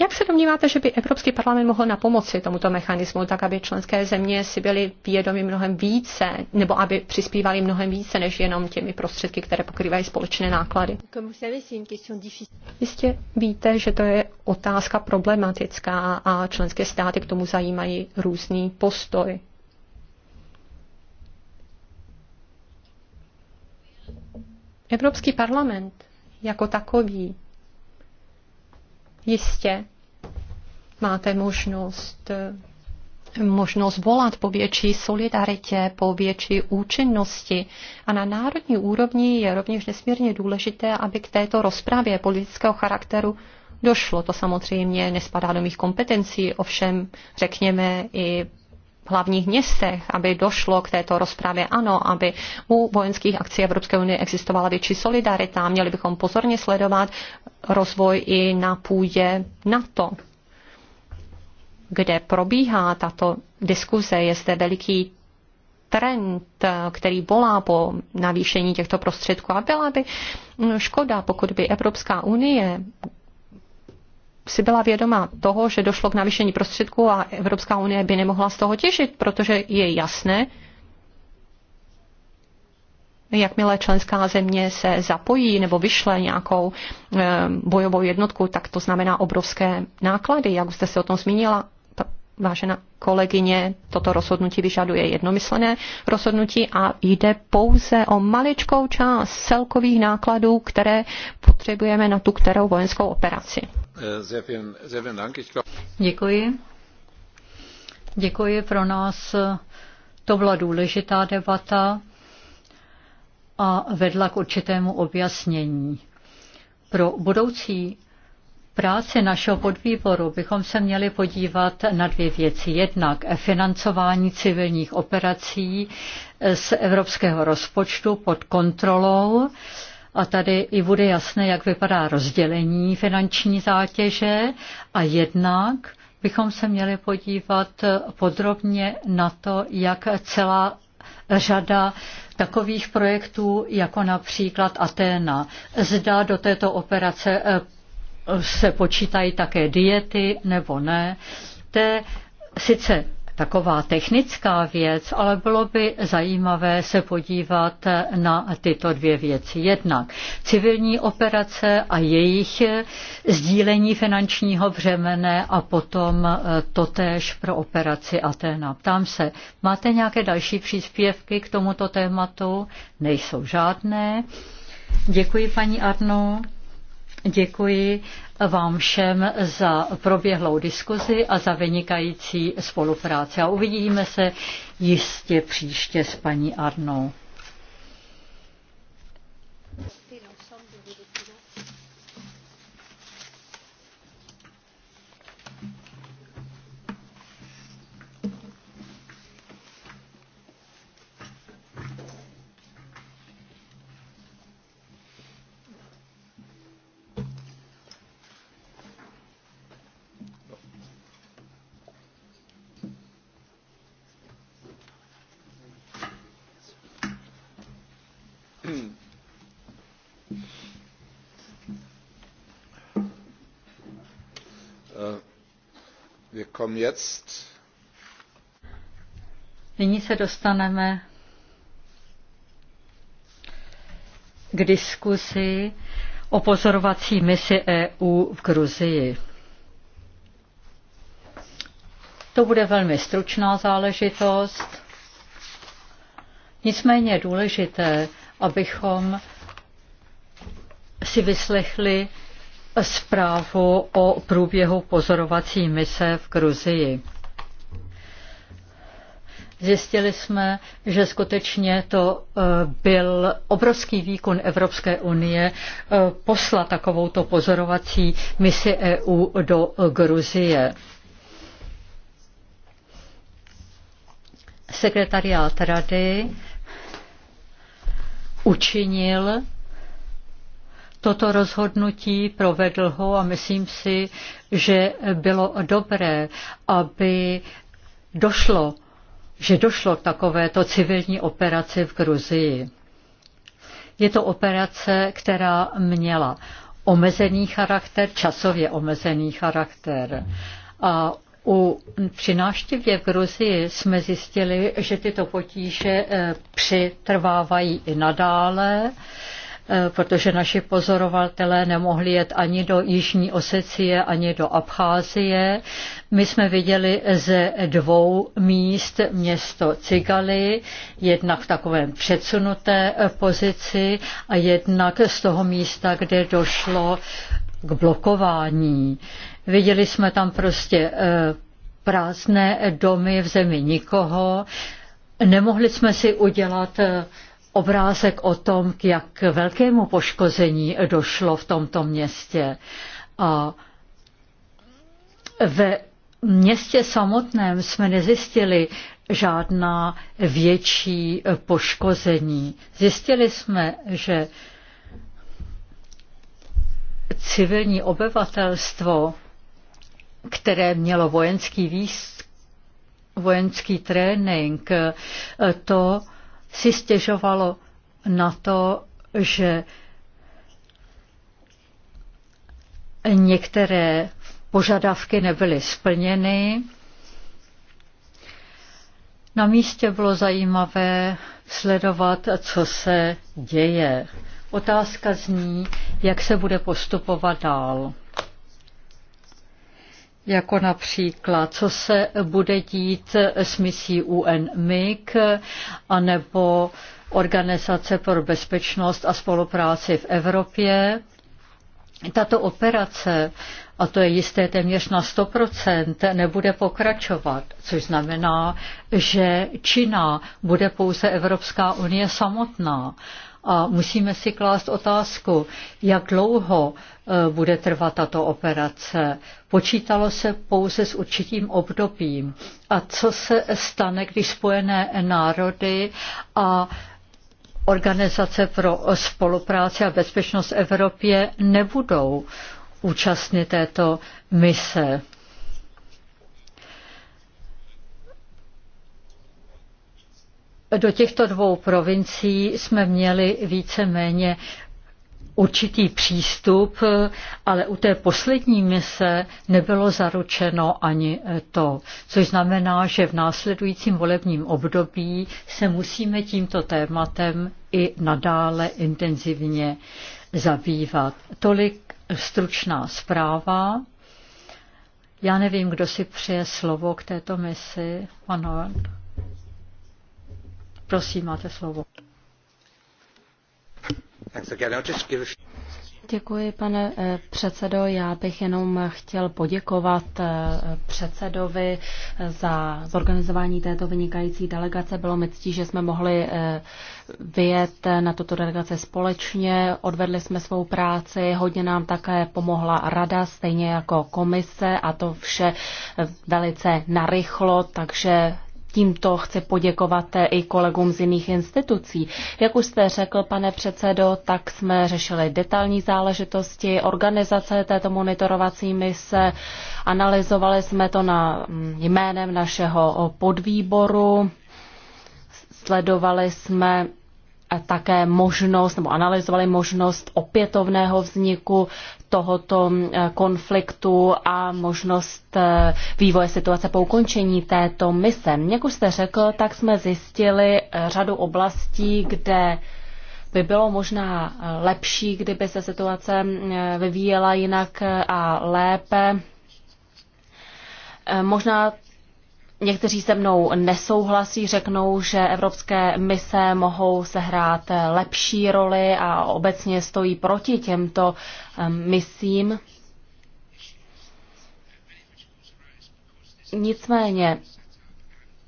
Jak se domníváte, že by Evropský parlament mohl na pomoci tomuto mechanismu, tak aby členské země si byly vědomi mnohem více, nebo aby přispívali mnohem více, než jenom těmi prostředky, které pokrývají společné náklady? Jistě víte, že to je otázka problematická a členské státy k tomu zajímají různý postoj. Evropský parlament jako takový Jistě máte možnost eh, možnost volat po větší solidaritě, po větší účinnosti. A na národní úrovni je rovněž nesmírně důležité, aby k této rozpravě politického charakteru došlo. To samozřejmě nespadá do mých kompetencí, ovšem řekněme i hlavních městech, aby došlo k této rozpravě. Ano, aby u vojenských akcí Evropské unie existovala větší solidarita. Měli bychom pozorně sledovat rozvoj i na půdě NATO, kde probíhá tato diskuze. Je zde veliký trend, který volá po navýšení těchto prostředků a byla by škoda, pokud by Evropská unie si byla vědoma toho, že došlo k navýšení prostředků a Evropská unie by nemohla z toho těžit, protože je jasné, jakmile členská země se zapojí nebo vyšle nějakou eh, bojovou jednotku, tak to znamená obrovské náklady, jak jste se o tom zmínila vážená kolegyně, toto rozhodnutí vyžaduje jednomyslené rozhodnutí a jde pouze o maličkou část celkových nákladů, které potřebujeme na tu kterou vojenskou operaci. Děkuji. Děkuji pro nás. To byla důležitá debata a vedla k určitému objasnění. Pro budoucí práci našeho podvýboru bychom se měli podívat na dvě věci. Jednak financování civilních operací eh, z evropského rozpočtu pod kontrolou. A tady i bude jasné, jak vypadá rozdělení finanční zátěže. A jednak bychom se měli podívat eh, podrobně na to, jak celá řada takových projektů, jako například Aténa. Zda do této operace eh, se počítají také diety nebo ne. To je sice taková technická věc, ale bylo by zajímavé se podívat na tyto dvě věci. Jednak civilní operace a jejich sdílení finančního břemene a potom eh, totéž pro operaci Atena. Ptám se, máte nějaké další příspěvky k tomuto tématu? Nejsou žádné. Děkuji paní Arno. Děkuji vám všem za proběhlou diskuzi a za vynikající spolupráci. A uvidíme se jistě příště s paní Arnou. kommen jetzt. Nyní se dostaneme k diskusi o pozorovací misi EU v Gruzii. To bude velmi stručná záležitost. Nicméně je důležité, abychom si vyslechli zprávu o průběhu pozorovací mise v Gruzii. Zjistili jsme, že skutečně to e, byl obrovský výkon Evropské unie e, posla takovouto pozorovací misi EU do Gruzie. Sekretariát rady učinil toto rozhodnutí, provedl ho a myslím si, že bylo dobré, aby došlo, že došlo k takovéto civilní operaci v Gruzii. Je to operace, která měla omezený charakter, časově omezený charakter. A u, při návštěvě v Gruzii jsme zjistili, že tyto potíže eh, přetrvávají i nadále. E, Eh, protože naši pozorovatelé nemohli jet ani do Jižní Osecie, ani do Abcházie. My jsme viděli ze dvou míst město Cigaly, jednak v takovém předsunuté eh, pozici a jednak z toho místa, kde došlo k blokování. Viděli jsme tam prostě eh, prázdné domy v zemi nikoho. Nemohli jsme si udělat obrázek o tom, k jak velkému poškození došlo v tomto městě. A ve městě samotném jsme nezjistili žádná větší poškození. Zjistili jsme, že civilní obyvatelstvo, které mělo vojenský výst, vojenský trénink, to si stěžovalo na to, že některé požadavky nebyly splněny. Na místě bylo zajímavé sledovat, co se děje. Otázka zní, jak se bude postupovat dál jako například, co se bude dít s misí UNMIG, anebo Organizace pro bezpečnost a spolupráci v Evropě. Tato operace, a to je jisté téměř na 100%, nebude pokračovat, což znamená, že Čína bude pouze Evropská unie samotná a musíme si klást otázku, jak dlouho e, bude trvat tato operace. Počítalo se pouze s určitým obdobím. A co se stane, když spojené národy a Organizace pro spolupráci a bezpečnost v Evropě nebudou účastny této mise. do těchto dvou provincií jsme měli víceméně určitý přístup, ale u té poslední mise nebylo zaručeno ani to, což znamená, že v následujícím volebním období se musíme tímto tématem i nadále intenzivně zabývat. Tolik stručná zpráva. Já nevím, kdo si přeje slovo k této misi. Ano. Prosím, máte slovo. Děkuji, pane eh, předsedo. Já bych jenom chtěl poděkovat eh, předsedovi eh, za zorganizování této vynikající delegace. Bylo mi ctí, že jsme mohli vyjet na tuto delegaci společně. Odvedli jsme svou práci, hodně nám také pomohla rada, stejně jako komise a to vše velice narychlo, takže Tímto chci poděkovat i kolegům z jiných institucí. Jak už jste řekl, pane předsedo, tak jsme řešili detailní záležitosti organizace této monitorovací mise. Analyzovali jsme to na mm, jménem našeho podvýboru. Sledovali jsme také možnost nebo analyzovali možnost opětovného vzniku tohoto mm, konfliktu a možnost e, vývoje situace po ukončení této mise. Jak už jste řekl, tak jsme zjistili e, řadu oblastí, kde by bylo možná e, lepší, kdyby se situace mm, vyvíjela jinak a lépe. Možná Někteří se mnou nesouhlasí, řeknou, že evropské mise mohou sehrát lepší roli a obecně stojí proti těmto misím. Nicméně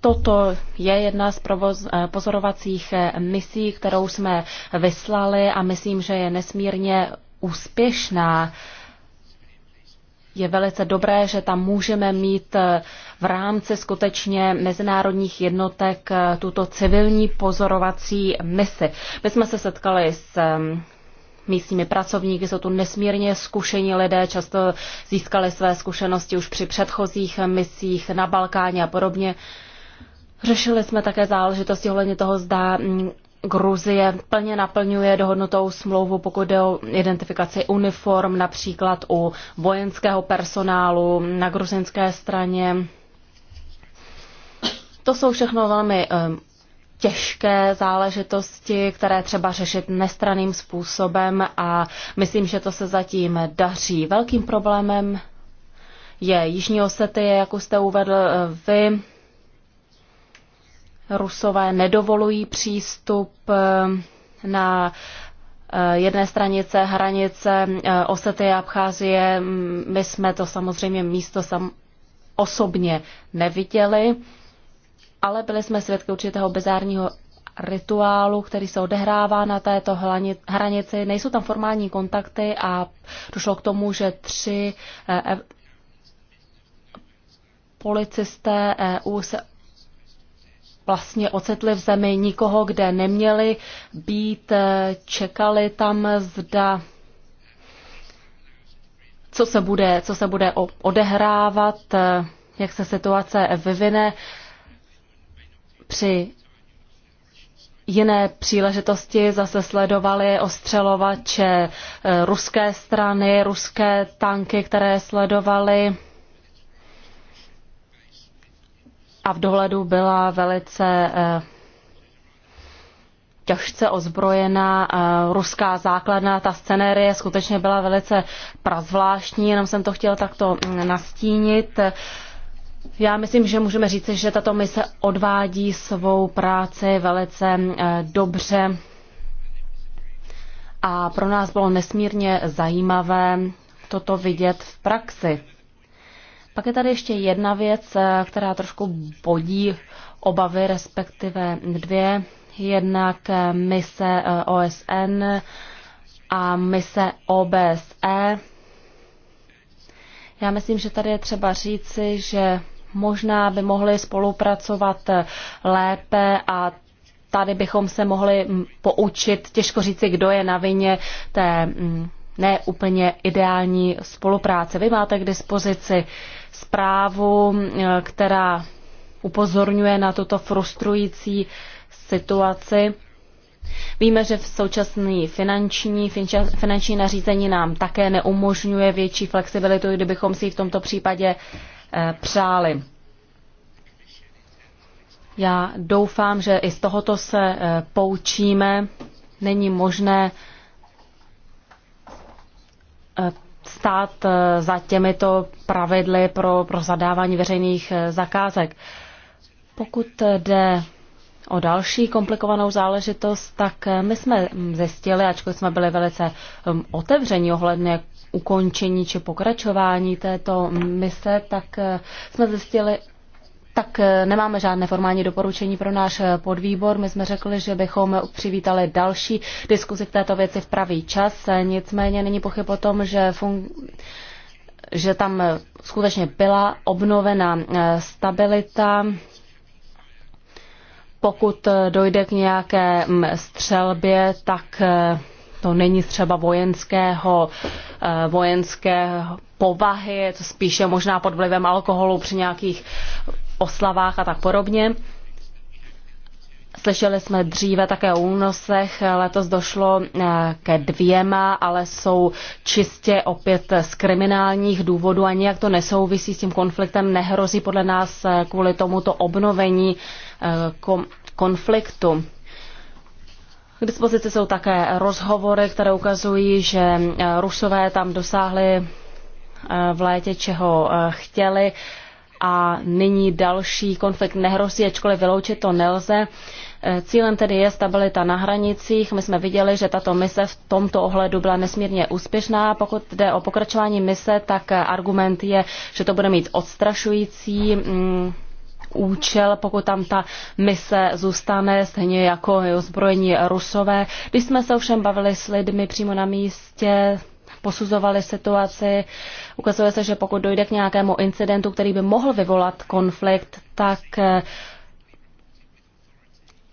toto je jedna z provoz, eh, pozorovacích eh, misí, kterou jsme vyslali a myslím, že je nesmírně úspěšná je velice dobré, že tam můžeme mít eh, v rámci skutečně mezinárodních jednotek eh, tuto civilní pozorovací misi. My jsme se setkali s ehm, místními pracovníky, jsou tu nesmírně zkušení lidé, často získali své zkušenosti už při předchozích misích na Balkáně a podobně. Řešili jsme také záležitosti ohledně toho, zda mm, Gruzie plně naplňuje dohodnutou smlouvu, pokud jde o identifikaci uniform, například u vojenského personálu na gruzinské straně. To jsou všechno velmi těžké záležitosti, které třeba řešit nestraným způsobem a myslím, že to se zatím daří. Velkým problémem je Jižní Osetie, jak už jste uvedl eh, vy. Rusové nedovolují přístup eh, na eh, jedné stranice hranice eh, Osety a Abcházie. My jsme to samozřejmě místo sam osobně neviděli, ale byli jsme svědky určitého bizárního rituálu, který se odehrává na této hranici. Nejsou tam formální kontakty a došlo k tomu, že tři policisté EU se vlastně ocitli v zemi nikoho, kde neměli být, eh, čekali tam, zda co se bude, co se bude odehrávat, eh, jak se situace vyvine. Při jiné příležitosti zase sledovali ostřelovače eh, ruské strany, ruské tanky, které sledovali a v dohledu byla velice eh, těžce ozbrojená eh, ruská základna. Ta scenérie skutečně byla velice prazvláštní, jenom jsem to chtěla takto mm, nastínit. Já myslím, že můžeme říct, že tato mise odvádí svou práci velice eh, dobře a pro nás bylo nesmírně zajímavé toto vidět v praxi. Pak je tady ještě jedna věc, eh, která trošku bodí obavy, respektive dvě. Jednak eh, mise eh, OSN a mise OBSE. Já myslím, že tady je třeba říci, že možná by mohli spolupracovat lépe a tady bychom se mohli mm, poučit, těžko říci, kdo je na vině té mm, neúplně ideální spolupráce. Vy máte k dispozici uh, zprávu, eh, která upozorňuje na tuto frustrující situaci. Víme, že v současné finanční, finanční nařízení nám také neumožňuje větší flexibilitu, kdybychom si ji v tomto případě eh, přáli. Já doufám, že i z tohoto se eh, poučíme. Není možné stát eh, za těmito pravidly pro, pro zadávání veřejných eh, zakázek. Pokud jde o další komplikovanou záležitost, tak eh, my jsme mm, zjistili, ačkoliv jsme byli velice mm, otevření ohledně ukončení či pokračování této mise, tak jsme zjistili, tak eh, nemáme žádné formální doporučení pro náš eh, podvýbor. My jsme řekli, že bychom přivítali další diskuzi v této věci v pravý čas. Eh, nicméně není pochyb o tom, že fun- že tam skutečně byla obnovena stabilita. Pokud dojde k nějaké mm, střelbě, tak to není třeba vojenského, vojenské povahy, je to spíše možná pod vlivem alkoholu při nějakých oslavách a tak podobně. Slyšeli jsme dříve také o únosech, letos došlo eh, ke dvěma, ale jsou čistě opět z kriminálních důvodů a nijak to nesouvisí s tím konfliktem, nehrozí podle nás eh, kvůli tomuto obnovení eh, konfliktu. K dispozici jsou také rozhovory, které ukazují, že Rusové tam dosáhli v létě, čeho chtěli a nyní další konflikt nehrozí, ačkoliv vyloučit to nelze. E, cílem tedy je stabilita na hranicích. My jsme viděli, že tato mise v tomto ohledu byla nesmírně úspěšná. Pokud jde o pokračování mise, tak argument je, že to bude mít odstrašující mm, účel, pokud tam ta mise zůstane, stejně jako ozbrojení rusové. Když jsme se ovšem bavili s lidmi přímo na místě, posuzovali situaci. Ukazuje se, že pokud dojde k nějakému incidentu, který by mohl vyvolat konflikt, tak eh,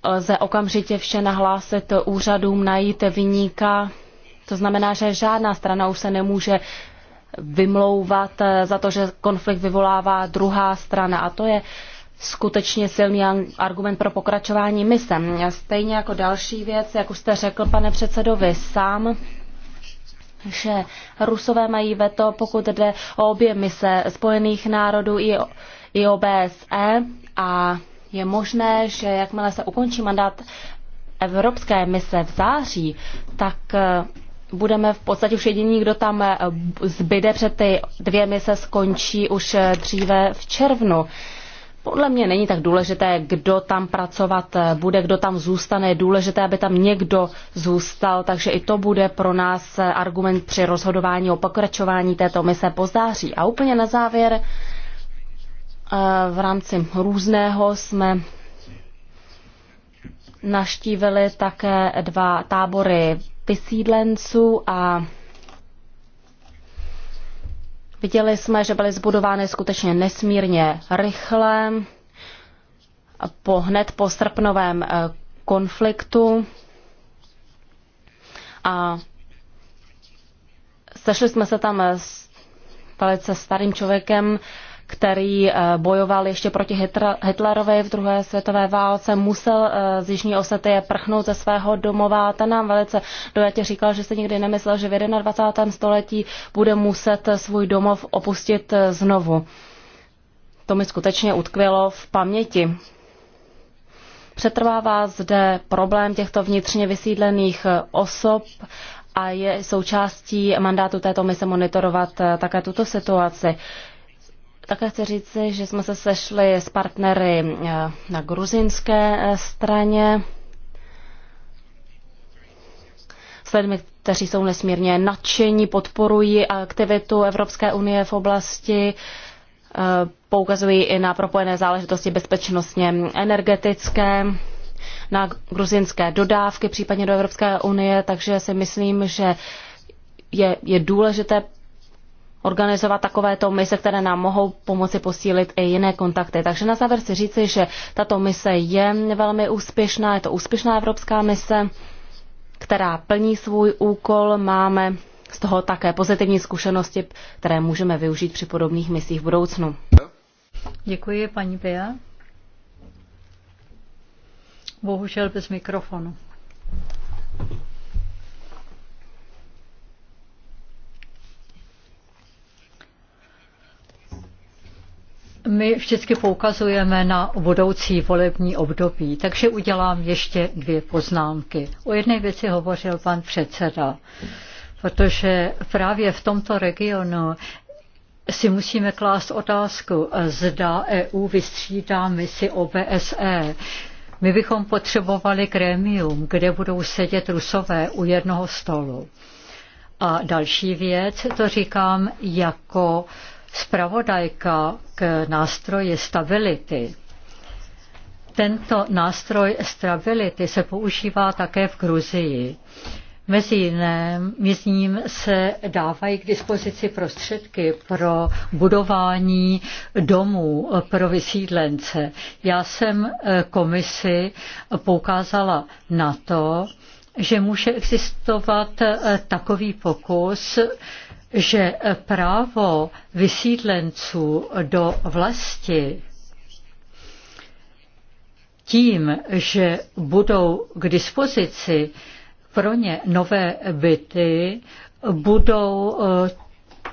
lze okamžitě vše nahlásit úřadům, najít vyníka. To znamená, že žádná strana už se nemůže vymlouvat eh, za to, že konflikt vyvolává druhá strana. A to je skutečně silný argument pro pokračování mise. Stejně jako další věc, jak už jste řekl, pane předsedo, vy sám, že Rusové mají veto, pokud jde o obě mise Spojených národů i, i OBSE a je možné, že jakmile se ukončí mandát Evropské mise v září, tak eh, budeme v podstatě už jediní, kdo tam eh, zbyde před ty dvě mise skončí už eh, dříve v červnu podle mě není tak důležité, kdo tam pracovat bude, kdo tam zůstane. Je důležité, aby tam někdo zůstal, takže i to bude pro nás argument při rozhodování o pokračování této mise po září. A úplně na závěr, eh, v rámci různého jsme naštívili také dva tábory vysídlenců a Viděli jsme, že byly zbudovány skutečně nesmírně rychle, po, hned po srpnovém eh, konfliktu. A sešli jsme se tam s velice starým člověkem, který eh, bojoval ještě proti Hitlerovi v druhé světové válce, musel eh, z Jižní Osetie prchnout ze svého domova. Ten nám velice dojatě říkal, že se nikdy nemyslel, že v 21. století bude muset svůj domov opustit eh, znovu. To mi skutečně utkvělo v paměti. Přetrvává zde problém těchto vnitřně vysídlených osob a je součástí mandátu této mise monitorovat také tuto situaci. Také chci říci, že jsme se sešli s partnery eh, na gruzinské eh, straně, s lidmi, kteří jsou nesmírně nadšení, podporují aktivitu Evropské unie v oblasti eh, poukazují i na propojené záležitosti bezpečnostně energetické, na gruzinské dodávky, případně do Evropské unie, takže si myslím, že je, je důležité organizovat takovéto mise, které nám mohou pomoci posílit i jiné kontakty. Takže na závěr si říci, že tato mise je velmi úspěšná, je to úspěšná evropská mise, která plní svůj úkol. Máme z toho také pozitivní zkušenosti, které můžeme využít při podobných misích v budoucnu. Děkuji, paní Pia. Bohužel bez mikrofonu. My vždycky poukazujeme na budoucí volební období, takže udělám ještě dvě poznámky. O jedné věci hovořil pan předseda, protože právě v tomto regionu si musíme klást otázku, zda EU vystřídá misi OBSE. My bychom potřebovali krémium, kde budou sedět rusové u jednoho stolu. A další věc, to říkám jako uh, zpravodajka k nástroji stability. Tento nástroj stability se používá také v Gruzii. Mezi jiným, mezi ním se dávají k dispozici prostředky pro budování domů pro vysídlence. Já jsem eh, komisi poukázala na to, že může existovat eh, takový pokus, že právo vysídlenců do vlasti tím, že budou k dispozici pro ně nové byty, budou eh,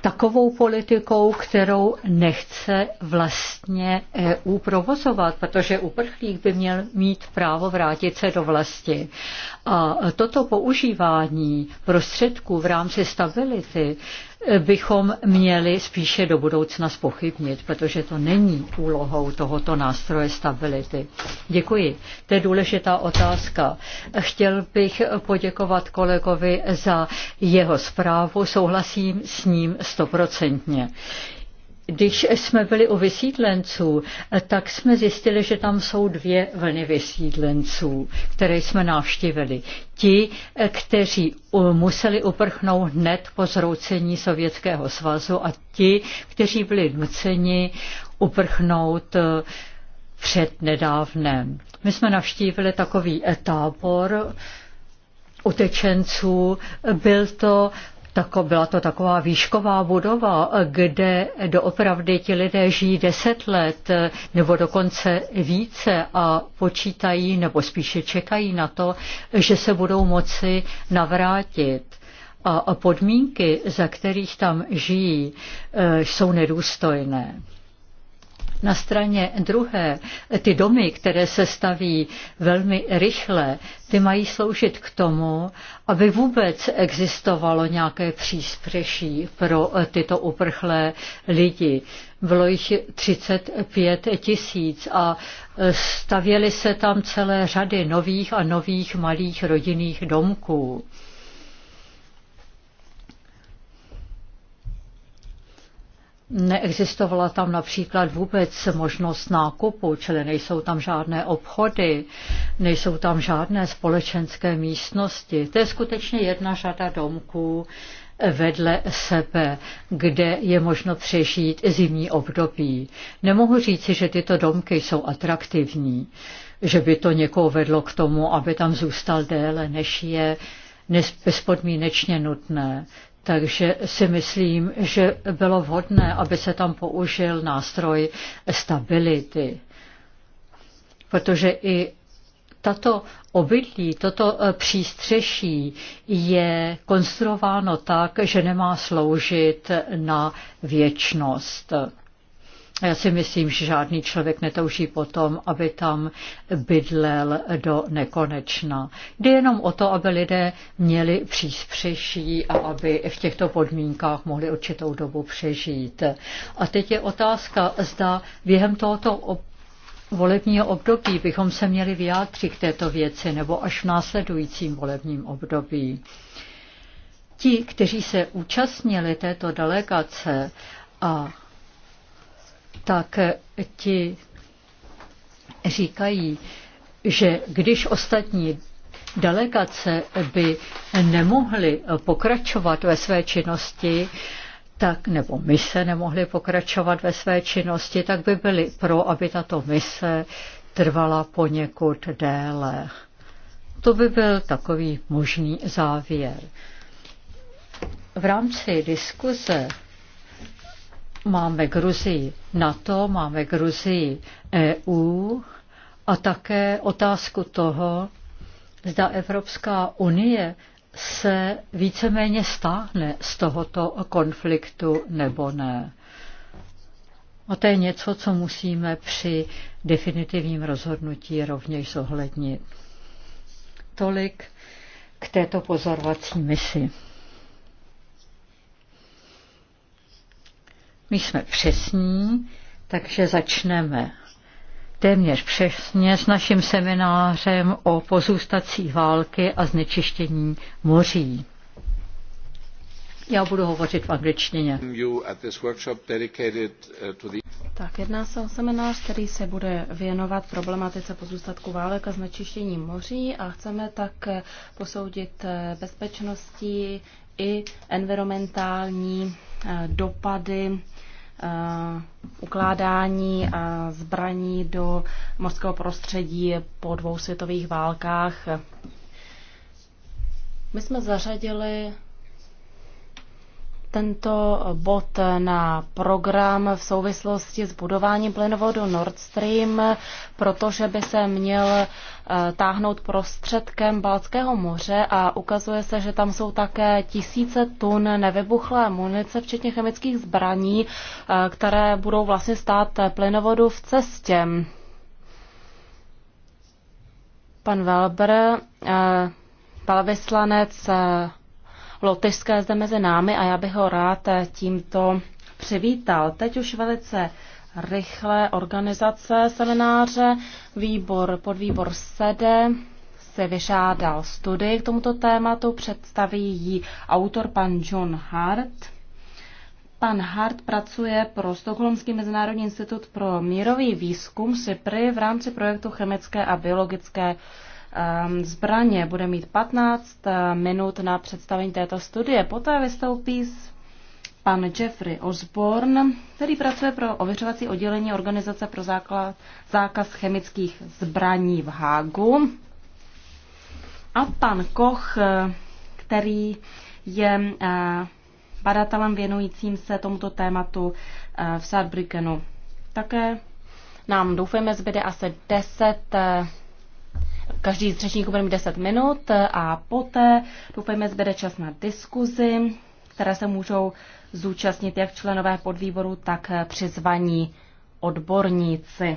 takovou politikou, kterou nechce vlastně EU provozovat, protože uprchlík by měl mít právo vrátit se do vlasti. A toto používání prostředků v rámci stability bychom měli spíše do budoucna spochybnit, protože to není úlohou tohoto nástroje stability. Děkuji. To je důležitá otázka. Chtěl bych poděkovat kolegovi za jeho zprávu. Souhlasím s ním stoprocentně. Když jsme byli u vysídlenců, tak jsme zjistili, že tam jsou dvě vlny vysídlenců, které jsme navštívili. Ti, kteří museli uprchnout hned po zroucení Sovětského svazu a ti, kteří byli nuceni uprchnout eh, před nedávnem. My jsme navštívili takový eh, tábor utečenců. Byl to tako, byla to taková výšková budova, kde doopravdy ti lidé žijí deset let nebo dokonce více a počítají nebo spíše čekají na to, že se budou moci navrátit. A podmínky, za kterých tam žijí, eh, jsou nedůstojné. Na straně druhé, ty domy, které se staví velmi rychle, ty mají sloužit k tomu, aby vůbec existovalo nějaké příspřeší pro eh, tyto uprchlé lidi. Bylo jich 35 tisíc a eh, stavěly se tam celé řady nových a nových malých rodinných domků. Neexistovala tam například vůbec možnost nákupu, čili nejsou tam žádné obchody, nejsou tam žádné společenské místnosti. To je skutečně jedna řada domků vedle sebe, kde je možno přežít zimní období. Nemohu říci, že tyto domky jsou atraktivní, že by to někoho vedlo k tomu, aby tam zůstal déle, než je bezpodmínečně nutné. Takže si myslím, že bylo vhodné, aby se tam použil nástroj stability. Protože i tato obydlí, toto e, přístřeší je konstruováno tak, že nemá sloužit na věčnost. Já si myslím, že žádný člověk netouží potom, aby tam bydlel do nekonečna. Jde jenom o to, aby lidé měli příspřeší a aby v těchto podmínkách mohli určitou dobu přežít. A teď je otázka, zda během tohoto volebního období bychom se měli vyjádřit k této věci nebo až v následujícím volebním období. Ti, kteří se účastnili této delegace a tak ti říkají, že když ostatní delegace by nemohly pokračovat ve své činnosti, tak nebo mise nemohly pokračovat ve své činnosti, tak by byly pro, aby tato mise trvala poněkud déle. To by byl takový možný závěr. V rámci diskuze Máme Gruzii NATO, máme Gruzii EU a také otázku toho, zda Evropská unie se víceméně stáhne z tohoto konfliktu nebo ne. A to je něco, co musíme při definitivním rozhodnutí rovněž zohlednit. Tolik k této pozorovací misi. My jsme přesní, takže začneme téměř přesně s naším seminářem o pozůstací války a znečištění moří. Já budu hovořit v angličtině. Uh, tak jedná se o seminář, který se bude věnovat problematice pozůstatku válek a znečištění moří a chceme tak eh, posoudit eh, bezpečnosti i environmentální eh, dopady Eh, ukládání zbraní do mořského prostředí po dvou světových válkách. My jsme zařadili tento bod na program v souvislosti s budováním plynovodu Nord Stream, protože by se měl eh, táhnout prostředkem Balckého moře a ukazuje se, že tam jsou také tisíce tun nevybuchlé munice, včetně chemických zbraní, eh, které budou vlastně stát plynovodu v cestě. Pan Welber, eh, velvyslanec lotyšské zde mezi námi a já bych ho rád tímto přivítal. Teď už velice rychle organizace semináře, výbor, podvýbor SEDE se vyžádal studii k tomuto tématu, představí ji autor pan John Hart. Pan Hart pracuje pro Stockholmský mezinárodní institut pro mírový výzkum SIPRI v rámci projektu chemické a biologické Ehm, zbraně. Bude mít 15 eh, minut na představení této studie. Poté vystoupí pan Jeffrey Osborne, který pracuje pro ověřovací oddělení Organizace pro základ, zákaz chemických zbraní v Hágu. A pan Koch, eh, který je eh, badatelem věnujícím se tomuto tématu v Saarbrückenu. Také nám doufejme zbyde asi 10 Každý z řečníků bude mít 10 minut a poté, doufejme, zbere čas na diskuzi, které se můžou zúčastnit jak členové podvýboru, tak přizvaní odborníci.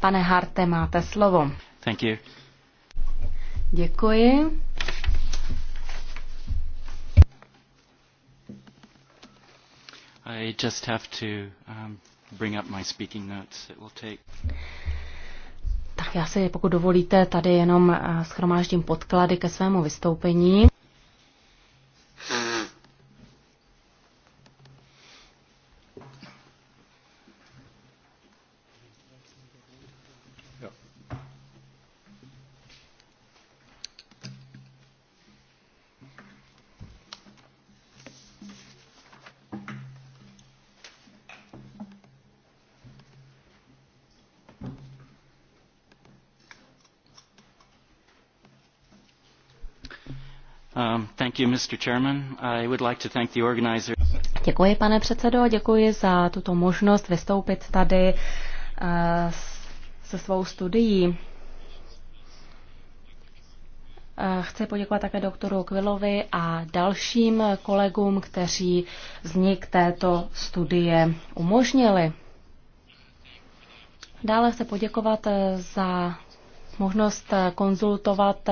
Pane Harte, máte slovo. Thank you. Děkuji. I just have to um, bring up my speaking notes. It will take... Tak já si, pokud dovolíte, tady jenom eh, schromáždím podklady ke svému vystoupení. děkuji, pane předsedo, děkuji za tuto možnost vystoupit tady eh, se svou studií. Eh, chci poděkovat také doktoru Kvilovi a dalším kolegům, kteří vznik této studie umožnili. Dále chci poděkovat eh, za možnost konzultovat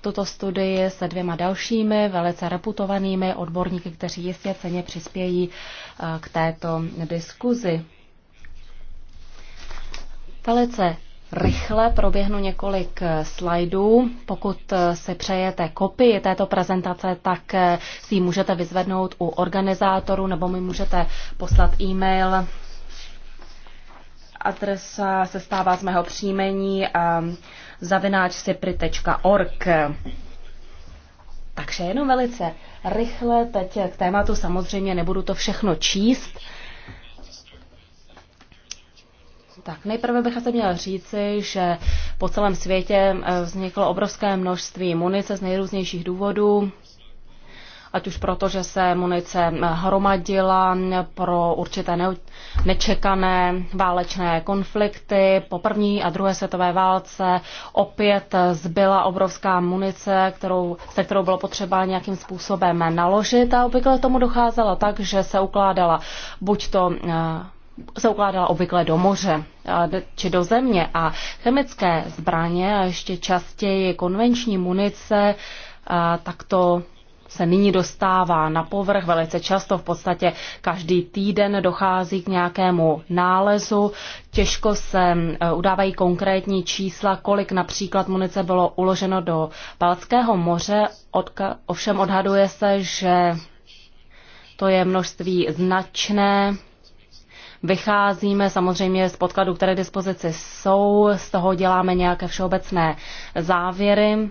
tuto studii se dvěma dalšími velice reputovanými odborníky, kteří jistě ceně přispějí eh, k této diskuzi. Velice rychle proběhnu několik eh, slajdů. Pokud eh, si přejete kopii této prezentace, tak si ji můžete vyzvednout u organizátorů nebo mi můžete poslat e-mail. Adresa se stává z mého příjmení zavináč Takže jenom velice rychle, teď k tématu samozřejmě nebudu to všechno číst. Tak nejprve bych asi měla říci, že po celém světě eh, vzniklo obrovské množství munice z nejrůznějších důvodů ať už proto, že se munice hromadila pro určité nečekané válečné konflikty. Po první a druhé světové válce opět zbyla obrovská munice, kterou, se kterou bylo potřeba nějakým způsobem naložit a obvykle tomu docházelo tak, že se ukládala buď to eh, se ukládala obvykle do moře eh, či do země a chemické zbraně a ještě častěji konvenční munice eh, takto se nyní dostává na povrch. Velice často, v podstatě každý týden dochází k nějakému nálezu. Těžko se udávají konkrétní čísla, kolik například munice bylo uloženo do Balckého moře. Odka- ovšem odhaduje se, že to je množství značné. Vycházíme samozřejmě z podkladů, které dispozici jsou, z toho děláme nějaké všeobecné závěry.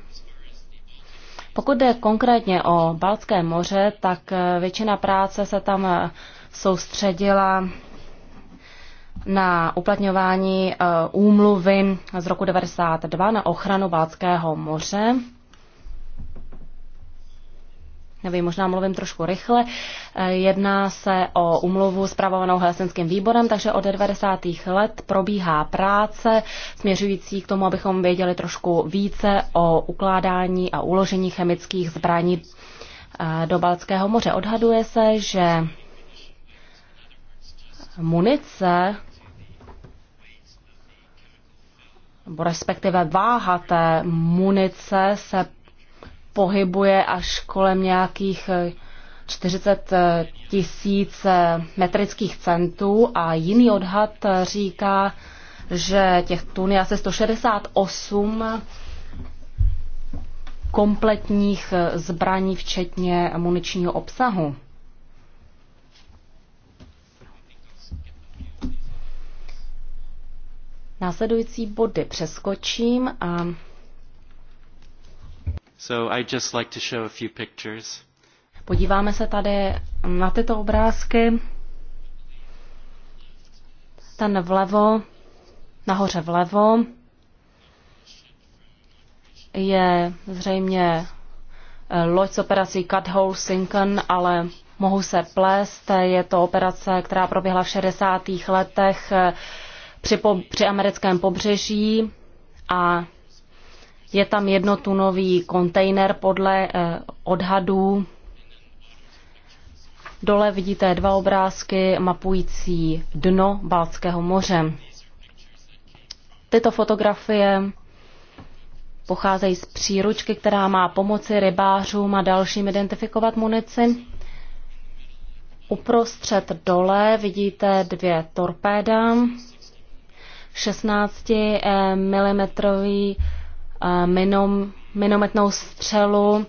Pokud jde konkrétně o Baltské moře, tak eh, většina práce se tam eh, soustředila na uplatňování eh, úmluvy z roku 1992 na ochranu Baltského moře nevím, možná mluvím trošku rychle. Eh, jedná se o umluvu zpravovanou Helsinským výborem, takže od 90. let probíhá práce směřující k tomu, abychom věděli trošku více o ukládání a uložení chemických zbraní eh, do Balckého moře. Odhaduje se, že munice respektive váha té munice se pohybuje až kolem nějakých 40 eh, eh, tisíc eh, metrických centů a jiný odhad říká, že těch tun je asi 168 kompletních zbraní, včetně muničního obsahu. Následující body přeskočím a So I just like to show a few pictures. Podíváme se tady na tyto obrázky. Ten vlevo, nahoře vlevo, je zřejmě eh, loď s operací Hole Sinken, ale mohu se plést. Je to operace, která proběhla v 60. letech eh, při, po, při americkém pobřeží a je tam jednotunový kontejner podle eh, odhadů. Dole vidíte dva obrázky mapující dno Balckého moře. Tyto fotografie pocházejí z příručky, která má pomoci rybářům a dalším identifikovat munici. Uprostřed dole vidíte dvě torpéda, 16 eh, mm minom, minometnou střelu.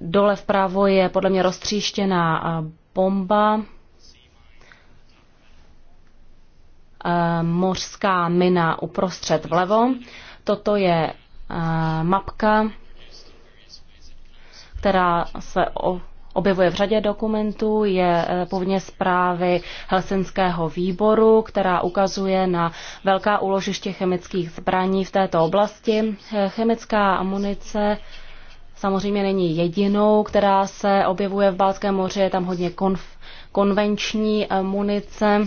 Dole vpravo je podle mě roztříštěná bomba. Mořská mina uprostřed vlevo. Toto je mapka, která se o objevuje v řadě dokumentů, je eh, původně zprávy Helsinského výboru, která ukazuje na velká úložiště chemických zbraní v této oblasti. Eh, chemická amunice samozřejmě není jedinou, která se objevuje v Bálském moři, je tam hodně konf- konvenční munice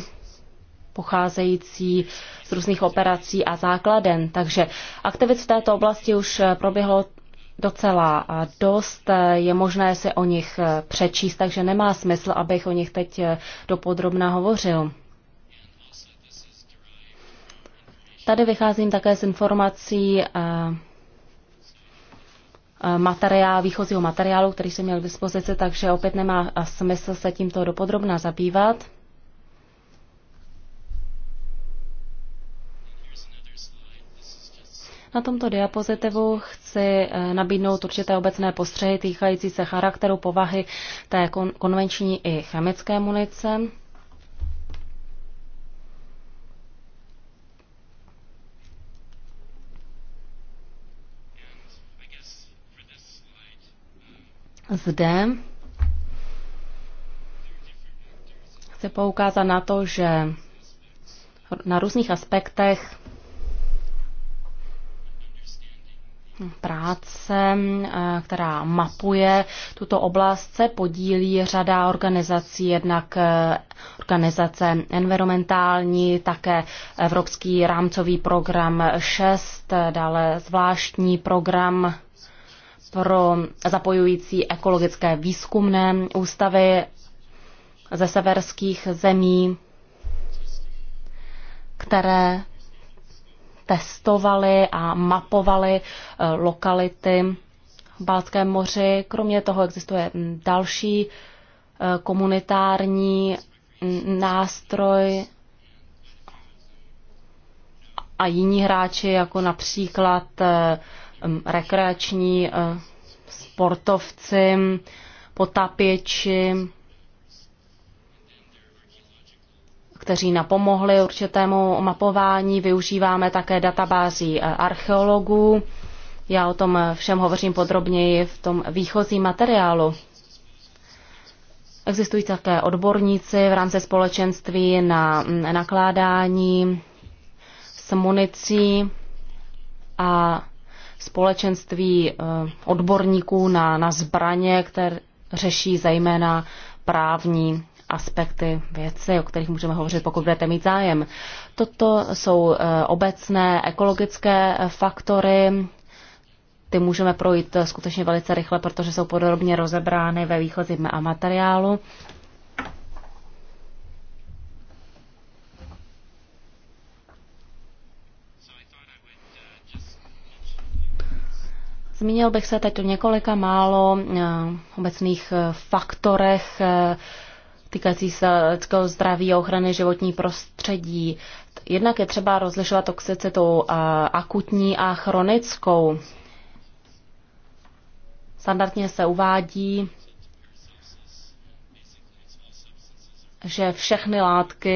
pocházející z různých operací a základen. Takže aktivit v této oblasti už eh, proběhlo docela dost, je možné si o nich eh, přečíst, takže nemá smysl, abych o nich teď eh, dopodrobna hovořil. Tady vycházím také z informací eh, materiál, výchozího materiálu, který jsem měl k dispozici, takže opět nemá smysl se tímto dopodrobna zabývat. Na tomto diapozitivu chci eh, nabídnout určité obecné postřehy týkající se charakteru povahy té konvenční i chemické munice. Zde chci poukázat na to, že na různých aspektech práce, eh, která mapuje tuto oblast, se podílí řada organizací, jednak eh, organizace environmentální, také Evropský rámcový program 6, dále zvláštní program pro zapojující ekologické výzkumné ústavy ze severských zemí, které testovali a mapovali eh, lokality v Balckém moři. Kromě toho existuje další eh, komunitární nástroj a jiní hráči, jako například eh, rekreační sportovci, potapěči, kteří napomohli určitému mapování. Využíváme také databází eh, archeologů. Já o tom všem hovořím podrobněji v tom výchozím materiálu. Existují také odborníci v rámci společenství na mm, nakládání s municí a společenství eh, odborníků na, na zbraně, které řeší zejména právní aspekty věci, o kterých můžeme hovořit, pokud budete mít zájem. Toto jsou eh, obecné ekologické eh, faktory, ty můžeme projít eh, skutečně velice rychle, protože jsou podrobně rozebrány ve výchozím a materiálu. Zmínil bych se teď o několika málo obecných faktorech, týkající se lidského zdraví a ochrany životní prostředí. Jednak je třeba rozlišovat toxicitu akutní a chronickou. Standardně se uvádí, že všechny látky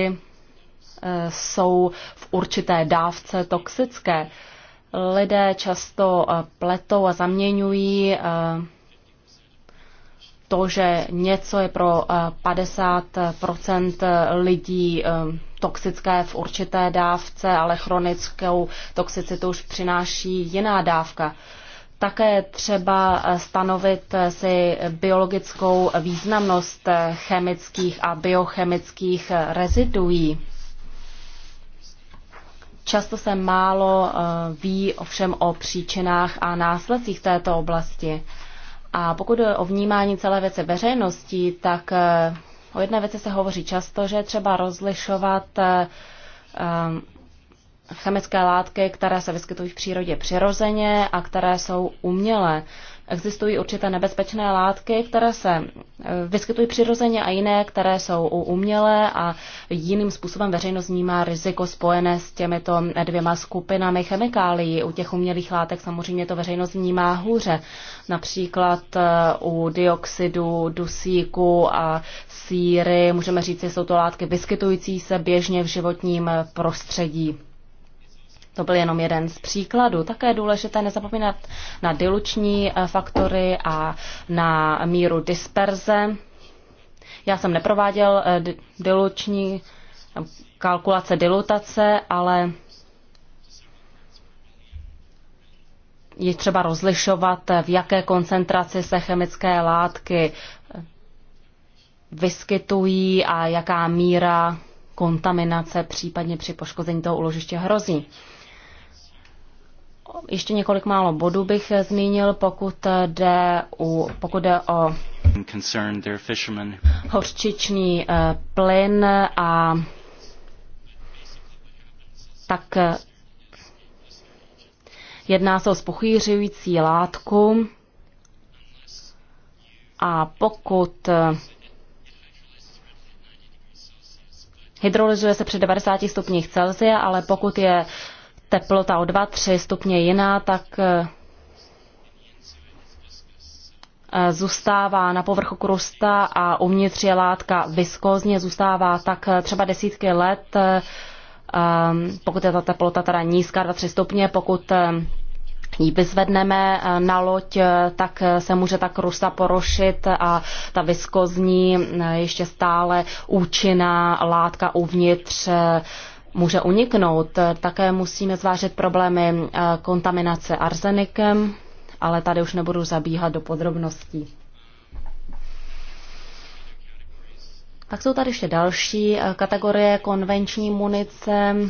e, jsou v určité dávce toxické. Lidé často e, pletou a zaměňují e, to, že něco je pro 50 eh, lidí eh, toxické v určité dávce, ale chronickou toxicitu už přináší jiná dávka. Také třeba eh, stanovit si biologickou významnost chemických a biochemických reziduí. Často se málo ví ovšem o příčinách a následcích této oblasti. A pokud je o vnímání celé věce veřejnosti, tak eh, o jedné věci se hovoří často, že je třeba rozlišovat eh, eh, chemické látky, které se vyskytují v přírodě přirozeně a které jsou umělé existují určité nebezpečné látky, které se eh, vyskytují přirozeně a jiné, které jsou umělé a jiným způsobem veřejnost vnímá riziko spojené s těmito dvěma skupinami chemikálií. U těch umělých látek samozřejmě to veřejnost vnímá hůře. Například eh, u dioxidu, dusíku a síry, můžeme říct, že jsou to látky vyskytující se běžně v životním prostředí. To byl jenom jeden z příkladů. Také je důležité nezapomínat na diluční eh, faktory a na míru disperze. Já jsem neprováděl eh, diluční eh, kalkulace dilutace, ale je třeba rozlišovat, v jaké koncentraci se chemické látky vyskytují a jaká míra kontaminace případně při poškození toho úložiště hrozí. Ještě několik málo bodů bych zmínil, pokud jde, u, pokud jde o horčičný eh, plyn a tak eh, jedná se o spochýřující látku a pokud eh, hydrolyzuje se při 90 stupních Celsia, ale pokud je teplota o 2-3 stupně jiná, tak eh, eh, zůstává na povrchu krusta a uvnitř je látka viskózně, zůstává tak eh, třeba desítky let, ehm, pokud je ta teplota teda nízká 2-3 stupně, pokud ji vyzvedneme na loď, tak se může ta krusta porušit a ta viskozní ještě stále účinná látka uvnitř může uniknout. Také musíme zvážit problémy eh, kontaminace arzenikem, ale tady už nebudu zabíhat do podrobností. Pak jsou tady ještě další eh, kategorie konvenční munice eh,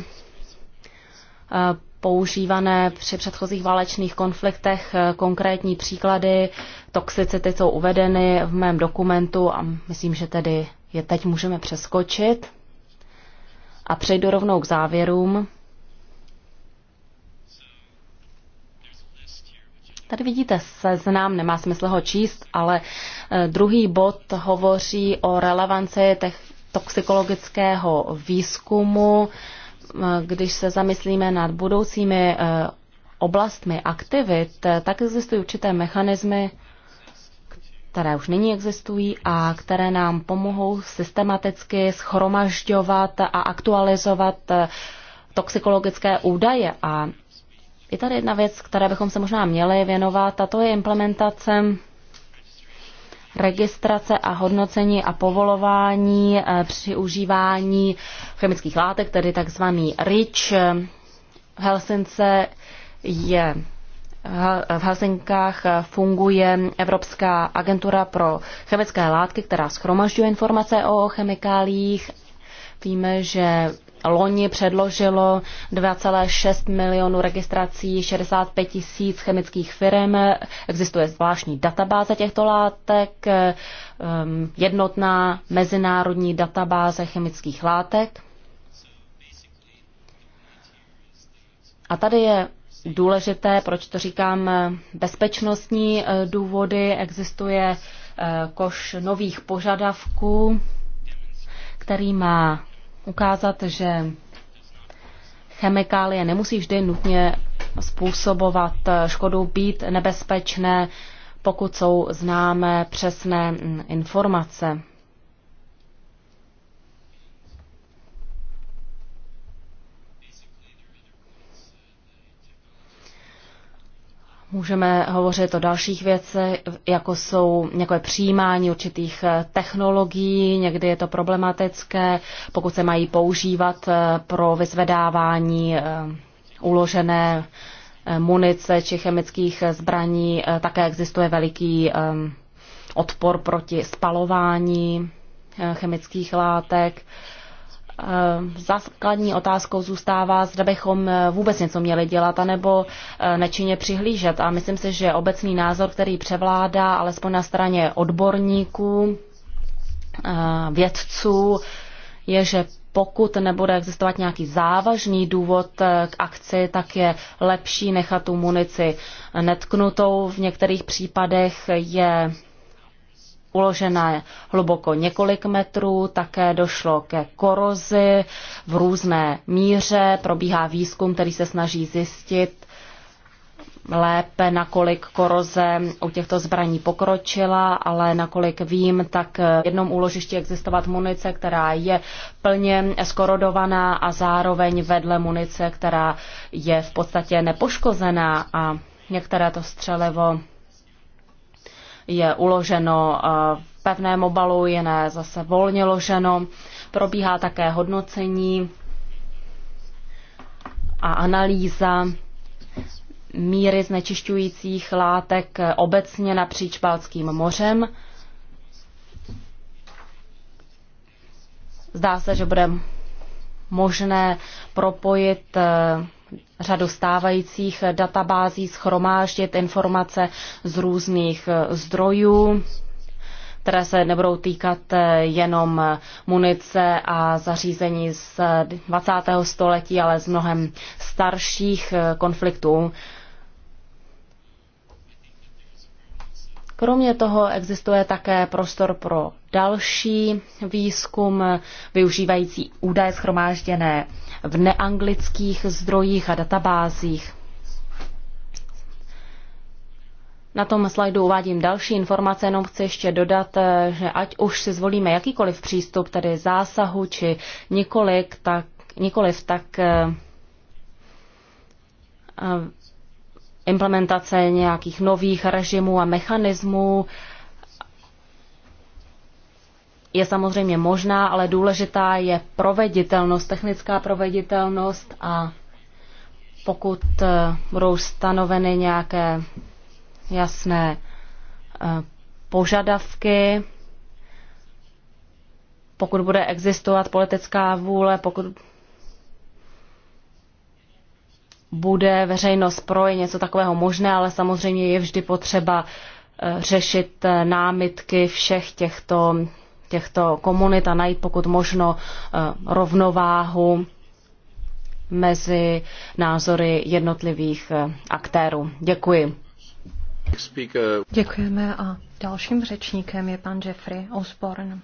používané při předchozích válečných konfliktech. Konkrétní příklady toxicity jsou uvedeny v mém dokumentu a myslím, že tedy je teď můžeme přeskočit a přejdu rovnou k závěrům. Tady vidíte seznam, nemá smysl ho číst, ale eh, druhý bod hovoří o relevanci toxikologického výzkumu, eh, když se zamyslíme nad budoucími eh, oblastmi aktivit, tak existují určité mechanismy, které už nyní existují a které nám pomohou systematicky schromažďovat a aktualizovat eh, toxikologické údaje. A je tady jedna věc, které bychom se možná měli věnovat, a to je implementace registrace a hodnocení a povolování eh, při užívání chemických látek, tedy takzvaný REACH. V Helsince je v Helsinkách funguje Evropská agentura pro chemické látky, která schromažďuje informace o chemikáliích. Víme, že loni předložilo 2,6 milionu registrací 65 tisíc chemických firm. Existuje zvláštní databáze těchto látek, ehm, jednotná mezinárodní databáze chemických látek. A tady je důležité, proč to říkám, bezpečnostní eh, důvody. Existuje eh, koš nových požadavků, který má ukázat, že chemikálie nemusí vždy nutně způsobovat eh, škodu, být nebezpečné, pokud jsou známé přesné mm, informace. Můžeme hovořit o dalších věcech, jako, jsou, jako je přijímání určitých eh, technologií, někdy je to problematické, pokud se mají používat eh, pro vyzvedávání eh, uložené munice či chemických zbraní, také existuje veliký odpor proti spalování chemických látek. Eh, základní otázkou zůstává, zda bychom eh, vůbec něco měli dělat, anebo eh, nečinně přihlížet. A myslím si, že obecný názor, který převládá, alespoň na straně odborníků, vědců, je, že pokud nebude existovat nějaký závažný důvod k akci, tak je lepší nechat tu munici netknutou. V některých případech je uložené hluboko několik metrů, také došlo ke korozi v různé míře, probíhá výzkum, který se snaží zjistit lépe, nakolik koroze u těchto zbraní pokročila, ale nakolik vím, tak v jednom úložišti existovat munice, která je plně skorodovaná a zároveň vedle munice, která je v podstatě nepoškozená a některé to střelevo je uloženo v eh, pevném obalu, jiné zase volně loženo. Probíhá také hodnocení a analýza míry znečišťujících látek obecně napříč Balckým mořem. Zdá se, že bude možné propojit eh, řadu stávajících databází, schromáždit informace z různých eh, zdrojů, které se nebudou týkat eh, jenom munice a zařízení z 20. století, ale z mnohem starších eh, konfliktů. Kromě toho existuje také prostor pro další výzkum využívající údaje schromážděné v neanglických zdrojích a databázích. Na tom slajdu uvádím další informace, jenom chci ještě dodat, že ať už si zvolíme jakýkoliv přístup, tedy zásahu či nikolik, tak, nikoliv, tak eh, eh, implementace nějakých nových režimů a mechanismů je samozřejmě možná, ale důležitá je proveditelnost, technická proveditelnost a pokud eh, budou stanoveny nějaké jasné eh, požadavky, pokud bude existovat politická vůle, pokud bude veřejnost pro, je něco takového možné, ale samozřejmě je vždy potřeba eh, řešit námitky všech těchto těchto komunit a najít pokud možno eh, rovnováhu mezi názory jednotlivých eh, aktérů. Děkuji. Děkujeme a dalším řečníkem je pan Jeffrey Osborne.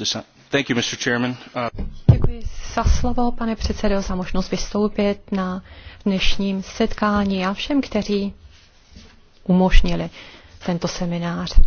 Uh, Děkuji za slovo, pane předsedo, za možnost vystoupit na dnešním setkání a všem, kteří umožnili tento seminář.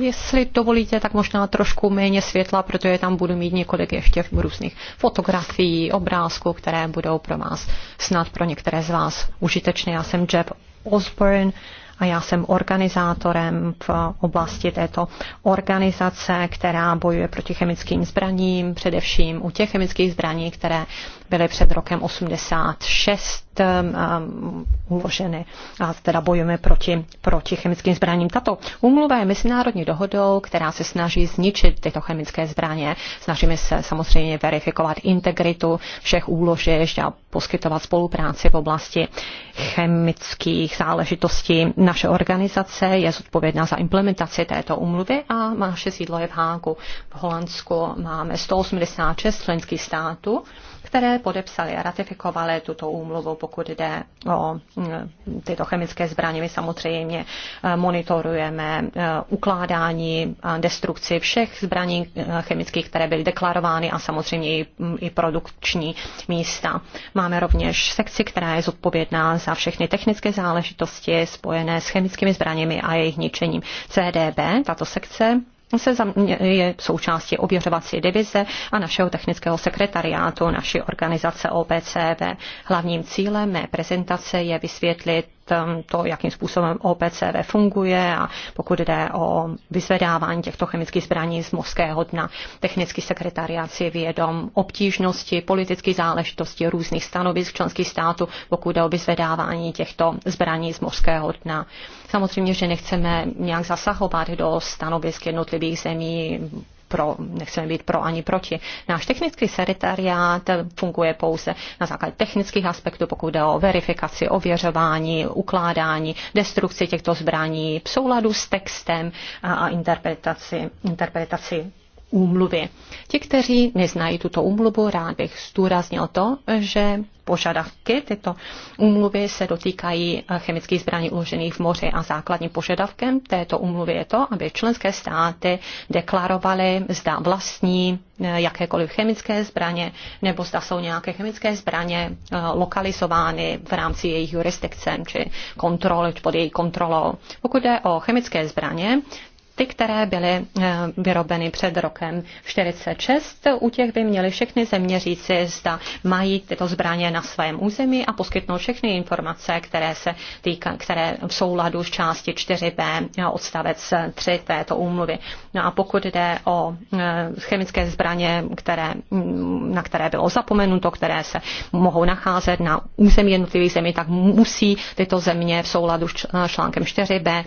Jestli dovolíte, tak možná trošku méně světla, protože tam budu mít několik ještě různých fotografií, obrázků, které budou pro vás snad pro některé z vás užitečné. Já jsem Jeb Osborne a já jsem organizátorem v oblasti této organizace, která bojuje proti chemickým zbraním, především u těch chemických zbraní, které byly před rokem 86 um, um, uloženy a teda bojujeme proti, proti chemickým zbraním. Tato úmluva je mezinárodní dohodou, která se snaží zničit tyto chemické zbraně. Snažíme se samozřejmě verifikovat integritu všech úložišť a poskytovat spolupráci v oblasti chemických záležitostí. Naše organizace je zodpovědná za implementaci této úmluvy a naše sídlo je v Hágu. V Holandsku máme 186 členských států které podepsali a ratifikovaly tuto úmluvu, pokud jde o mm, tyto chemické zbraně. My samozřejmě eh, monitorujeme eh, ukládání a destrukci všech zbraní eh, chemických, které byly deklarovány a samozřejmě i, mm, i produkční místa. Máme rovněž sekci, která je zodpovědná za všechny technické záležitosti spojené s chemickými zbraněmi a jejich ničením. CDB, tato sekce, se je součástí ověřovací divize a našeho technického sekretariátu naší organizace OPCV. Hlavním cílem mé prezentace je vysvětlit Um, to, jakým způsobem OPCV funguje a pokud jde o vyzvedávání těchto chemických zbraní z mořského dna. Technický sekretariat si vědom obtížnosti, politických záležitostí různých stanovisk členských států, pokud jde o vyzvedávání těchto zbraní z mořského dna. Samozřejmě, že nechceme nějak zasahovat do stanovisk jednotlivých zemí, pro, nechceme být pro ani proti. Náš technický sekretariát funguje pouze na základě technických aspektů, pokud jde o verifikaci, ověřování, ukládání, destrukci těchto zbraní v souladu s textem a interpretaci, interpretaci úmluvy. Ti, kteří neznají tuto úmluvu, rád bych zdůraznil to, že požadavky tyto úmluvy se dotýkají chemických zbraní uložených v moři a základním požadavkem této úmluvy je to, aby členské státy deklarovaly, zda vlastní eh, jakékoliv chemické zbraně nebo zda jsou nějaké chemické zbraně eh, lokalizovány v rámci jejich jurisdikce či kontroly, pod její kontrolou. Pokud jde o chemické zbraně, ty, které byly eh, vyrobeny před rokem 46. U těch by měly všechny země říci, zda mají tyto zbraně na svém území a poskytnout všechny informace, které se týka, které v souladu s části 4b eh, odstavec 3 této úmluvy. No a pokud jde o eh, chemické zbraně, které, mm, na které bylo zapomenuto, které se mohou nacházet na území jednotlivých zemí, tak musí tyto země v souladu s článkem 4b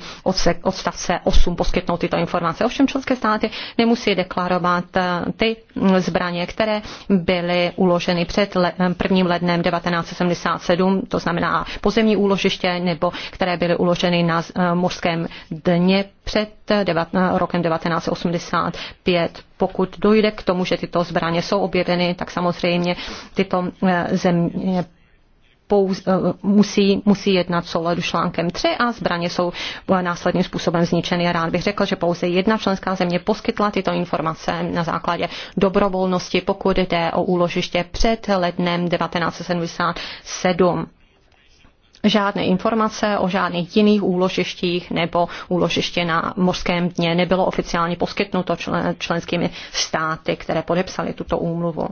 odstavce 8 poskytnout tyto informace. Ovšem členské státy nemusí deklarovat eh, ty mm, zbraně, které byly uloženy před 1. Eh, lednem 1977, to znamená pozemní úložiště, nebo které byly uloženy na eh, mořském dně před rokem 1985. Pokud dojde k tomu, že tyto zbraně jsou objeveny, tak samozřejmě tyto země pouze, eh, musí, musí jednat souladu článkem 3 a zbraně jsou eh, následným způsobem zničeny. Rád bych řekl, že pouze jedna členská země poskytla tyto informace na základě dobrovolnosti, pokud jde o úložiště před lednem 1977 žádné informace o žádných jiných úložištích nebo úložiště na mořském dně nebylo oficiálně poskytnuto členskými státy, které podepsaly tuto úmluvu.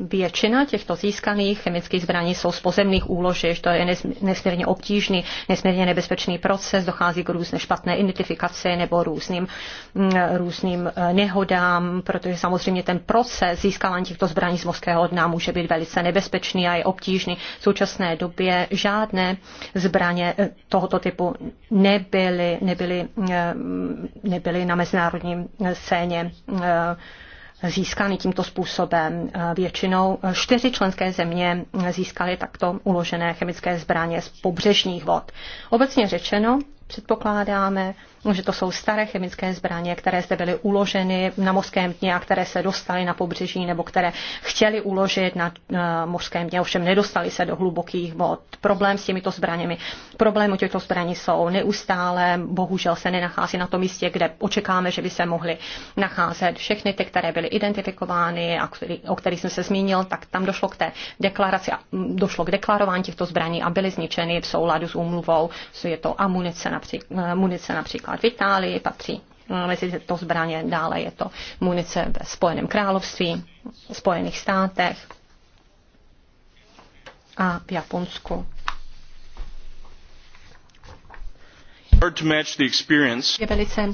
Většina těchto získaných chemických zbraní jsou z pozemných úložišť, to je nesmírně obtížný, nesmírně nebezpečný proces, dochází k různé špatné identifikaci nebo různým, mm, různým eh, nehodám, protože samozřejmě ten proces získávání těchto zbraní z mořského dna může být velice nebezpečný a je obtížný. V současné době žádné zbraně eh, tohoto typu nebyly, nebyly, eh, nebyly na mezinárodním scéně získány tímto způsobem. Eh, většinou eh, čtyři členské země eh, získaly takto uložené chemické zbraně z pobřežních vod. Obecně řečeno, předpokládáme, No, že to jsou staré chemické zbraně, které zde byly uloženy na mořském dně a které se dostaly na pobřeží nebo které chtěli uložit na eh, mořském dně, ovšem nedostali se do hlubokých vod. Problém s těmito zbraněmi. Problém u těchto zbraní jsou neustále, bohužel se nenachází na tom místě, kde očekáme, že by se mohly nacházet. Všechny ty, které byly identifikovány a který, o kterých jsem se zmínil, tak tam došlo k té deklaraci, mm, došlo k deklarování těchto zbraní a byly zničeny v souladu s úmluvou. Je to amunice například, eh, munice například například v Itálii patří no, mezi to zbraně, dále je to munice ve Spojeném království, Spojených státech a v Japonsku. Je velice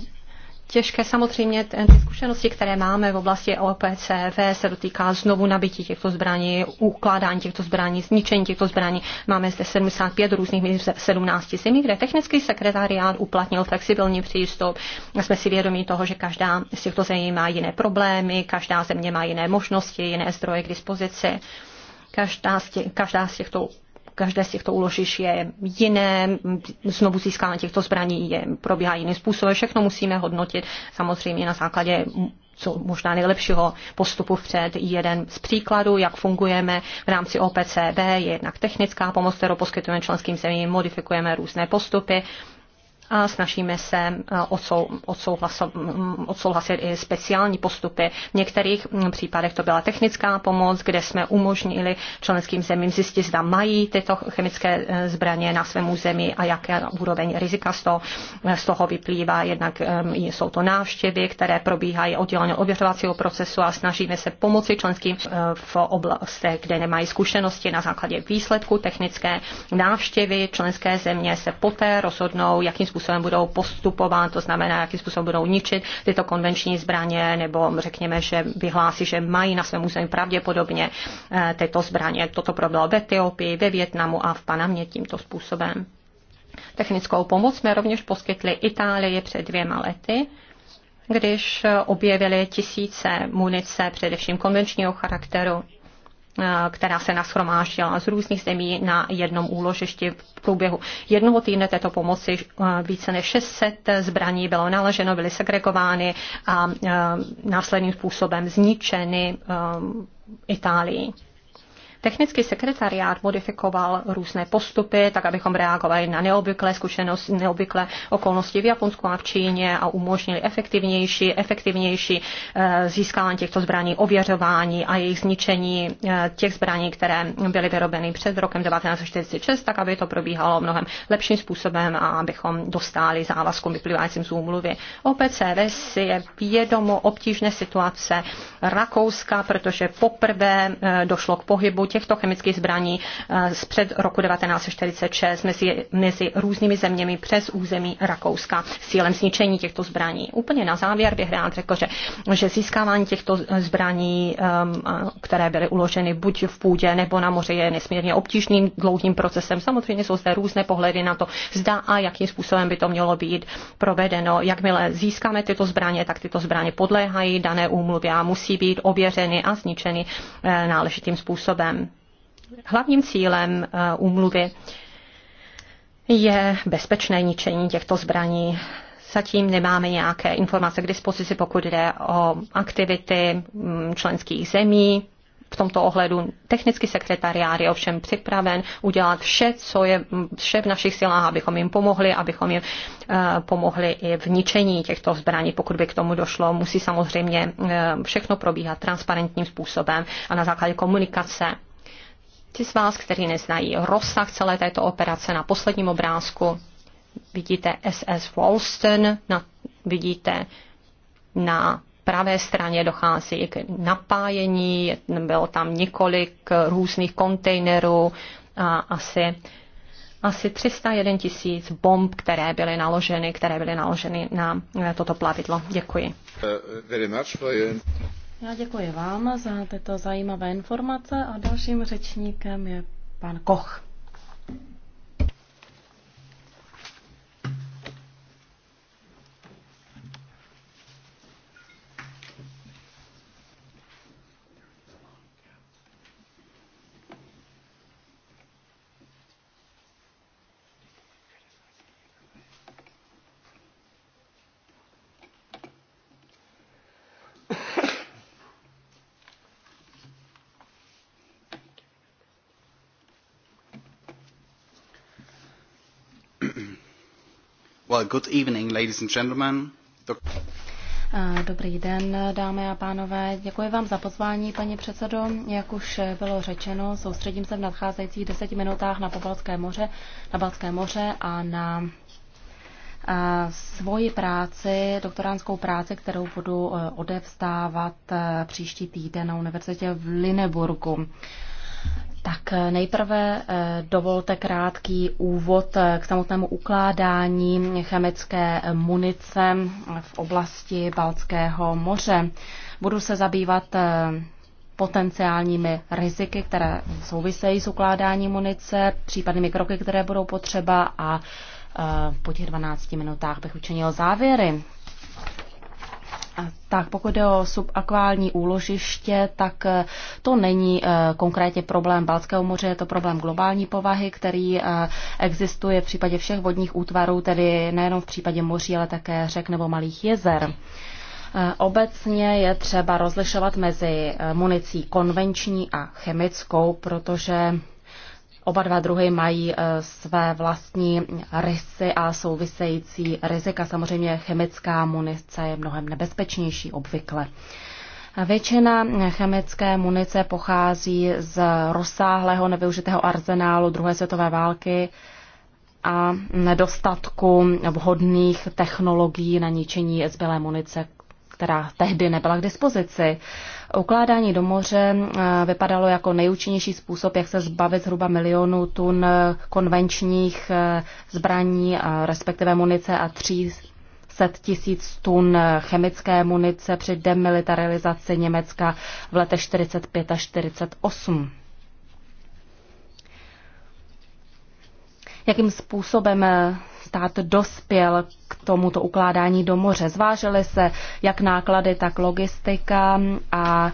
těžké samozřejmě ty zkušenosti, které máme v oblasti OPCV, se dotýká znovu nabití těchto zbraní, ukládání těchto zbraní, zničení těchto zbraní. Máme zde 75 různých míst v 17 zemí, kde technický sekretariát uplatnil flexibilní přístup. Jsme si vědomí toho, že každá z těchto zemí má jiné problémy, každá země má jiné možnosti, jiné zdroje k dispozici. Každá z, tě, každá z těchto každé z těchto úložiš je jiné, znovu získání těchto zbraní je, probíhá jiným způsobem. Všechno musíme hodnotit samozřejmě na základě co možná nejlepšího postupu vpřed. Jeden z příkladů, jak fungujeme v rámci OPCB, je jednak technická pomoc, kterou poskytujeme členským zemím, modifikujeme různé postupy a snažíme se eh, mm, odsouhlasit i speciální postupy. V některých mm, případech to byla technická pomoc, kde jsme umožnili členským zemím zjistit, zda mají tyto chemické eh, zbraně na svém území a jaké úroveň rizika z toho, eh, z toho vyplývá. Jednak jsou to návštěvy, které probíhají odděleně ověřovacího procesu a snažíme se pomoci členským v oblastech, kde nemají zkušenosti na základě výsledku technické návštěvy. Členské země se poté rozhodnou, jakým způsobem způsobem budou postupovat, to znamená, jakým způsobem budou ničit tyto konvenční zbraně, nebo řekněme, že vyhlásí, že mají na svém území pravděpodobně eh, tyto zbraně. Toto proběhlo v Etiopii, ve Větnamu a v Panamě tímto způsobem. Technickou pomoc jsme rovněž poskytli Itálii před dvěma lety, když objevili tisíce munice, především konvenčního charakteru, Eh, která se nashromáždila z různých zemí na jednom úložišti v průběhu jednoho týdne této pomoci. Eh, více než 600 zbraní bylo naleženo, byly segregovány a eh, následným způsobem zničeny Itálii. Technický sekretariát modifikoval různé postupy, tak abychom reagovali na neobvyklé zkušenosti, neobvyklé okolnosti v Japonsku a v Číně a umožnili efektivnější, efektivnější eh, získání těchto zbraní, ověřování a jejich zničení eh, těch zbraní, které byly vyrobeny před rokem 1946, tak aby to probíhalo mnohem lepším způsobem a abychom dostali závazkům vyplývajícím z úmluvy. OPCV si je vědomo obtížné situace Rakouska, protože poprvé eh, došlo k pohybu těchto chemických zbraní eh, z před roku 1946 mezi, mezi různými zeměmi přes území Rakouska s cílem zničení těchto zbraní. Úplně na závěr bych rád řekl, že, že získávání těchto eh, zbraní, ehm, které byly uloženy buď v půdě nebo na moři, je nesmírně obtížným dlouhým procesem. Samozřejmě jsou zde různé pohledy na to, zda a jakým způsobem by to mělo být provedeno. Jakmile získáme tyto zbraně, tak tyto zbraně podléhají dané úmluvě a musí být ověřeny a zničeny eh, náležitým způsobem. Hlavním cílem eh, úmluvy je bezpečné ničení těchto zbraní. Zatím nemáme nějaké informace k dispozici, pokud jde o aktivity mm, členských zemí. V tomto ohledu technický sekretariát je ovšem připraven udělat vše, co je mm, vše v našich silách, abychom jim pomohli, abychom jim eh, pomohli i v ničení těchto zbraní, pokud by k tomu došlo. Musí samozřejmě eh, všechno probíhat transparentním způsobem a na základě komunikace Ti z vás, kteří neznají rozsah celé této operace, na posledním obrázku vidíte SS Ralston, na, vidíte na pravé straně dochází k napájení, bylo tam několik různých kontejnerů a asi asi 301 tisíc bomb, které byly naloženy, které byly naloženy na toto plavidlo. Děkuji. Uh, já děkuji vám za tyto zajímavé informace a dalším řečníkem je pan Koch. Well, good evening, ladies and gentlemen. Eh, dobrý den, dámy a pánové. Děkuji vám za pozvání, paní předsedo. Jak už bylo řečeno, soustředím se v nadcházejících deseti minutách na Pobalské moře, na Balské moře a na eh, svoji práci, doktoránskou práci, kterou budu eh, odevzdávat příští týden na univerzitě v Lineburgu. Tak eh, nejprve eh, dovolte krátký úvod eh, k samotnému ukládání chemické munice v oblasti Balckého moře. Budu se zabývat potenciálními riziky, které souvisejí s ukládáním munice, případnými kroky, které budou potřeba a po těch 12 minutách bych učinil závěry tak pokud je o subakvální úložiště, tak eh, to není eh, konkrétně problém Balckého moře, je to problém globální povahy, který eh, existuje v případě všech vodních útvarů, tedy nejenom v případě moří, ale také řek nebo malých jezer. Obecně je třeba rozlišovat mezi municí konvenční a chemickou, protože Oba dva druhy mají e, své vlastní rysy a související rizika. Samozřejmě chemická munice je mnohem nebezpečnější obvykle. Většina chemické munice pochází z rozsáhlého nevyužitého arzenálu druhé světové války a nedostatku vhodných technologií na ničení zbylé munice, která tehdy nebyla k dispozici. Ukládání do moře eh, vypadalo jako nejúčinnější způsob, jak se zbavit zhruba milionu tun eh, konvenčních eh, zbraní, respektive munice a tří tisíc tun chemické munice při demilitarizaci Německa v letech 45 a 48. Jakým způsobem stát dospěl k tomuto ukládání do moře. Zvážily se jak náklady, tak logistika a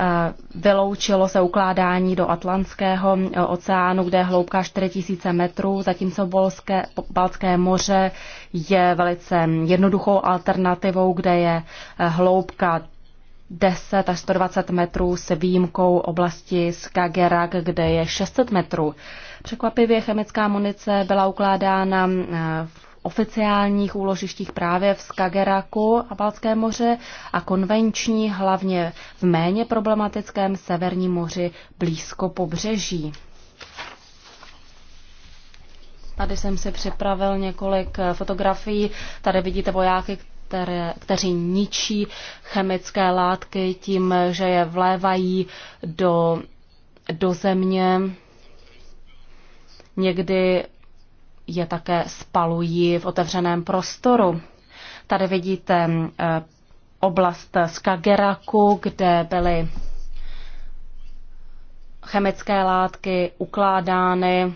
e, vyloučilo se ukládání do Atlantského oceánu, kde je hloubka 4000 metrů, zatímco Bolské, Balské moře je velice jednoduchou alternativou, kde je e, hloubka 10 až 120 metrů s výjimkou oblasti Skagerak, kde je 600 metrů. Překvapivě chemická munice byla ukládána eh, v oficiálních úložištích právě v Skageraku a Balské moře a konvenční hlavně v méně problematickém Severním moři blízko pobřeží. Tady jsem si připravil několik eh, fotografií. Tady vidíte vojáky, které, kteří ničí chemické látky tím, že je vlévají do, do země Někdy je také spalují v otevřeném prostoru. Tady vidíte eh, oblast Skageraku, kde byly chemické látky ukládány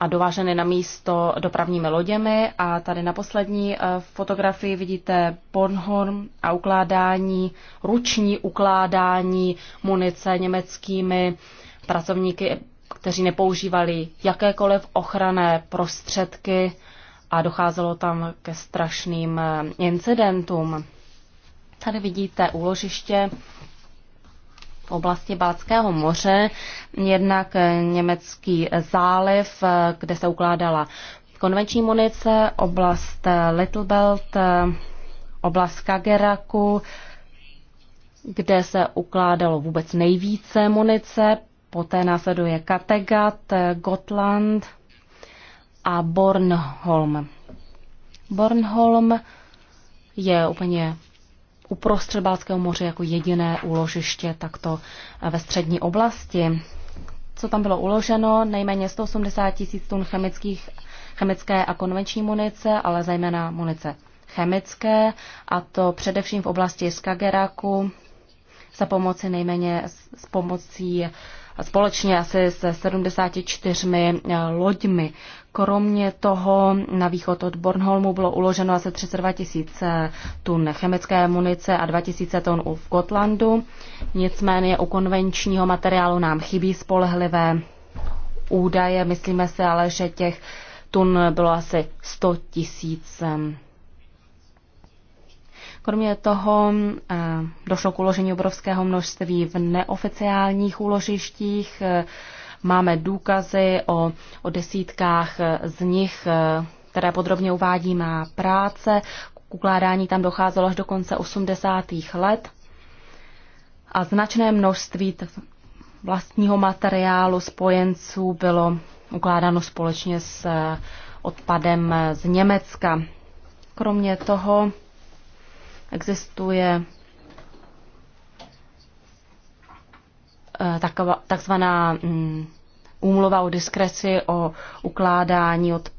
a dováženy na místo dopravními loděmi. A tady na poslední eh, fotografii vidíte Bornholm a ukládání, ruční ukládání munice německými pracovníky kteří nepoužívali jakékoliv ochranné prostředky a docházelo tam ke strašným eh, incidentům. Tady vidíte úložiště v oblasti Bátského moře, jednak eh, německý záliv, eh, kde se ukládala konvenční munice, oblast Little Belt, oblast Kageraku, kde se ukládalo vůbec nejvíce munice, poté následuje kategat Gotland a Bornholm. Bornholm je úplně uprostřed Balckého moře jako jediné úložiště takto ve střední oblasti. Co tam bylo uloženo? Nejméně 180 tisíc tun chemických, chemické a konvenční munice, ale zejména munice chemické, a to především v oblasti Skageraku za pomoci nejméně s pomocí společně asi se 74 eh, loďmi. Kromě toho na východ od Bornholmu bylo uloženo asi 32 tisíc tun chemické munice a 2 tisíce tun v Gotlandu. Nicméně u konvenčního materiálu nám chybí spolehlivé údaje. Myslíme si ale, že těch tun bylo asi 100 tisíc eh, Kromě toho eh, došlo k uložení obrovského množství v neoficiálních úložištích. Eh, máme důkazy o, o desítkách eh, z nich, které podrobně uvádí má práce. K ukládání tam docházelo až do konce 80. let a značné množství vlastního materiálu spojenců bylo ukládáno společně s odpadem z Německa. Kromě toho existuje eh, takzvaná mm, úmluva o diskreci o ukládání od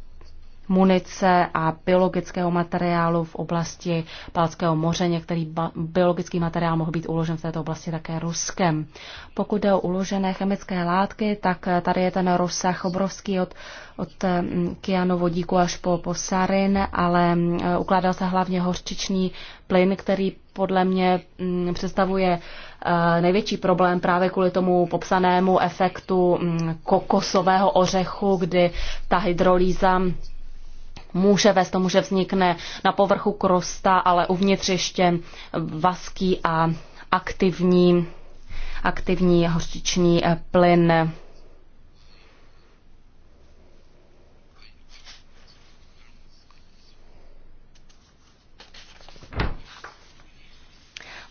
munice a biologického materiálu v oblasti Palckého moře. Některý biologický materiál mohl být uložen v této oblasti také Ruskem. Pokud jde o uložené chemické látky, tak tady je ten rozsah obrovský od, od mm, kyanovodíku až po, po sarin, ale mm, ukládal se hlavně hořčičný plyn, který podle mě mm, představuje eh, největší problém právě kvůli tomu popsanému efektu kokosového ořechu, kdy ta hydrolýza může vést tomu, že vznikne na povrchu krosta, ale uvnitř ještě vaský a aktivní, aktivní hořčičný plyn.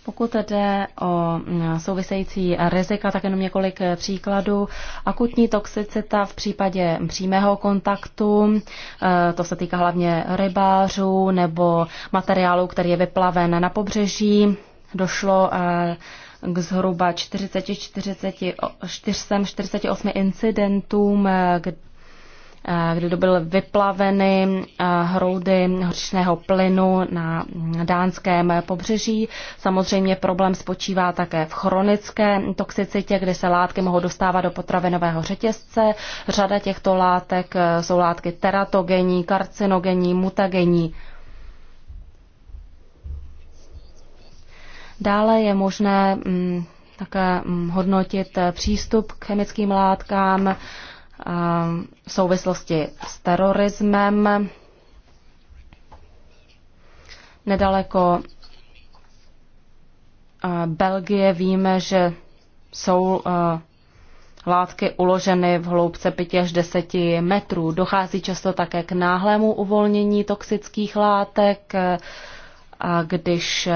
Pokud jde o mm, související rizika, tak jenom několik eh, příkladů. Akutní toxicita v případě přímého kontaktu, eh, to se týká hlavně rybářů nebo materiálu, který je vyplaven na pobřeží. Došlo eh, k zhruba 40, 40, 48 incidentům, Eh, kdy byly vyplaveny eh, hroudy hořičného plynu na dánském pobřeží. Samozřejmě problém spočívá také v chronické toxicitě, kdy se látky mohou dostávat do potravinového řetězce. Řada těchto látek eh, jsou látky teratogenní, karcinogenní, mutagenní. Dále je možné mm, také mm, hodnotit přístup k chemickým látkám, v souvislosti s terorismem. Nedaleko Belgie víme, že jsou látky uloženy v hloubce 5 až 10 metrů. Dochází často také k náhlému uvolnění toxických látek, a když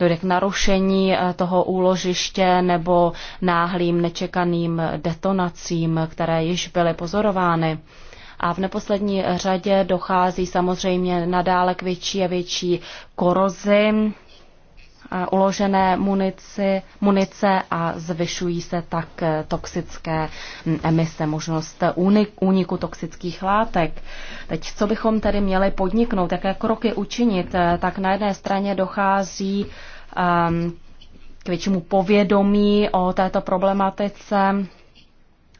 dojde k narušení eh, toho úložiště nebo náhlým nečekaným detonacím, které již byly pozorovány. A v neposlední řadě dochází samozřejmě nadále k větší a větší korozi Eh, uložené munici, munice a zvyšují se tak eh, toxické hm, emise, možnost úniku toxických látek. Teď co bychom tedy měli podniknout, jaké kroky učinit, eh, tak na jedné straně dochází ehm, k většímu povědomí o této problematice,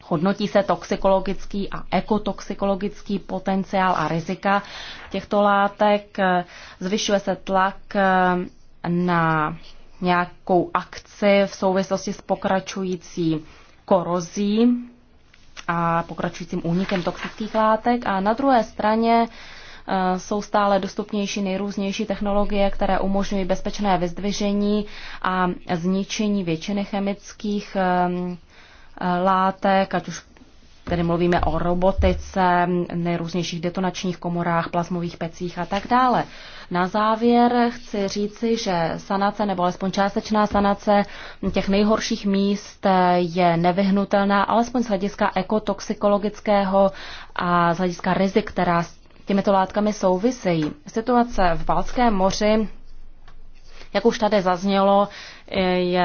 Hodnotí se toxikologický a ekotoxikologický potenciál a rizika těchto látek, zvyšuje se tlak na nějakou akci v souvislosti s pokračující korozí a pokračujícím únikem toxických látek a na druhé straně eh, jsou stále dostupnější nejrůznější technologie, které umožňují bezpečné vyzdvižení a zničení většiny chemických ehm, eh, látek, ať už Tedy mluvíme o robotice, nejrůznějších detonačních komorách, plazmových pecích a tak dále. Na závěr chci říci, že sanace nebo alespoň částečná sanace těch nejhorších míst je nevyhnutelná, alespoň z hlediska ekotoxikologického a z hlediska rizik, která s těmito látkami souvisejí. Situace v Balckém moři jak už tady zaznělo, je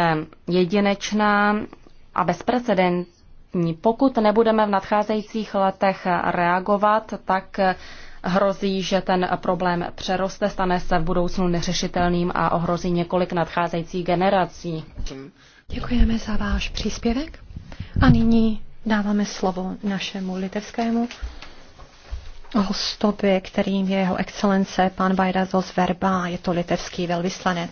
jedinečná a bezprecedentní pokud nebudeme v nadcházejících letech reagovat, tak hrozí, že ten problém přeroste, stane se v budoucnu neřešitelným a ohrozí několik nadcházejících generací. Děkujeme za váš příspěvek a nyní dáváme slovo našemu litevskému hostovi, kterým je jeho excelence pan Bajrazos Verba, je to litevský velvyslanec.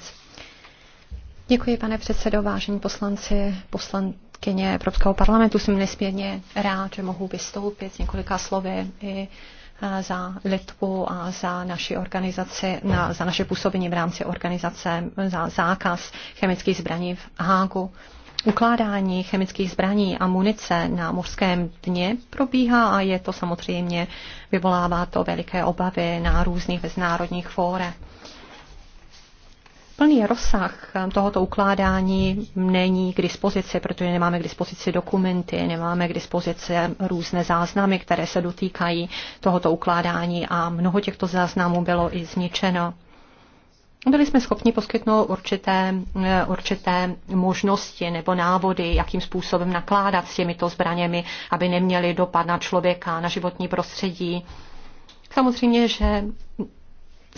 Děkuji, pane předsedo, vážení poslanci, poslanci poslankyně Evropského parlamentu. Jsem nesmírně rád, že mohu vystoupit s několika slovy i eh, za Litvu a za naši organizaci, na, za naše působení v rámci organizace za zákaz chemických zbraní v Hágu. Ukládání chemických zbraní a munice na mořském dně probíhá a je to samozřejmě, vyvolává to veliké obavy na různých mezinárodních fórech plný rozsah tohoto ukládání není k dispozici, protože nemáme k dispozici dokumenty, nemáme k dispozici různé záznamy, které se dotýkají tohoto ukládání a mnoho těchto záznamů bylo i zničeno. Byli jsme schopni poskytnout určité, určité možnosti nebo návody, jakým způsobem nakládat s těmito zbraněmi, aby neměly dopad na člověka, na životní prostředí. Samozřejmě, že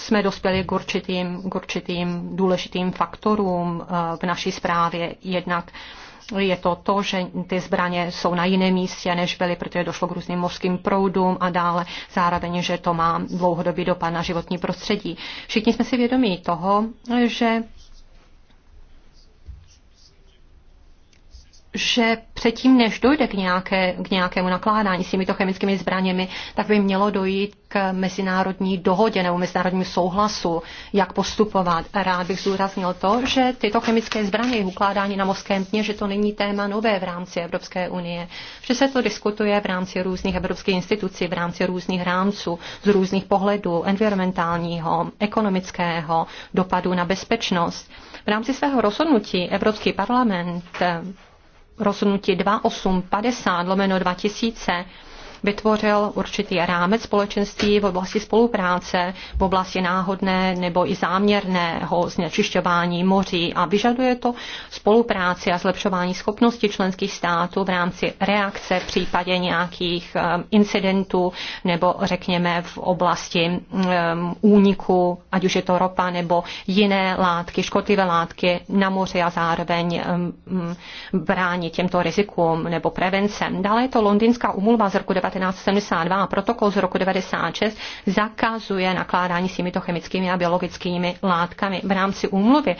jsme dospěli k určitým, k určitým důležitým faktorům eh, v naší zprávě. Jednak je to to, že ty zbraně jsou na jiném místě, než byly, protože došlo k různým mořským proudům a dále. Zároveň, že to má dlouhodobý dopad na životní prostředí. Všichni jsme si vědomí toho, že že předtím, než dojde k, nějaké, k nějakému nakládání s těmito chemickými zbraněmi, tak by mělo dojít k mezinárodní dohodě nebo mezinárodnímu souhlasu, jak postupovat. Rád bych zúraznil to, že tyto chemické zbraně, je ukládání na mořském dně, že to není téma nové v rámci Evropské unie, že se to diskutuje v rámci různých evropských institucí, v rámci různých rámců, z různých pohledů, environmentálního, ekonomického, dopadu na bezpečnost. V rámci svého rozhodnutí Evropský parlament rozhodnutí 2850 lomeno 2000 vytvořil určitý rámec společenství v oblasti spolupráce, v oblasti náhodné nebo i záměrného znečišťování moří a vyžaduje to spolupráci a zlepšování schopnosti členských států v rámci reakce v případě nějakých eh, incidentů nebo řekněme v oblasti eh, úniku, ať už je to ropa nebo jiné látky, škodlivé látky na moři a zároveň eh, mm, bránit těmto rizikům nebo prevencem. Dále je to Londýnská umluva z roku 19 1972 a protokol z roku 96 zakazuje nakládání s těmito chemickými a biologickými látkami. V rámci úmluvy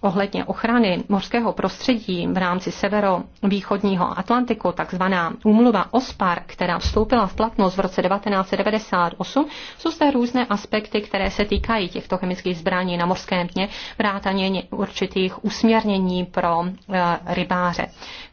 ohledně ochrany mořského prostředí v rámci severovýchodního Atlantiku, takzvaná úmluva OSPAR, která vstoupila v platnost v roce 1998, jsou zde různé aspekty, které se týkají těchto chemických zbraní na mořském dně, vrátaně určitých usměrnění pro eh, rybáře.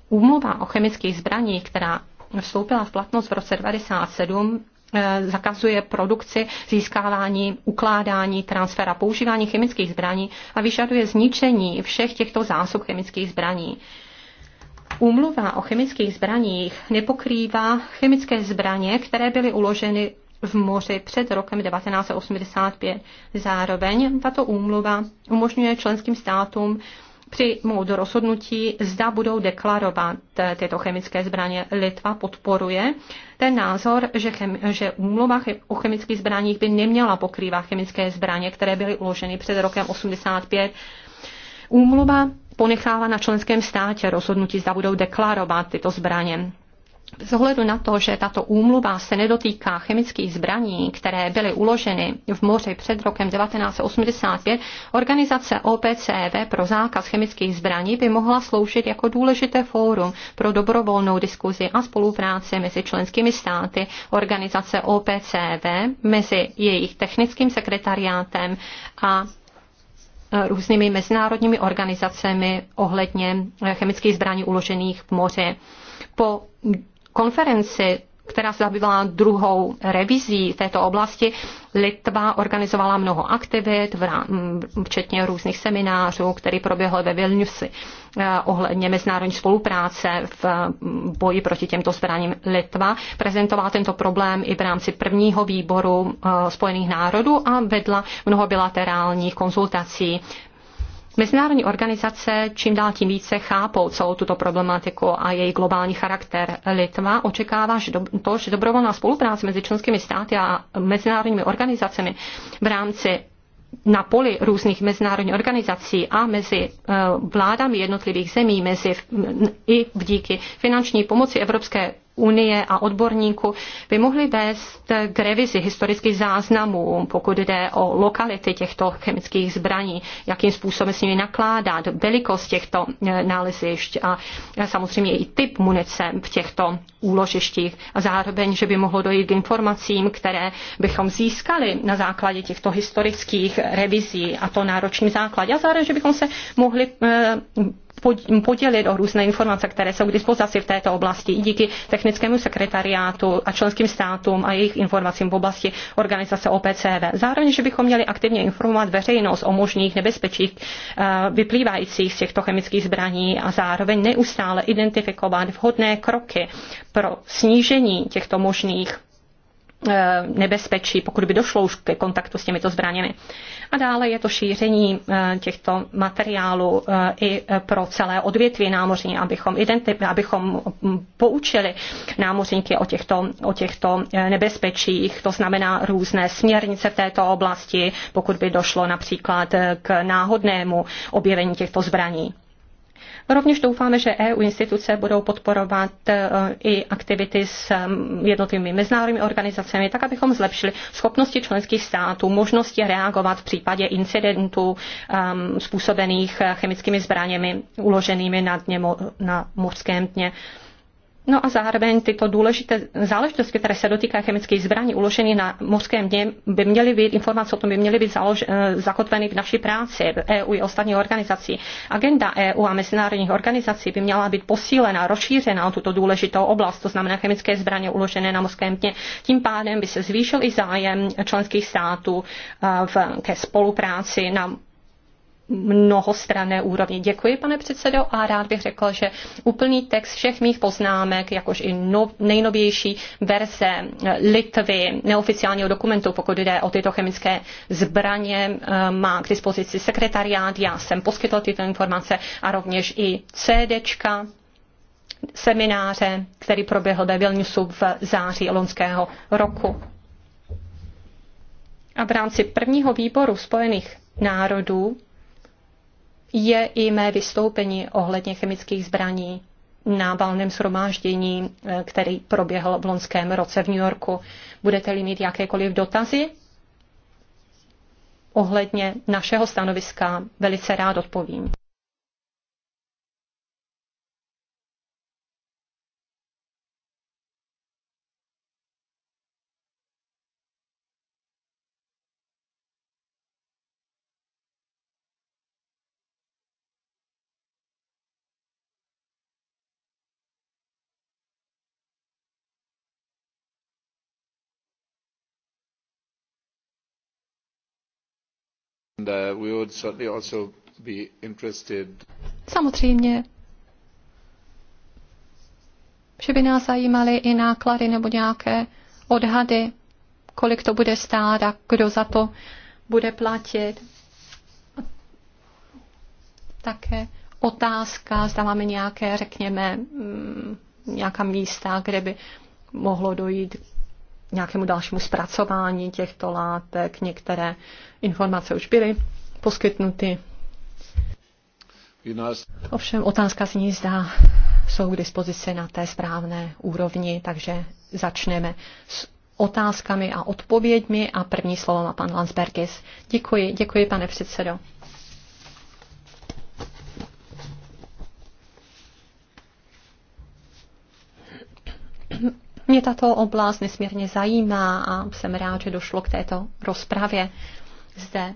Úmluva o chemických zbraních, která vstoupila v platnost v roce 1997, eh, zakazuje produkci, získávání, ukládání, transfer a používání chemických zbraní a vyžaduje zničení všech těchto zásob chemických zbraní. Úmluva o chemických zbraních nepokrývá chemické zbraně, které byly uloženy v moři před rokem 1985. Zároveň tato úmluva umožňuje členským státům přijmout rozhodnutí, zda budou deklarovat eh, tyto chemické zbraně. Litva podporuje ten názor, že, chem, že úmluva o chemických zbraních by neměla pokrývat chemické zbraně, které byly uloženy před rokem 85. Úmluva ponechává na členském státě rozhodnutí, zda budou deklarovat tyto zbraně z ohledu na to, že tato úmluva se nedotýká chemických zbraní, které byly uloženy v moři před rokem 1985, organizace OPCV pro zákaz chemických zbraní by mohla sloužit jako důležité fórum pro dobrovolnou diskuzi a spolupráci mezi členskými státy organizace OPCV, mezi jejich technickým sekretariátem a e, různými mezinárodními organizacemi ohledně chemických zbraní uložených v moři. Po konferenci, která se zabývala druhou revizí této oblasti. Litva organizovala mnoho aktivit, včetně různých seminářů, který proběhly ve Vilniusi eh, ohledně mezinárodní spolupráce v boji proti těmto zbraním Litva. Prezentovala tento problém i v rámci prvního výboru eh, Spojených národů a vedla mnoho bilaterálních konzultací. Mezinárodní organizace čím dál tím více chápou celou tuto problematiku a její globální charakter. Litva očekává že do, to, že dobrovolná spolupráce mezi členskými státy a mezinárodními organizacemi v rámci na poli různých mezinárodních organizací a mezi eh, vládami jednotlivých zemí, mezi i díky finanční pomoci Evropské unie a odborníků by mohly vést k revizi historických záznamů, pokud jde o lokality těchto chemických zbraní, jakým způsobem s nimi nakládat, velikost těchto eh, nálezišť a eh, samozřejmě i typ munice v těchto úložištích. A zároveň, že by mohlo dojít k informacím, které bychom získali na základě těchto historických revizí a to náročným základě. A zároveň, že bychom se mohli eh, podělit o různé informace, které jsou k dispozici v této oblasti i díky technickému sekretariátu a členským státům a jejich informacím v oblasti organizace OPCV. Zároveň, že bychom měli aktivně informovat veřejnost o možných nebezpečích eh, vyplývajících z těchto chemických zbraní a zároveň neustále identifikovat vhodné kroky pro snížení těchto možných eh, nebezpečí, pokud by došlo už ke kontaktu s těmito zbraněmi. A dále je to šíření eh, těchto materiálů eh, i eh, pro celé odvětví námořní, abychom, identi- abychom hm, poučili námořníky o těchto, o těchto nebezpečích. To znamená různé směrnice v této oblasti, pokud by došlo například k náhodnému objevení těchto zbraní. Rovněž doufáme, že EU instituce budou podporovat e, i aktivity s jednotlivými mezinárodními organizacemi, tak abychom zlepšili schopnosti členských států, možnosti reagovat v případě incidentů způsobených e, chemickými zbraněmi uloženými na, dně, na mořském dně. No a zároveň tyto důležité záležitosti, které se dotýkají chemických zbraní uložených na mořském dně, by měly být, informace o tom by měly být založ, eh, zakotveny v naší práci v EU i ostatních organizací. Agenda EU a mezinárodních organizací by měla být posílena, rozšířena o tuto důležitou oblast, to znamená chemické zbraně uložené na mořském dně. Tím pádem by se zvýšil i zájem členských států eh, v, ke spolupráci na mnohostranné úrovni. Děkuji, pane předsedo, a rád bych řekl, že úplný text všech mých poznámek, jakož i no, nejnovější verze Litvy neoficiálního dokumentu, pokud jde o tyto chemické zbraně, eh, má k dispozici sekretariát. Já jsem poskytl tyto informace a rovněž i CDčka semináře, který proběhl ve Vilniusu v září loňského roku. A v rámci prvního výboru Spojených národů je i mé vystoupení ohledně chemických zbraní na valném shromáždění, eh, který proběhl v loňském roce v New Yorku. Budete-li mít jakékoliv dotazy ohledně našeho stanoviska, velice rád odpovím. Uh, Samozřejmě, že by nás zajímaly i náklady nebo nějaké odhady, kolik to bude stát a kdo za to bude platit. Také otázka, zda máme nějaké, řekněme, mm, nějaká místa, kde by mohlo dojít nějakému dalšímu zpracování těchto látek. Některé informace už byly poskytnuty. Ovšem otázka zní, zda jsou k dispozici na té správné úrovni, takže začneme s otázkami a odpověďmi a první slovo má pan Landsbergis. Děkuji, děkuji pane předsedo. Mě tato oblast nesmírně zajímá a jsem rád, že došlo k této rozpravě zde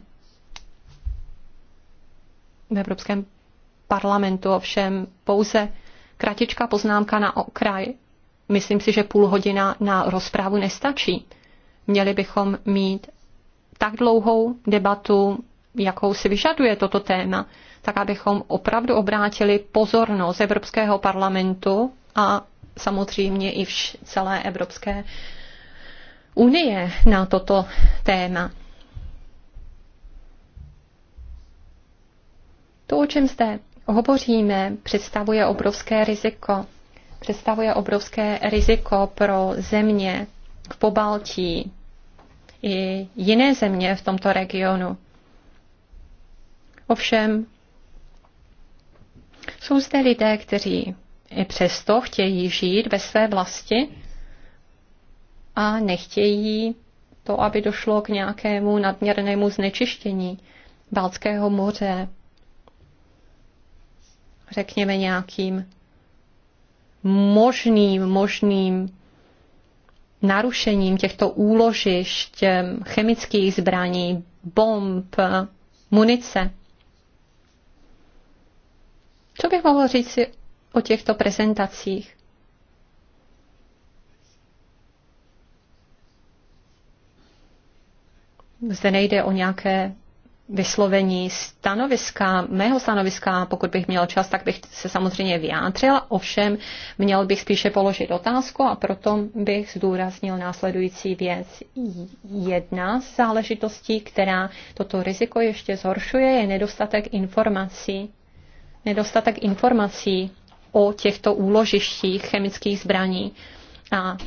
v Evropském parlamentu. Ovšem pouze kratička poznámka na okraj. Myslím si, že půl hodina na rozprávu nestačí. Měli bychom mít tak dlouhou debatu, jakou si vyžaduje toto téma, tak abychom opravdu obrátili pozornost Evropského parlamentu a samozřejmě i v celé Evropské unie na toto téma. To, o čem zde hovoříme, představuje obrovské riziko. Představuje obrovské riziko pro země v Pobaltí i jiné země v tomto regionu. Ovšem, jsou zde lidé, kteří i přesto chtějí žít ve své vlasti a nechtějí to, aby došlo k nějakému nadměrnému znečištění Balckého moře, řekněme nějakým možným, možným narušením těchto úložišť chemických zbraní, bomb, munice. Co bych mohl říct si o těchto prezentacích. Zde nejde o nějaké vyslovení stanoviska, mého stanoviska, pokud bych měl čas, tak bych se samozřejmě vyjádřil, ovšem měl bych spíše položit otázku a proto bych zdůraznil následující věc. Jedna z záležitostí, která toto riziko ještě zhoršuje, je nedostatek informací. Nedostatek informací o těchto úložištích chemických zbraní. A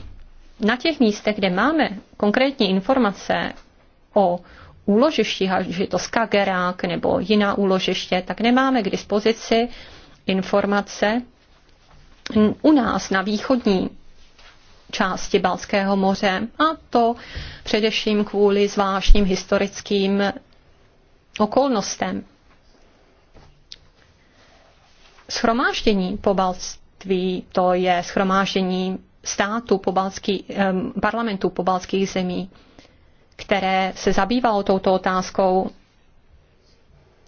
na těch místech, kde máme konkrétní informace o úložišti, že je to skagerák nebo jiná úložiště, tak nemáme k dispozici informace u nás na východní části Balského moře a to především kvůli zvláštním historickým okolnostem schromáždění pobalství, to je schromáždění států pobaltský, parlamentů pobaltských zemí, které se zabývalo touto otázkou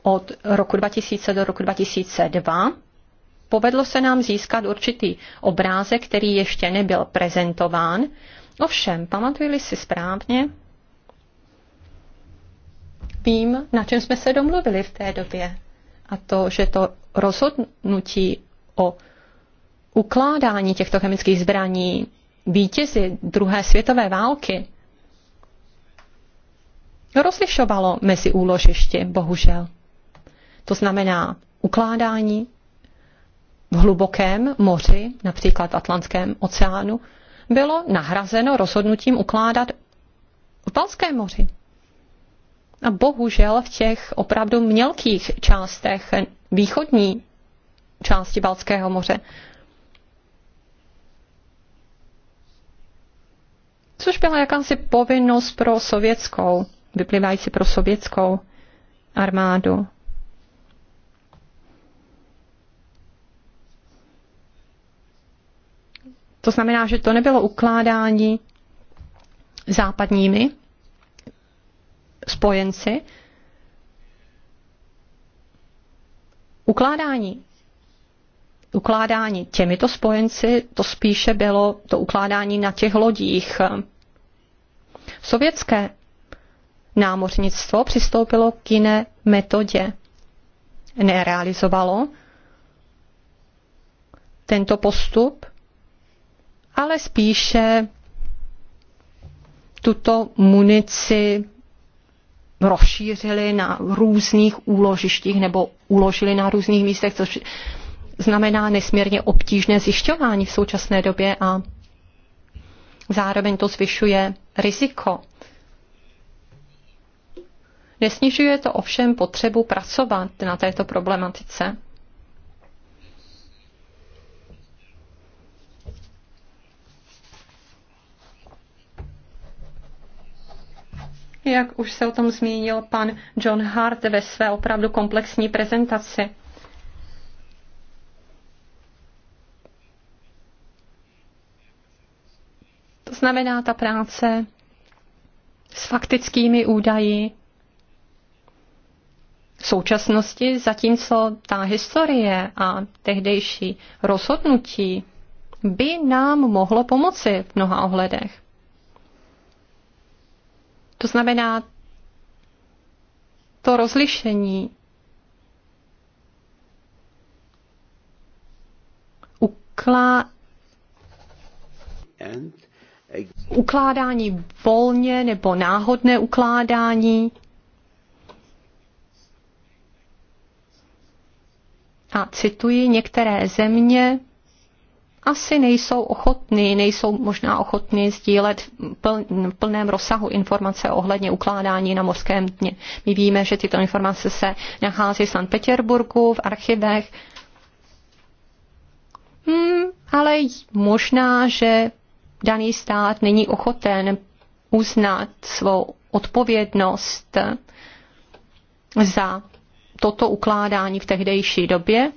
od roku 2000 do roku 2002. Povedlo se nám získat určitý obrázek, který ještě nebyl prezentován. Ovšem, pamatuji si správně, vím, na čem jsme se domluvili v té době. A to, že to rozhodnutí o ukládání těchto chemických zbraní vítězi druhé světové války rozlišovalo mezi úložišti, bohužel. To znamená ukládání v hlubokém moři, například v Atlantském oceánu, bylo nahrazeno rozhodnutím ukládat v Balském moři. A bohužel v těch opravdu mělkých částech východní části Balckého moře. Což byla jakási povinnost pro sovětskou, vyplývající pro sovětskou armádu. To znamená, že to nebylo ukládání západními spojenci, ukládání ukládání těmito spojenci, to spíše bylo to ukládání na těch lodích. Sovětské námořnictvo přistoupilo k jiné metodě. Nerealizovalo tento postup, ale spíše tuto munici rozšířili na různých úložištích nebo uložili na různých místech, což znamená nesmírně obtížné zjišťování v současné době a zároveň to zvyšuje riziko. Nesnižuje to ovšem potřebu pracovat na této problematice. jak už se o tom zmínil pan John Hart ve své opravdu komplexní prezentaci. To znamená ta práce s faktickými údaji v současnosti, zatímco ta historie a tehdejší rozhodnutí by nám mohlo pomoci v mnoha ohledech. To znamená, to rozlišení uklá... ukládání volně nebo náhodné ukládání a cituji některé země asi nejsou ochotní, nejsou možná ochotní sdílet v plném rozsahu informace ohledně ukládání na mořském dně. My víme, že tyto informace se nachází v St. Petersburgu, v archivech, hmm, ale možná, že daný stát není ochoten uznat svou odpovědnost za toto ukládání v tehdejší době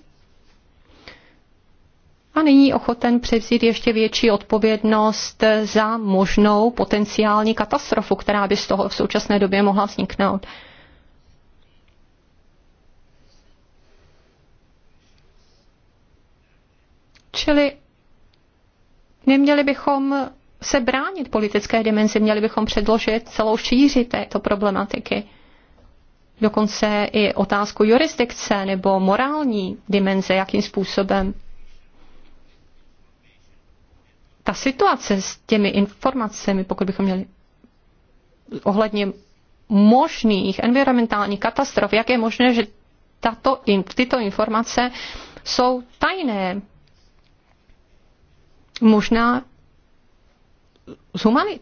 a není ochoten převzít ještě větší odpovědnost za možnou potenciální katastrofu, která by z toho v současné době mohla vzniknout. Čili neměli bychom se bránit politické dimenzi, měli bychom předložit celou šíři této problematiky. Dokonce i otázku jurisdikce nebo morální dimenze, jakým způsobem ta situace s těmi informacemi, pokud bychom měli ohledně možných environmentálních katastrof, jak je možné, že tato, tyto informace jsou tajné. Možná z, humani-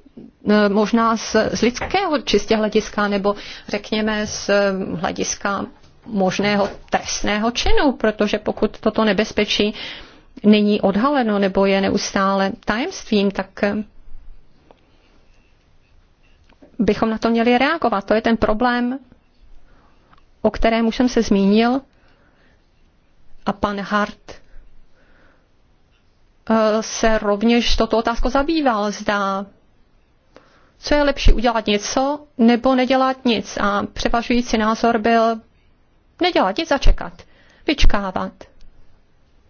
eh, možná z, z lidského čistě hlediska, nebo řekněme z hlediska možného trestného činu, protože pokud toto nebezpečí uh, není odhaleno nebo je neustále tajemstvím, tak eh, bychom na to měli reagovat. To je ten problém, o kterém už jsem se zmínil a pan Hart eh, se rovněž toto otázko zabýval. Zdá, co je lepší udělat něco nebo nedělat nic. A převažující názor byl nedělat nic a čekat, vyčkávat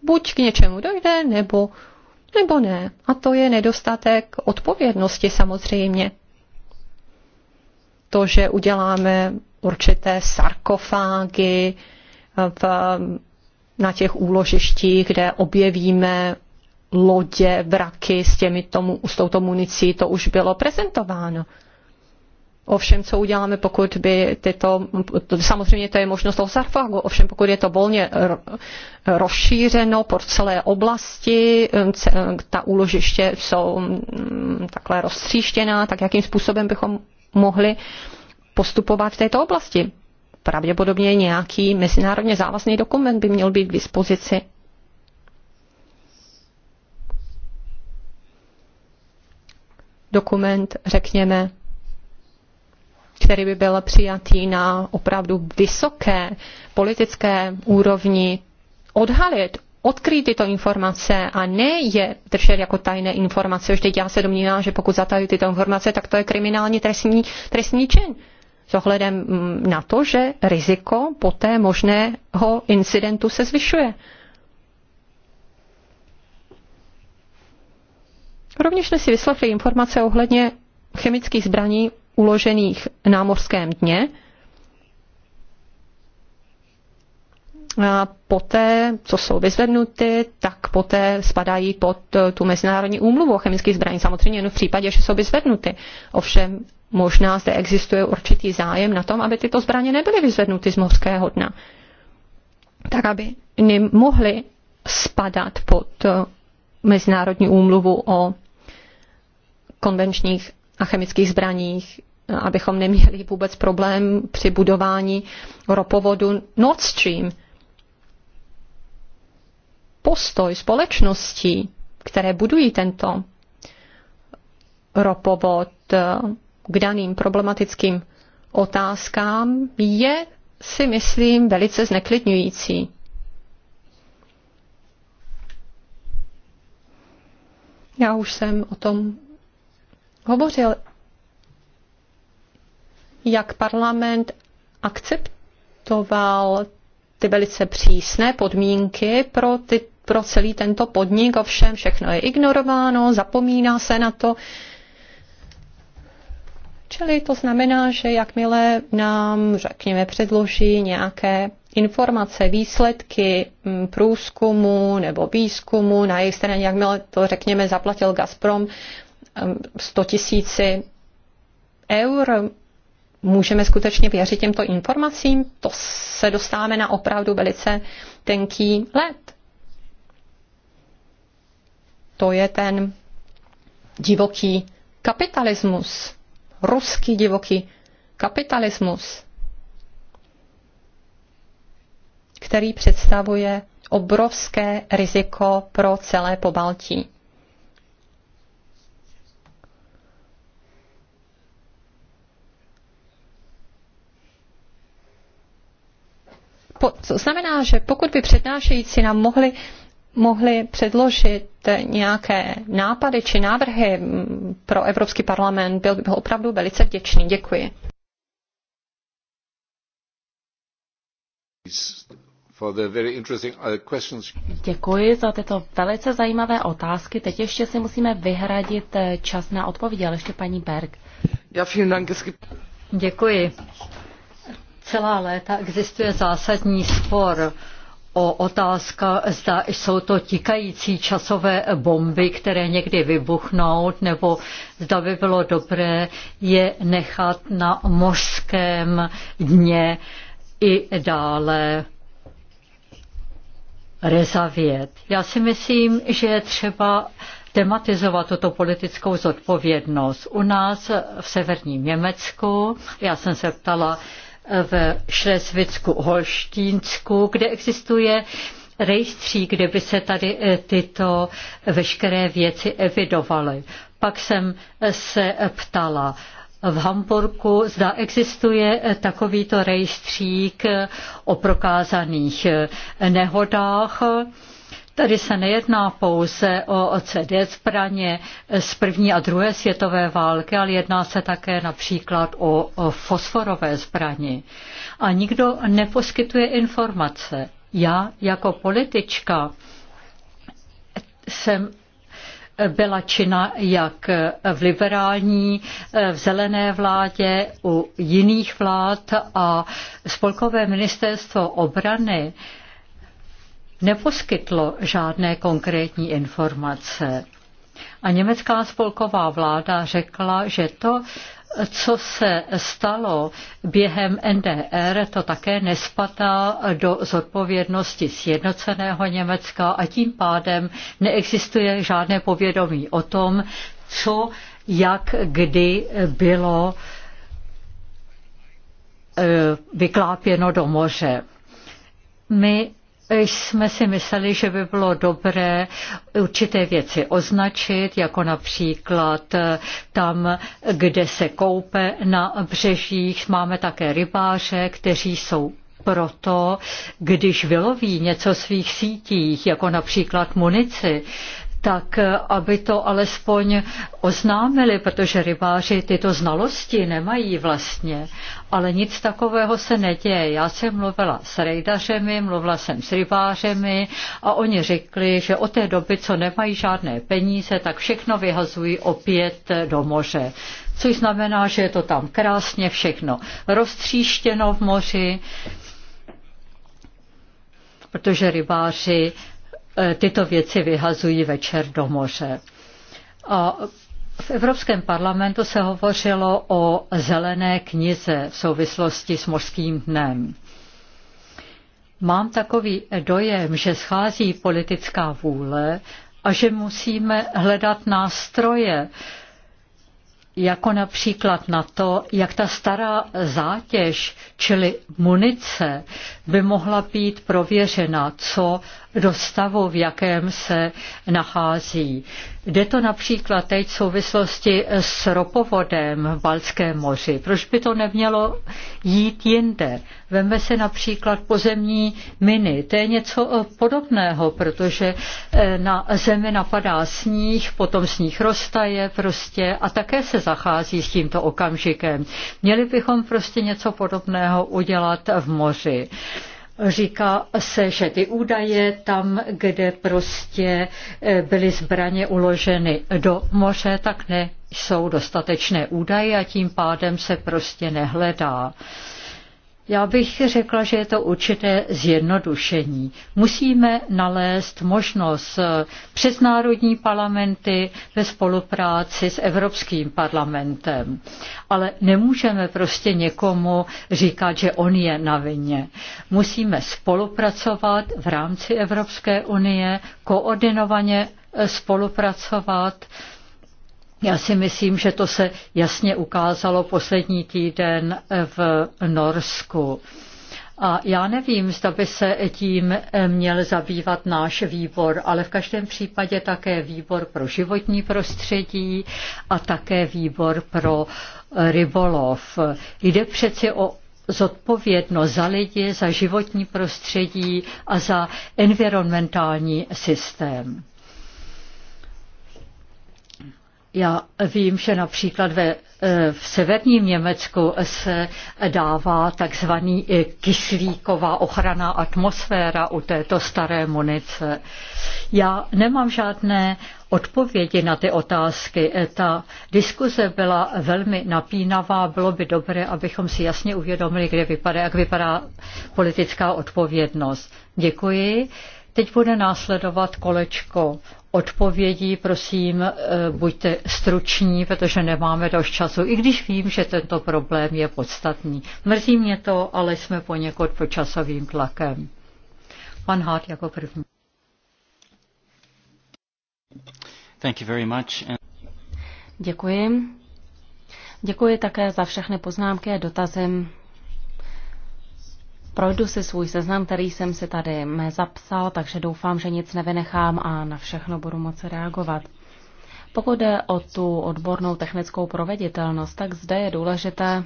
buď k něčemu dojde, nebo, nebo ne. A to je nedostatek odpovědnosti samozřejmě. To, že uděláme určité sarkofágy eh, v, na těch úložištích, kde objevíme lodě, vraky s, těmi tomu, s touto municí, to už bylo prezentováno. Ovšem, co uděláme, pokud by tyto, samozřejmě to je možnost toho sarfagu, ovšem pokud je to volně rozšířeno po celé oblasti, ta úložiště jsou mm, takhle roztříštěná, tak jakým způsobem bychom mohli postupovat v této oblasti? Pravděpodobně nějaký mezinárodně závazný dokument by měl být k dispozici. Dokument, řekněme, který by byl přijatý na opravdu vysoké politické úrovni, odhalit, odkrýt tyto informace a ne je držet jako tajné informace. Vždyť já se domnívám, že pokud zatají tyto informace, tak to je kriminální trestní, trestní čin. S ohledem mm, na to, že riziko poté možného incidentu se zvyšuje. Rovněž jsme si vyslechli informace ohledně chemických zbraní uložených na mořském dně. A poté, co jsou vyzvednuty, tak poté spadají pod eh, tu mezinárodní úmluvu o chemických zbraní. Samozřejmě jen v případě, že jsou vyzvednuty. Ovšem možná zde existuje určitý zájem na tom, aby tyto zbraně nebyly vyzvednuty z mořského dna. Tak, aby nemohly spadat pod eh, mezinárodní úmluvu o konvenčních a chemických zbraních, abychom neměli vůbec problém při budování ropovodu Nord Stream. Postoj společností, které budují tento ropovod k daným problematickým otázkám, je, si myslím, velice zneklidňující. Já už jsem o tom hovořil, jak parlament akceptoval ty velice přísné podmínky pro, ty, pro celý tento podnik, ovšem všechno je ignorováno, zapomíná se na to. Čili to znamená, že jakmile nám, řekněme, předloží nějaké informace, výsledky mm, průzkumu nebo výzkumu na jejich straně, jakmile to, řekněme, zaplatil Gazprom, 100 tisíci eur. Můžeme skutečně věřit těmto informacím? To se dostáváme na opravdu velice tenký led. To je ten divoký kapitalismus, ruský divoký kapitalismus, který představuje obrovské riziko pro celé pobaltí. po, to znamená, že pokud by přednášející nám mohli mohli předložit nějaké nápady či návrhy pro Evropský parlament, byl bych opravdu velice vděčný. Děkuji. Uh, Děkuji za tyto velice zajímavé otázky. Teď ještě si musíme vyhradit eh, čas na odpovědi, ale ještě paní Berg. Ja, Děkuji. Celá léta existuje zásadní spor o otázka, zda jsou to tikající časové bomby, které někdy vybuchnou, nebo zda by bylo dobré je nechat na mořském dně i dále rezavět. Já si myslím, že je třeba tematizovat tuto politickou zodpovědnost. U nás v severním Německu, já jsem se ptala v Šlesvicku Holštínsku, kde existuje rejstřík, kde by se tady eh, tyto veškeré věci evidovaly. Pak jsem eh, se ptala v Hamburgu, zda existuje eh, takovýto rejstřík o prokázaných nehodách Tady se nejedná pouze o CD zbraně z první a druhé světové války, ale jedná se také například o, o fosforové zbraně. A nikdo neposkytuje informace. Já jako politička jsem byla čina jak v liberální, v zelené vládě, u jiných vlád a spolkové ministerstvo obrany neposkytlo žádné konkrétní informace. A německá spolková vláda řekla, že to, co se stalo během NDR, to také nespatá do zodpovědnosti sjednoceného Německa a tím pádem neexistuje žádné povědomí o tom, co, jak, kdy bylo eh, vyklápěno do moře. My jsme si mysleli, že by bylo dobré určité věci označit, jako například tam, kde se koupe na břežích. Máme také rybáře, kteří jsou proto, když vyloví něco svých sítích, jako například munici, tak eh, aby to alespoň oznámili, protože rybáři tyto znalosti nemají vlastně. Ale nic takového se neděje. Já jsem mluvila s rejdařemi, mluvila jsem s rybářemi a oni řekli, že od té doby, co nemají žádné peníze, tak všechno vyhazují opět do moře. Což znamená, že je to tam krásně všechno roztříštěno v moři, protože rybáři E, tyto věci vyhazují večer do moře. A v Evropském parlamentu se hovořilo o zelené knize v souvislosti s mořským dnem. Mám takový dojem, že schází politická vůle a že musíme hledat nástroje, jako například na to, jak ta stará zátěž, čili munice, by mohla být prověřena, co do stavu, v jakém se nachází. Jde to například teď v souvislosti s ropovodem v Balckém moři. Proč by to nemělo jít jinde? Veme se například pozemní miny. To je něco eh, podobného, protože eh, na zemi napadá sníh, potom sníh roztaje prostě a také se zachází s tímto okamžikem. Měli bychom prostě něco podobného udělat v moři. Říká se, že ty údaje tam, kde prostě eh, byly zbraně uloženy do moře, tak ne jsou dostatečné údaje a tím pádem se prostě nehledá. Uh, já bych řekla, že je to určité zjednodušení. Musíme nalézt možnost eh, přes národní parlamenty ve spolupráci s Evropským parlamentem. Ale nemůžeme prostě někomu říkat, že on je na vině. Musíme spolupracovat v rámci Evropské unie, koordinovaně eh, spolupracovat já si myslím, že to se jasně ukázalo poslední týden v Norsku. A já nevím, zda by se tím měl zabývat náš výbor, ale v každém případě také výbor pro životní prostředí a také výbor pro rybolov. Jde přeci o zodpovědnost za lidi, za životní prostředí a za environmentální systém. Já vím, že například ve, eh, v severním Německu se dává takzvaný eh, kyslíková ochrana atmosféra u této staré munice. Já nemám žádné odpovědi na ty otázky. Eh, ta diskuze byla velmi napínavá. Bylo by dobré, abychom si jasně uvědomili, kde vypadá, jak vypadá politická odpovědnost. Děkuji. Teď bude následovat kolečko odpovědí. Prosím, eh, buďte struční, protože nemáme dost času, i když vím, že tento problém je podstatný. Mrzí mě to, ale jsme poněkud pod časovým tlakem. Pan Hart jako první. Thank you very much. Děkuji. Děkuji také za všechny poznámky a dotazy Projdu si svůj seznam, který jsem si tady zapsal, takže doufám, že nic nevynechám a na všechno budu moci reagovat. Pokud jde o tu odbornou technickou proveditelnost, tak zde je důležité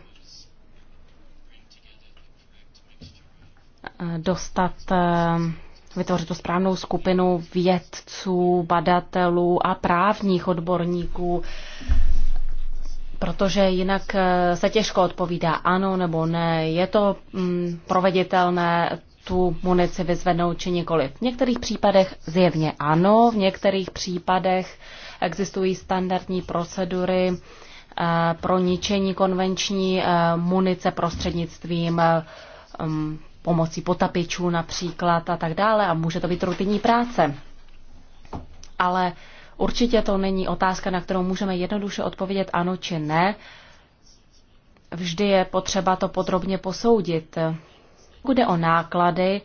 eh, dostat, eh, vytvořit tu správnou skupinu vědců, badatelů a právních odborníků, protože jinak eh, se těžko odpovídá ano nebo ne, je to mm, proveditelné tu munici vyzvednout či nikoliv. V některých případech zjevně ano, v některých případech existují standardní procedury eh, pro ničení konvenční eh, munice prostřednictvím mm, pomocí potapičů například a tak dále a může to být rutinní práce. Ale Určitě to není otázka, na kterou můžeme jednoduše odpovědět ano či ne. Vždy je potřeba to podrobně posoudit. Pokud jde o náklady,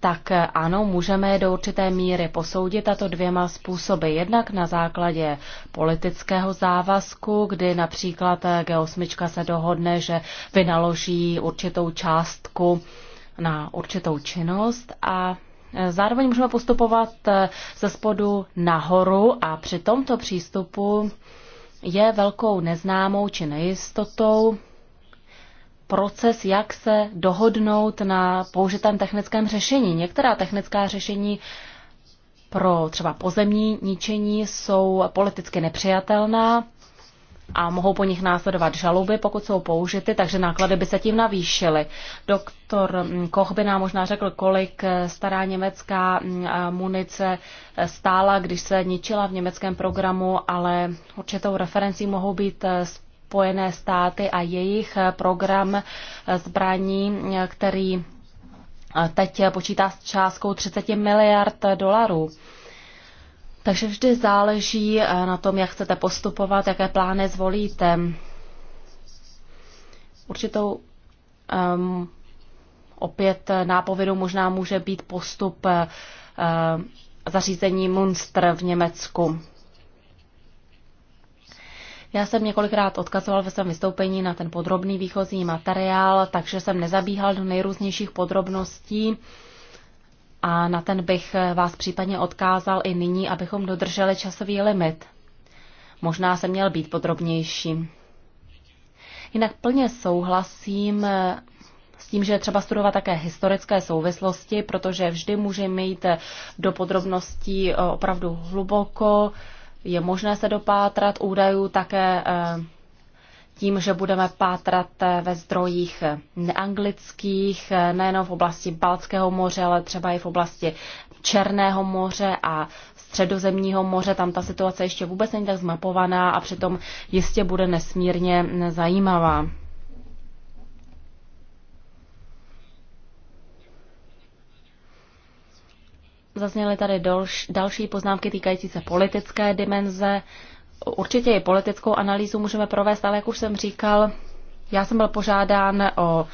tak ano, můžeme je do určité míry posoudit a to dvěma způsoby. Jednak na základě politického závazku, kdy například G8 se dohodne, že vynaloží určitou částku na určitou činnost a Zároveň můžeme postupovat eh, ze spodu nahoru a při tomto přístupu je velkou neznámou či nejistotou proces, jak se dohodnout na použitém technickém řešení. Některá technická řešení pro třeba pozemní ničení jsou politicky nepřijatelná a mohou po nich následovat žaloby, pokud jsou použity, takže náklady by se tím navýšily. Doktor mm, Koch by nám možná řekl, kolik eh, stará německá mm, munice eh, stála, když se ničila v německém programu, ale určitou referencí mohou být eh, Spojené státy a jejich program zbraní, který teď počítá s částkou 30 miliard dolarů. Takže vždy záleží eh, na tom, jak chcete postupovat, jaké plány zvolíte. Určitou um, opět eh, nápovědou možná může být postup um, zařízení Munster v Německu. Já jsem několikrát odkazoval ve svém vystoupení na ten podrobný výchozí materiál, takže jsem nezabíhal do nejrůznějších podrobností. Um, a na ten bych vás případně odkázal i nyní, abychom dodrželi časový limit. Možná se měl být podrobnější. Jinak plně souhlasím eh, s tím, že je třeba studovat také historické souvislosti, protože vždy můžeme jít eh, do podrobností eh, opravdu hluboko. Je možné se dopátrat údajů také tím, že budeme pátrat eh, ve zdrojích eh, neanglických, eh, nejen v oblasti Balckého moře, ale třeba i v oblasti Černého moře a Středozemního moře. Tam ta situace ještě vůbec není tak zmapovaná a přitom jistě bude nesmírně mm, zajímavá. Zazněly tady další poznámky týkající se politické dimenze. Určitě i politickou analýzu můžeme provést, ale jak už jsem říkal, já jsem byl požádán o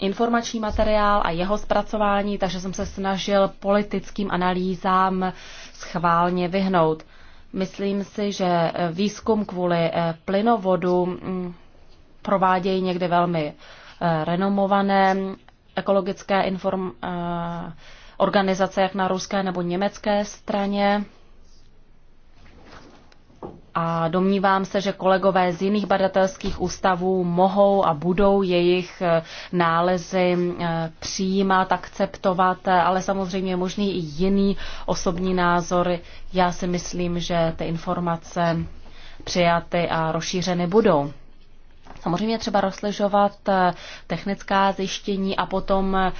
informační materiál a jeho zpracování, takže jsem se snažil politickým analýzám schválně vyhnout. Myslím si, že výzkum kvůli eh, plynovodu mm, provádějí někde velmi eh, renomované ekologické inform, eh, organizace, jak na ruské nebo německé straně a domnívám se, že kolegové z jiných badatelských ústavů mohou a budou jejich eh, nálezy eh, přijímat, akceptovat, eh, ale samozřejmě je možný i jiný osobní názor. Já si myslím, že ty informace přijaty a rozšířeny budou. Samozřejmě třeba rozležovat technická zjištění a potom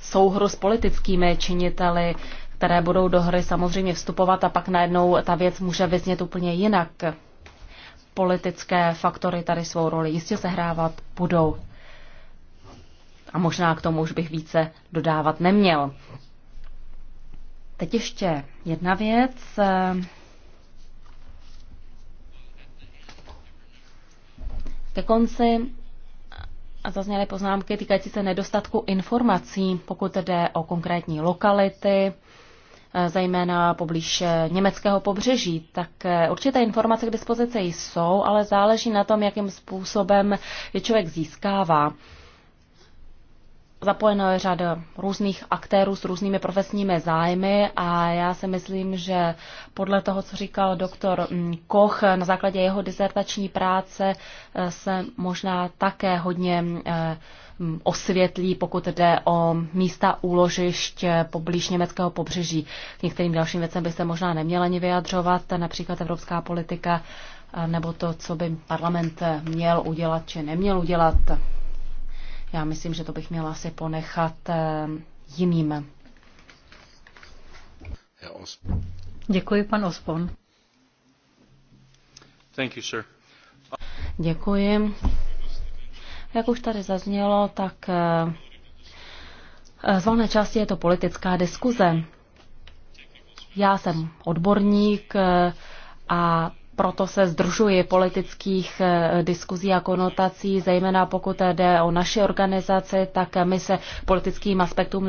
souhru s politickými činiteli, které budou do hry samozřejmě vstupovat a pak najednou ta věc může vyznět úplně jinak. Politické faktory tady svou roli jistě sehrávat budou. A možná k tomu už bych více dodávat neměl. Teď ještě jedna věc. Ke konci zazněly poznámky týkající se nedostatku informací, pokud jde o konkrétní lokality, Eh, zejména poblíž eh, německého pobřeží, tak eh, určité informace k dispozici jsou, ale záleží na tom, jakým způsobem je člověk získává. Zapojeno je řada různých aktérů s různými profesními zájmy a já si myslím, že podle toho, co říkal doktor mm, Koch, na základě jeho disertační práce eh, se možná také hodně mm, eh, mm, osvětlí, pokud jde o místa úložišť poblíž německého pobřeží. K některým dalším věcem by se možná neměla ani vyjadřovat, například evropská politika eh, nebo to, co by parlament měl udělat či neměl udělat. Já myslím, že to bych měla asi ponechat eh, jiným. Děkuji, pan Ospon. Thank you, sir. Děkuji. Jak už tady zaznělo, tak eh, eh, z volné části je to politická diskuze. Já jsem odborník a proto se združuji politických eh, diskuzí a konotací, zejména pokud jde o naši organizaci, tak my se politickým aspektům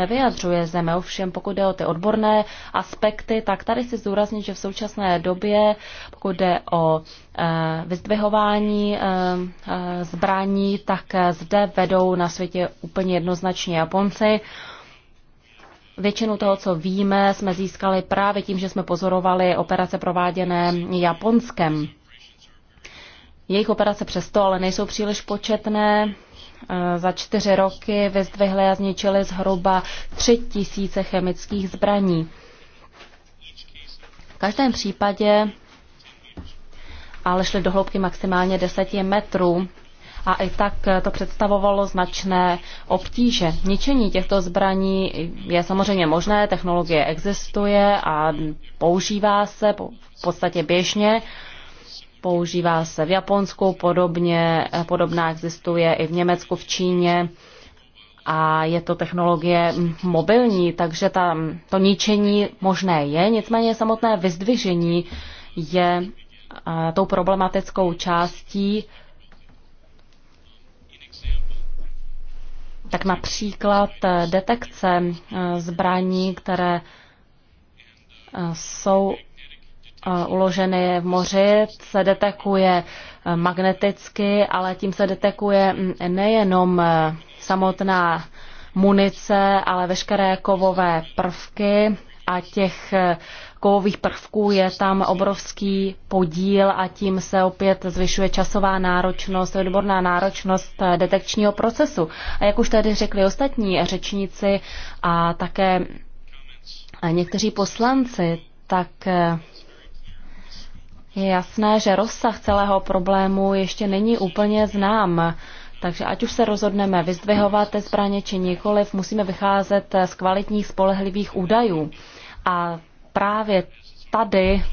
zeme. Ovšem, pokud jde o ty odborné aspekty, tak tady si zdůraznit, že v současné době, pokud jde o eh, vyzdvihování eh, zbraní, tak zde vedou na světě úplně jednoznačně Japonci. Většinu toho, co víme, jsme získali právě tím, že jsme pozorovali operace prováděné Japonskem. Jejich operace přesto ale nejsou příliš početné. E, za čtyři roky vyzdvihli a zničili zhruba tři tisíce chemických zbraní. V každém případě ale šli do hloubky maximálně deseti metrů a i tak eh, to představovalo značné obtíže. Ničení těchto zbraní je samozřejmě možné, technologie existuje a používá se v podstatě běžně. Používá se v Japonsku, podobně, eh, podobná existuje i v Německu, v Číně a je to technologie mobilní, takže ta, to ničení možné je, nicméně samotné vyzdvižení je eh, tou problematickou částí tak například eh, detekce eh, zbraní, které eh, jsou uloženy v moři, se detekuje magneticky, ale tím se detekuje mm, nejenom samotná munice, ale veškeré kovové prvky a těch kovových prvků je tam obrovský podíl a tím se opět zvyšuje časová náročnost, odborná náročnost eh, detekčního procesu. A jak už tady řekli ostatní řečníci a také eh, někteří poslanci, tak eh, je jasné, že rozsah celého problému ještě není úplně znám. Takže ať už se rozhodneme vyzdvihovat zbraně či nikoliv, musíme vycházet z kvalitních spolehlivých údajů. A právě tady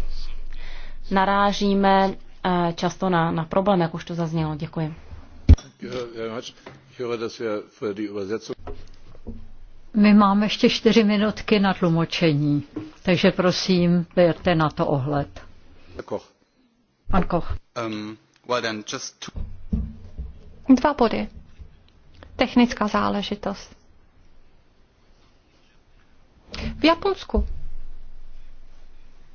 narážíme eh, často na, na problém, jak už to zaznělo. Děkuji. My máme ještě čtyři minutky na tlumočení, takže prosím, berte na to ohled. Pan Koch. Um, Dva body. Technická záležitost. V Japonsku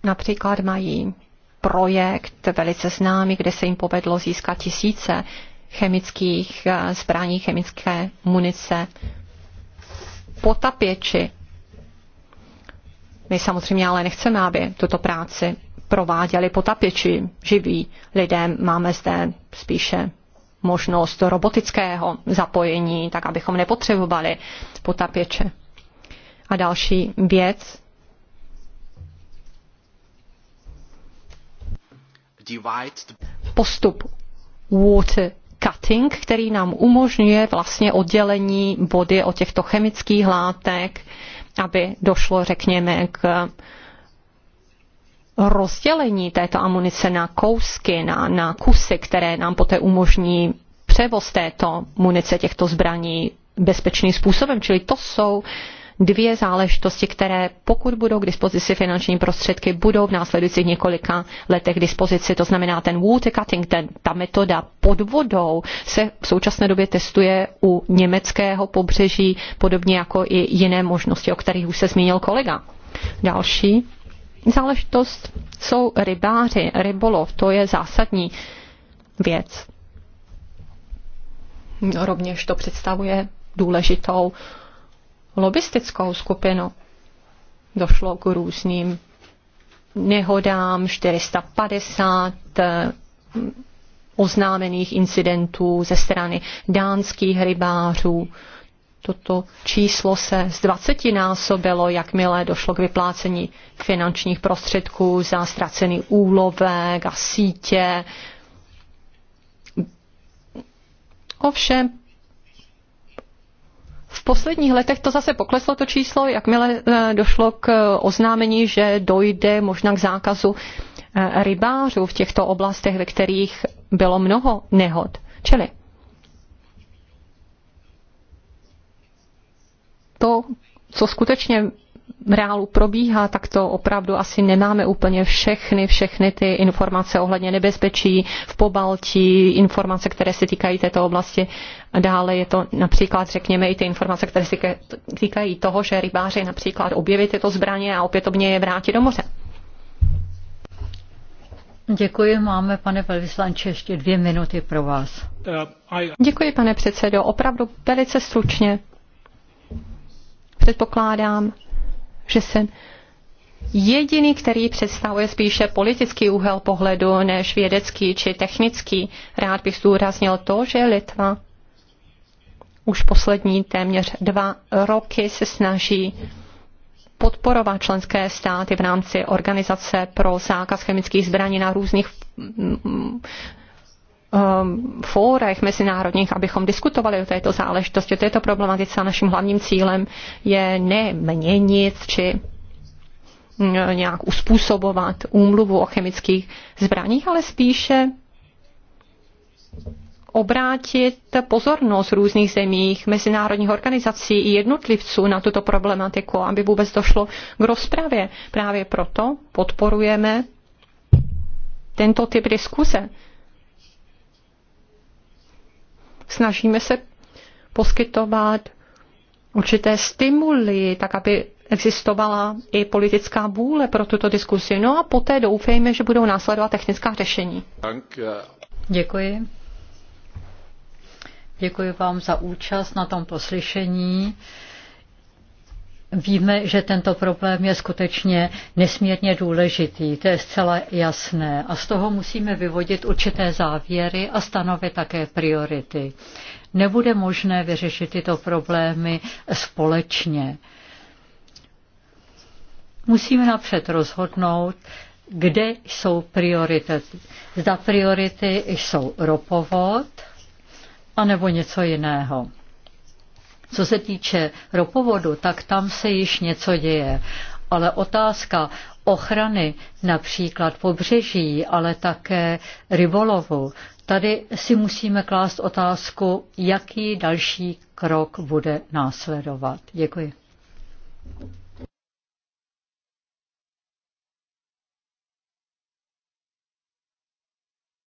například mají projekt velice známý, kde se jim povedlo získat tisíce chemických eh, zbraní, chemické munice, potapěči. My samozřejmě ale nechceme, aby tuto práci prováděli potapěči živí lidé. Máme zde spíše možnost robotického zapojení, tak abychom nepotřebovali potapěče. A další věc, postup water cutting, který nám umožňuje vlastně oddělení vody od těchto chemických látek, aby došlo, řekněme, k rozdělení této amunice na kousky, na, na kusy, které nám poté umožní převoz této munice, těchto zbraní bezpečným způsobem. Čili to jsou uh, dvě záležitosti, které pokud budou k dispozici finanční prostředky, budou v následujících několika letech k dispozici. To znamená ten water cutting, ten, ta metoda pod vodou se v současné době testuje u německého pobřeží, podobně jako i jiné možnosti, o kterých už se zmínil kolega. Další záležitost jsou rybáři, rybolov, to je zásadní věc. No, rovněž to představuje důležitou lobistickou skupinu. Došlo k různým nehodám, 450 eh, oznámených incidentů ze strany dánských rybářů. Toto číslo se z 20 násobilo, jakmile došlo k vyplácení finančních prostředků za ztracený úlovek a sítě. Ovšem v posledních letech to zase pokleslo to číslo, jakmile eh, došlo k eh, oznámení, že dojde možná k zákazu eh, rybářů v těchto oblastech, ve kterých bylo mnoho nehod. Čili to, co skutečně reálu probíhá, tak to opravdu asi nemáme úplně všechny, všechny ty informace ohledně nebezpečí v Pobaltí, informace, které se týkají této oblasti. Dále je to například, řekněme, i ty informace, které se týkají toho, že rybáři například objeví tyto zbraně a opětovně je vrátí do moře. Děkuji, máme, pane velvyslanče, ještě dvě minuty pro vás. Uh, Děkuji, pane předsedo, opravdu velice stručně. Předpokládám, že jsem jediný, který představuje spíše politický úhel pohledu než vědecký či technický. Rád bych zdůraznil to, že Litva už poslední téměř dva roky se snaží podporovat členské státy v rámci Organizace pro zákaz chemických zbraní na různých um, fórech mezinárodních, abychom diskutovali o této záležitosti, o této problematice a naším hlavním cílem je neměnit či mm, nějak uspůsobovat úmluvu o chemických zbraních, ale spíše obrátit pozornost různých zemích, mezinárodních organizací i jednotlivců na tuto problematiku, aby vůbec došlo k rozpravě. Právě proto podporujeme tento typ diskuze Snažíme se poskytovat určité stimuly, tak aby existovala i politická vůle pro tuto diskusi. No a poté doufejme, že budou následovat technická řešení. Děkuji. Děkuji vám za účast na tomto slyšení. Víme, že tento problém je skutečně nesmírně důležitý, to je zcela jasné. A z toho musíme vyvodit určité závěry a stanovit také priority. Nebude možné vyřešit tyto problémy společně. Musíme napřed rozhodnout, kde jsou priority. Zda priority jsou ropovod, anebo něco jiného. Co se týče ropovodu, tak tam se již něco děje. Ale otázka ochrany například pobřeží, ale také rybolovu, tady si musíme klást otázku, jaký další krok bude následovat. Děkuji.